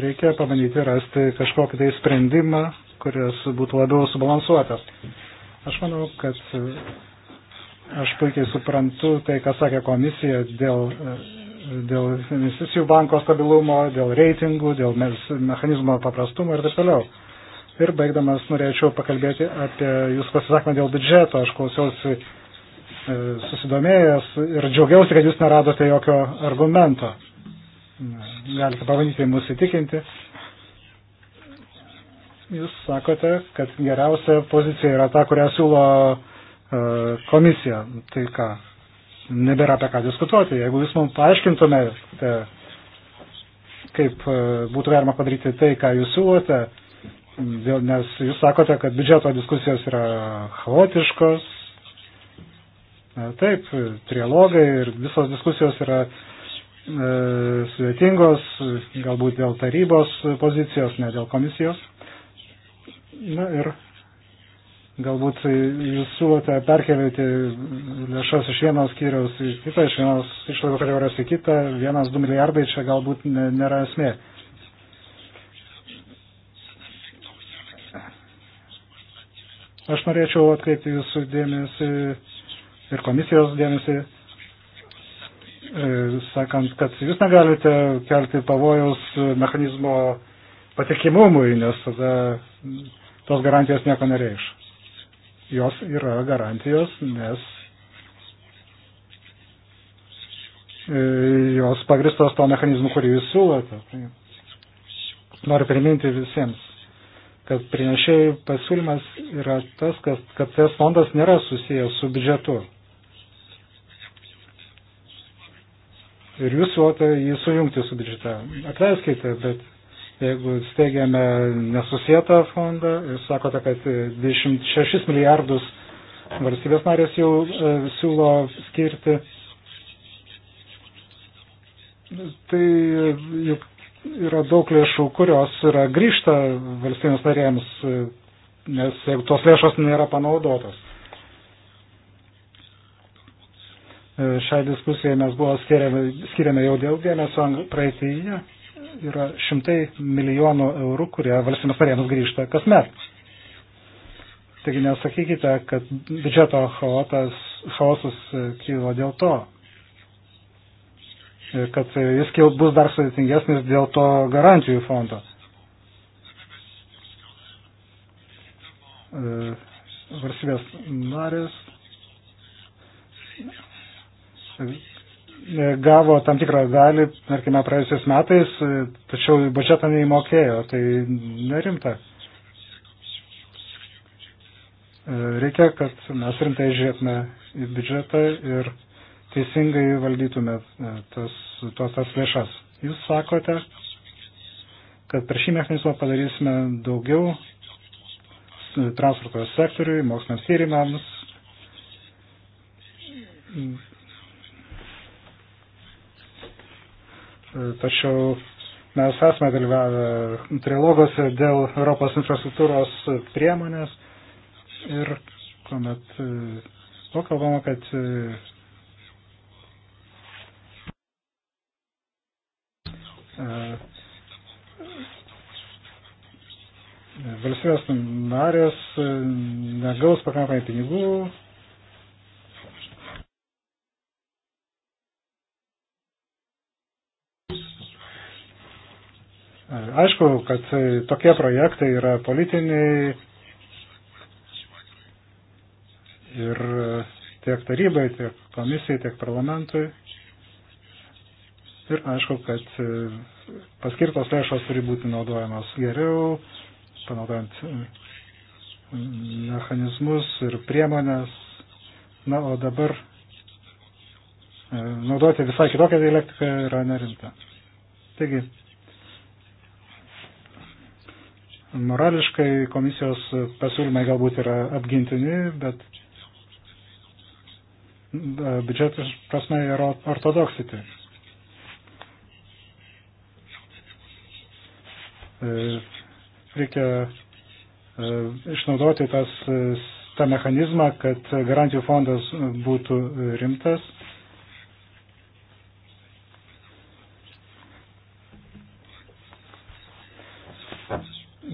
Reikia pabandyti rasti kažkokį tai sprendimą, kuris būtų labiau subalansuotas. Aš manau, kad e, aš puikiai suprantu tai, ką sakė komisija dėl, e, dėl investicijų banko stabilumo, dėl reitingų, dėl mechanizmo paprastumo ir taip toliau. Ir baigdamas norėčiau pakalbėti apie jūsų pasisakymą dėl biudžeto. Aš klausiausi e, susidomėjęs ir džiaugiausi, kad jūs neradote jokio argumento. Galite pabandyti mus įtikinti. Jūs sakote, kad geriausia pozicija yra ta, kurią siūlo e, komisija. Tai ką, nebėra apie ką diskutuoti. Jeigu jūs mums paaiškintumėte, kaip e, būtų galima padaryti tai, ką jūs siūlote, nes jūs sakote, kad biudžeto diskusijos yra chaotiškos. Taip, trilogai ir visos diskusijos yra e, sudėtingos, galbūt dėl tarybos pozicijos, ne dėl komisijos. Na ir galbūt jūs siūlote perkelėti lėšas iš vienos skyriaus į kitą, iš vienos išlaidų kategorijos į kitą, vienas, du milijardai čia galbūt nėra esmė. E, Aš norėčiau atkreipti jūsų dėmesį ir komisijos dėmesį, e, sakant, kad jūs negalite kelti pavojaus mechanizmo patikimumui, nes tada tos garantijos nieko nereikš. Jos yra garantijos, nes e, jos pagristos to mechanizmu, kurį jūs siūlote. Tai noriu priminti visiems kad prinešėjų pasiūlymas yra tas, kad, kad tas fondas nėra susijęs su biudžetu. Ir jūs suote jį sujungti su biudžete. Atleiskite, bet jeigu steigiame nesusietą fondą ir sakote, kad 26 milijardus valstybės narės jau e, siūlo skirti, tai juk yra daug lėšų, kurios yra grįžta valstybės narėms, nes jeigu tos lėšos nėra panaudotos. E, Šią diskusiją mes buvo skiriame, skiriame jau dėl dėmesio praeitįje. Yra šimtai milijonų eurų, kurie valstybės narėms grįžta kasmet. Taigi nesakykite, kad biudžeto chaotas, chaosas e, kyla dėl to kad jis bus dar sudėtingesnis dėl to garantijų fondo. E, Varsybės narės e, gavo tam tikrą dalį, tarkime, praėjusiais metais, e, tačiau budžetą neįmokėjo, tai nerimta. Reikia, kad mes rimtai žiūrėtume į biudžetą ir teisingai valdytumėt e, tas, tos tas lėšas. Jūs sakote, kad per šį mechanizmą padarysime daugiau transporto sektoriui, moksliniams tyrimams. E, tačiau mes esame dalyvavę trilogose dėl Europos infrastruktūros priemonės ir kuomet e, buvo kalbama, kad E, valstybės narės e, negaus pakankamai pinigų. E, aišku, kad tokie projektai yra politiniai ir tiek tarybai, tiek komisijai, tiek parlamentui. Ir aišku, kad e, paskirtos lėšos turi būti naudojamos geriau, panaudojant e, mechanizmus ir priemonės. Na, o dabar e, naudoti visai kitokią dialektiką yra nerimta. Taigi, morališkai komisijos pasiūlymai galbūt yra apgintini, bet biudžetas prasme yra ortodoksiti. E, reikia e, išnaudoti tas, e, tą mechanizmą, kad garantijų fondas būtų rimtas.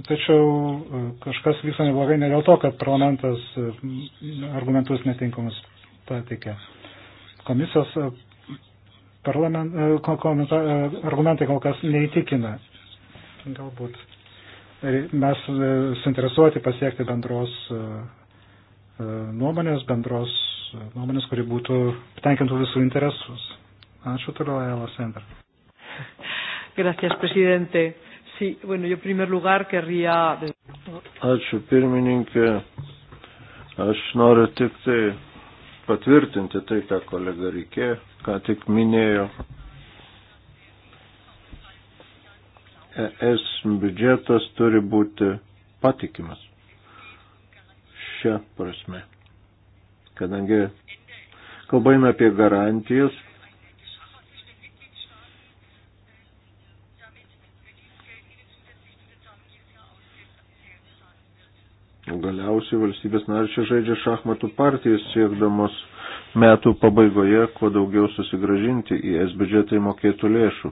Tačiau kažkas vyksta neblogai ne dėl to, kad parlamentas argumentus netinkamus pateikė. Komisijos argumentai kol kas neįtikina galbūt mes e, suinteresuoti pasiekti bendros e, e, nuomonės, bendros nuomonės, kuri būtų patenkintų visų interesus. Ačiū toliau, Ela Sender. Gracias, presidente. Sí, bueno, yo en primer lugar querría. Ačiū, pirmininkė. Aš noriu tik tai patvirtinti tai, ką kolega Rikė ką tik minėjo. ES biudžetas turi būti patikimas. Šią prasme. Kadangi kalbame apie garantijas, Galiausiai valstybės naršė žaidžia šachmatų partijas siekdamos metų pabaigoje kuo daugiau susigražinti į e S biudžetą įmokėtų lėšų.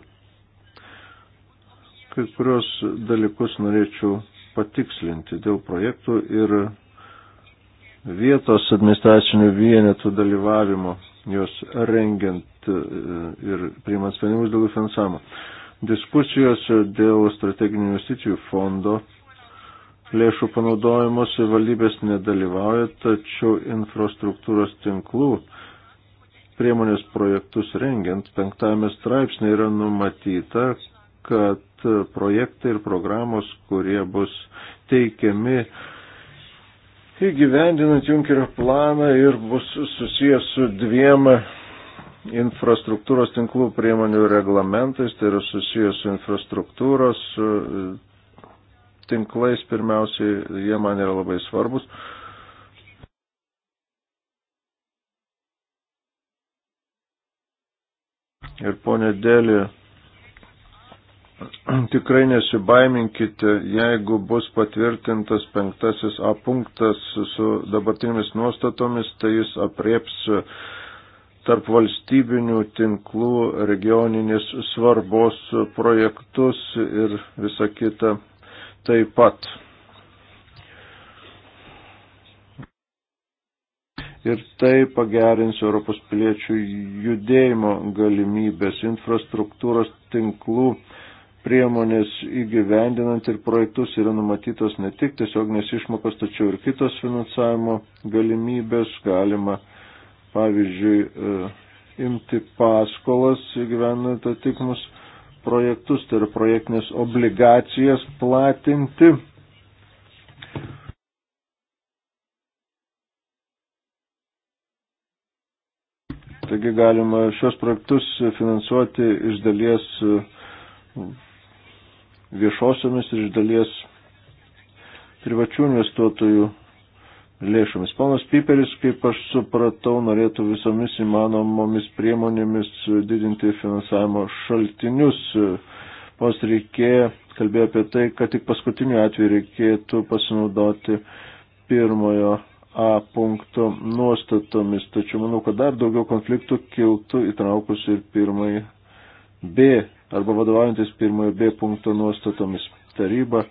Kai kurios dalykus norėčiau patikslinti dėl projektų ir vietos administracinių vienetų dalyvavimo, jos rengiant e, ir priimant sprendimus dėl finansavimo. Diskusijose dėl strateginių investicijų fondo lėšų panaudojimo savivaldybės nedalyvauja, tačiau infrastruktūros tinklų priemonės projektus rengiant penktame straipsnė yra numatyta, kad projektai ir programos, kurie bus teikiami įgyvendinant Junkerio planą ir bus susijęs su dviem infrastruktūros tinklų priemonių reglamentais, tai yra susijęs su infrastruktūros e, tinklais, pirmiausiai jie man yra labai svarbus. Ir ponė Dėlė tikrai nesibaiminkite, jeigu bus patvirtintas penktasis A punktas su dabartinėmis nuostatomis, tai jis aprieps tarp valstybinių tinklų regioninės svarbos projektus ir visa kita taip pat. ir tai pagerins Europos piliečių judėjimo galimybės, infrastruktūros tinklų priemonės įgyvendinant ir projektus yra numatytos ne tik tiesioginės išmokos, tačiau ir kitos finansavimo galimybės. Galima, pavyzdžiui, e, imti paskolas įgyvendinant atitikmus projektus, tai yra projektinės obligacijas platinti. Taigi galima šios projektus finansuoti iš dalies e, viešosiomis ir iš dalies privačių investuotojų lėšomis. Ponas Piperis, kaip aš supratau, norėtų visomis įmanomomis priemonėmis didinti finansavimo šaltinius. Pos reikėjo, kalbėjo apie tai, kad tik paskutiniu atveju reikėtų pasinaudoti pirmojo A punkto nuostatomis, tačiau manau, kad dar daugiau konfliktų kiltų įtraukus ir pirmąjį B arba vadovaujantis pirmojo B punkto nuostatomis. Taryba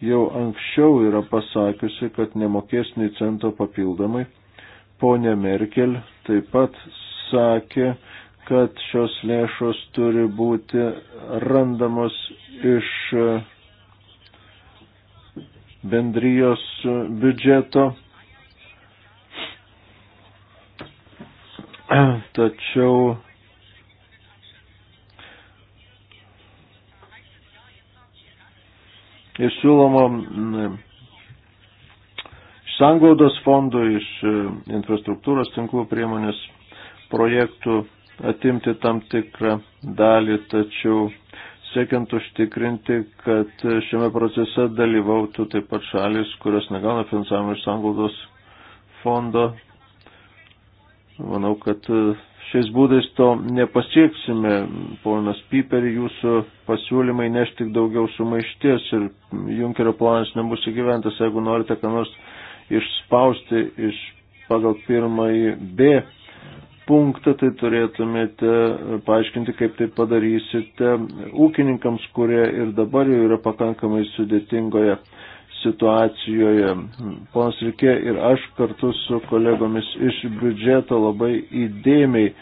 jau anksčiau yra pasakiusi, kad nemokės nei cento papildomai. Pone Merkel taip pat sakė, kad šios lėšos turi būti randamos iš bendrijos biudžeto. Tačiau iš siūlomo iš sanglaudos fondų, iš e, infrastruktūros tinklų priemonės projektų atimti tam tikrą dalį, tačiau siekiant užtikrinti, kad šiame procese dalyvautų taip pat šalis, kurios negauna finansavimo iš sanglaudos fondo. Manau, kad e, šiais būdais to nepasieksime. Ponas Piperi, jūsų pasiūlymai neš tik daugiau sumaišties ir Junkerio planas nebus įgyventas, jeigu norite ką nors išspausti iš pagal pirmąjį B punktą, tai turėtumėte paaiškinti, kaip tai padarysite ūkininkams, kurie ir dabar jau yra pakankamai sudėtingoje situacijoje. Ponas Rikė ir aš kartu su kolegomis iš biudžeto labai įdėmiai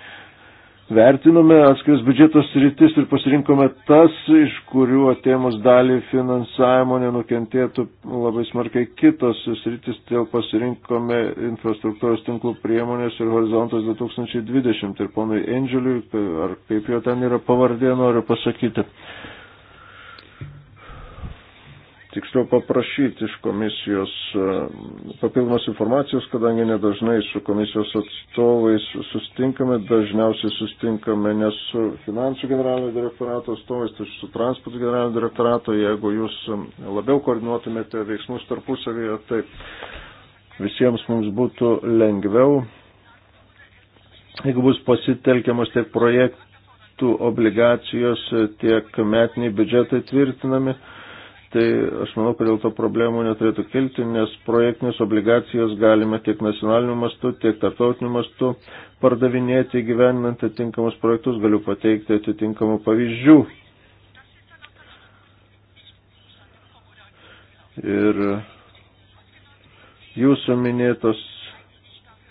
vertinome atskiras biudžeto sritis ir pasirinkome tas, iš kurių atėmus dalį finansavimo nenukentėtų labai smarkiai kitos sritis, todėl pasirinkome infrastruktūros tinklų priemonės ir horizontas 2020. Ir ponui Endžiuliui, ar kaip jo ten yra pavardė, noriu pasakyti tiksliau paprašyti iš komisijos e, papildomos informacijos, kadangi nedažnai su komisijos atstovais sustinkame, dažniausiai sustinkame ne su finansų generalinio direktorato atstovais, tačiau su transporto generalinio direktorato, jeigu jūs e, labiau koordinuotumėte veiksmus tarpusavyje, tai visiems mums būtų lengviau, jeigu bus pasitelkiamas tiek projektų obligacijos, tiek metiniai biudžetai tvirtinami tai aš manau, kad dėl to problemų neturėtų kilti, nes projektinės obligacijas galima tiek nacionaliniu mastu, tiek tarptautiniu mastu pardavinėti gyveninant atitinkamus projektus, galiu pateikti atitinkamų pavyzdžių. Ir jūsų minėtos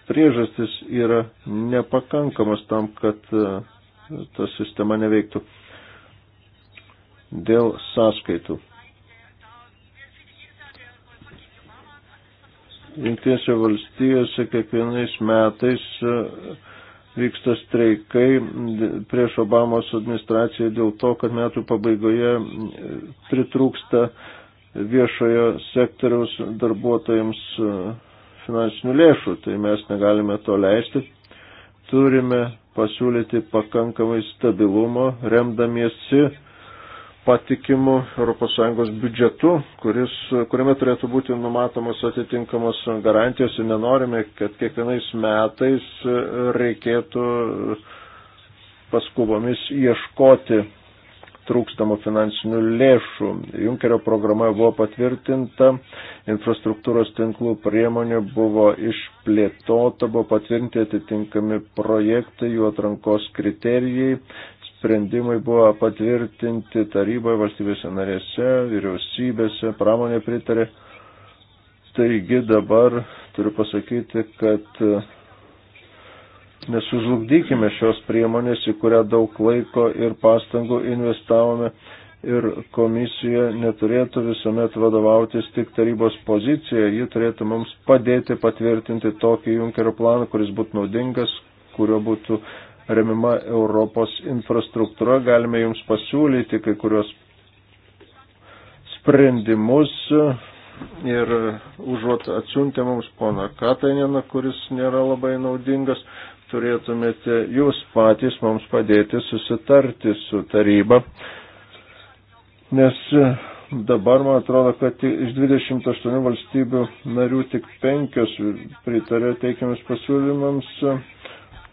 priežastis yra nepakankamas tam, kad e, ta sistema neveiktų dėl sąskaitų. Junktinėse valstijose kiekvienais metais e, vyksta streikai prieš Obamos administraciją dėl to, kad metų pabaigoje e, pritrūksta viešojo sektoriaus darbuotojams e, finansinių lėšų, tai mes negalime to leisti. Turime pasiūlyti pakankamai stabilumo, remdamiesi patikimu ES biudžetu, kuris, kuriame turėtų būti numatomos atitinkamos garantijos ir nenorime, kad kiekvienais metais reikėtų paskubomis ieškoti trūkstamų finansinių lėšų. Junkerio programa buvo patvirtinta, infrastruktūros tinklų priemonė buvo išplėtota, buvo patvirtinti atitinkami projektai, jų atrankos kriterijai, sprendimai buvo patvirtinti taryboje, valstybėse narėse, vyriausybėse, pramonė pritarė. Taigi dabar turiu pasakyti, kad e, nesužlugdykime šios priemonės, į kurią daug laiko ir pastangų investavome ir komisija neturėtų visuomet vadovautis tik tarybos pozicija, ji turėtų mums padėti patvirtinti tokį Junkerio planą, kuris būtų naudingas, kurio būtų remima Europos infrastruktūra. Galime jums pasiūlyti kai kurios sprendimus ir užuot atsiuntę mums poną Kataininą, kuris nėra labai naudingas, turėtumėte jūs patys mums padėti susitarti su taryba. Nes dabar, man atrodo, kad iš 28 valstybių narių tik penkios pritarė teikiamis pasiūlymams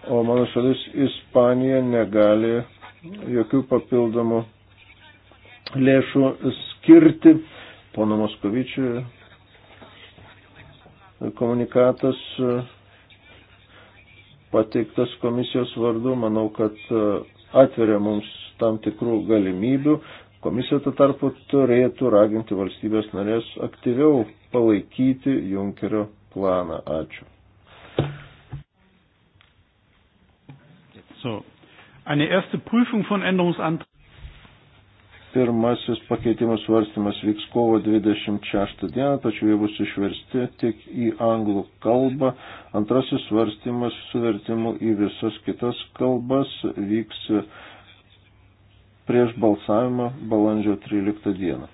o mano šalis Ispanija negali jokių papildomų lėšų skirti. Pono Moskovičiui komunikatas pateiktas komisijos vardu, manau, kad atveria mums tam tikrų galimybių. Komisija tuo tarpu turėtų raginti valstybės narės aktyviau palaikyti Junkerio planą. Ačiū. So. Eine erste Prüfung von Änderungsanträgen. Pirmasis pakeitimas svarstymas vyks kovo 26 dieną, tačiau jie bus išversti tik į anglų kalbą. Antrasis svarstymas su vertimu į visas kitas kalbas vyks prieš balsavimą balandžio 13 dieną.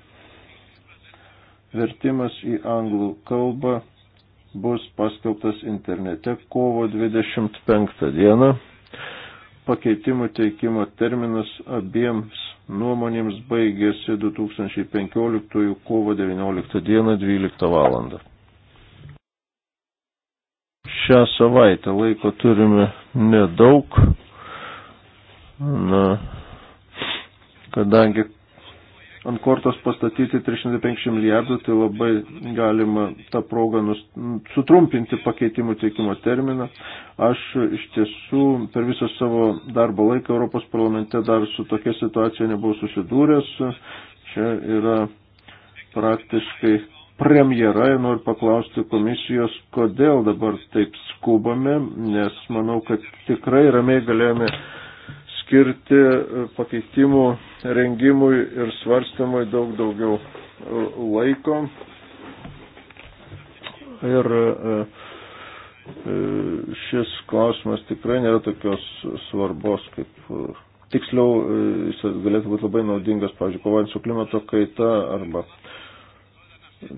Vertimas į anglų kalbą bus paskelbtas internete kovo 25 dieną. Pakeitimų teikimo terminas abiems nuomonėms baigėsi 2015 kovo 19 dieną 12 valandą. Šią savaitę laiko turime nedaug, na, kadangi ant kortos pastatyti 350 milijardų, tai labai galima tą progą nus, sutrumpinti pakeitimų teikimo terminą. Aš iš tiesų per visą savo darbo laiką Europos parlamente dar su tokia situacija nebuvau susidūręs. Čia yra praktiškai premjera ir noriu paklausti komisijos, kodėl dabar taip skubame, nes manau, kad tikrai ramiai galėjome skirti e, pakeitimų rengimui ir svarstymui daug daugiau e, laiko. Ir e, šis klausimas tikrai nėra tokios svarbos, kaip tiksliau jis galėtų būti labai naudingas, pavyzdžiui, kovojant su klimato kaita arba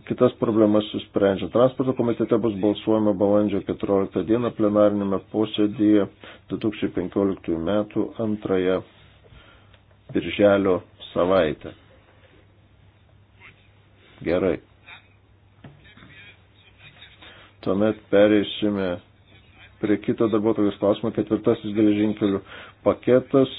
kitas problemas susprendžia. Transporto komitete bus balsuojama balandžio 14 dieną plenarinėme posėdėje 2015 metų antrąją birželio savaitę. Gerai. Tuomet pereisime prie kito darbuotojų klausimo, ketvirtasis geležinkelių paketas.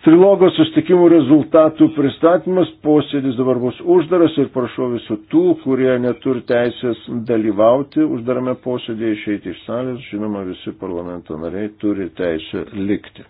Trilogo sustikimų rezultatų pristatymas, posėdis dabar bus uždaras ir prašau visų tų, kurie neturi teisės dalyvauti uždarame posėdėje išeiti iš salės, žinoma, visi parlamento nariai turi teisę likti.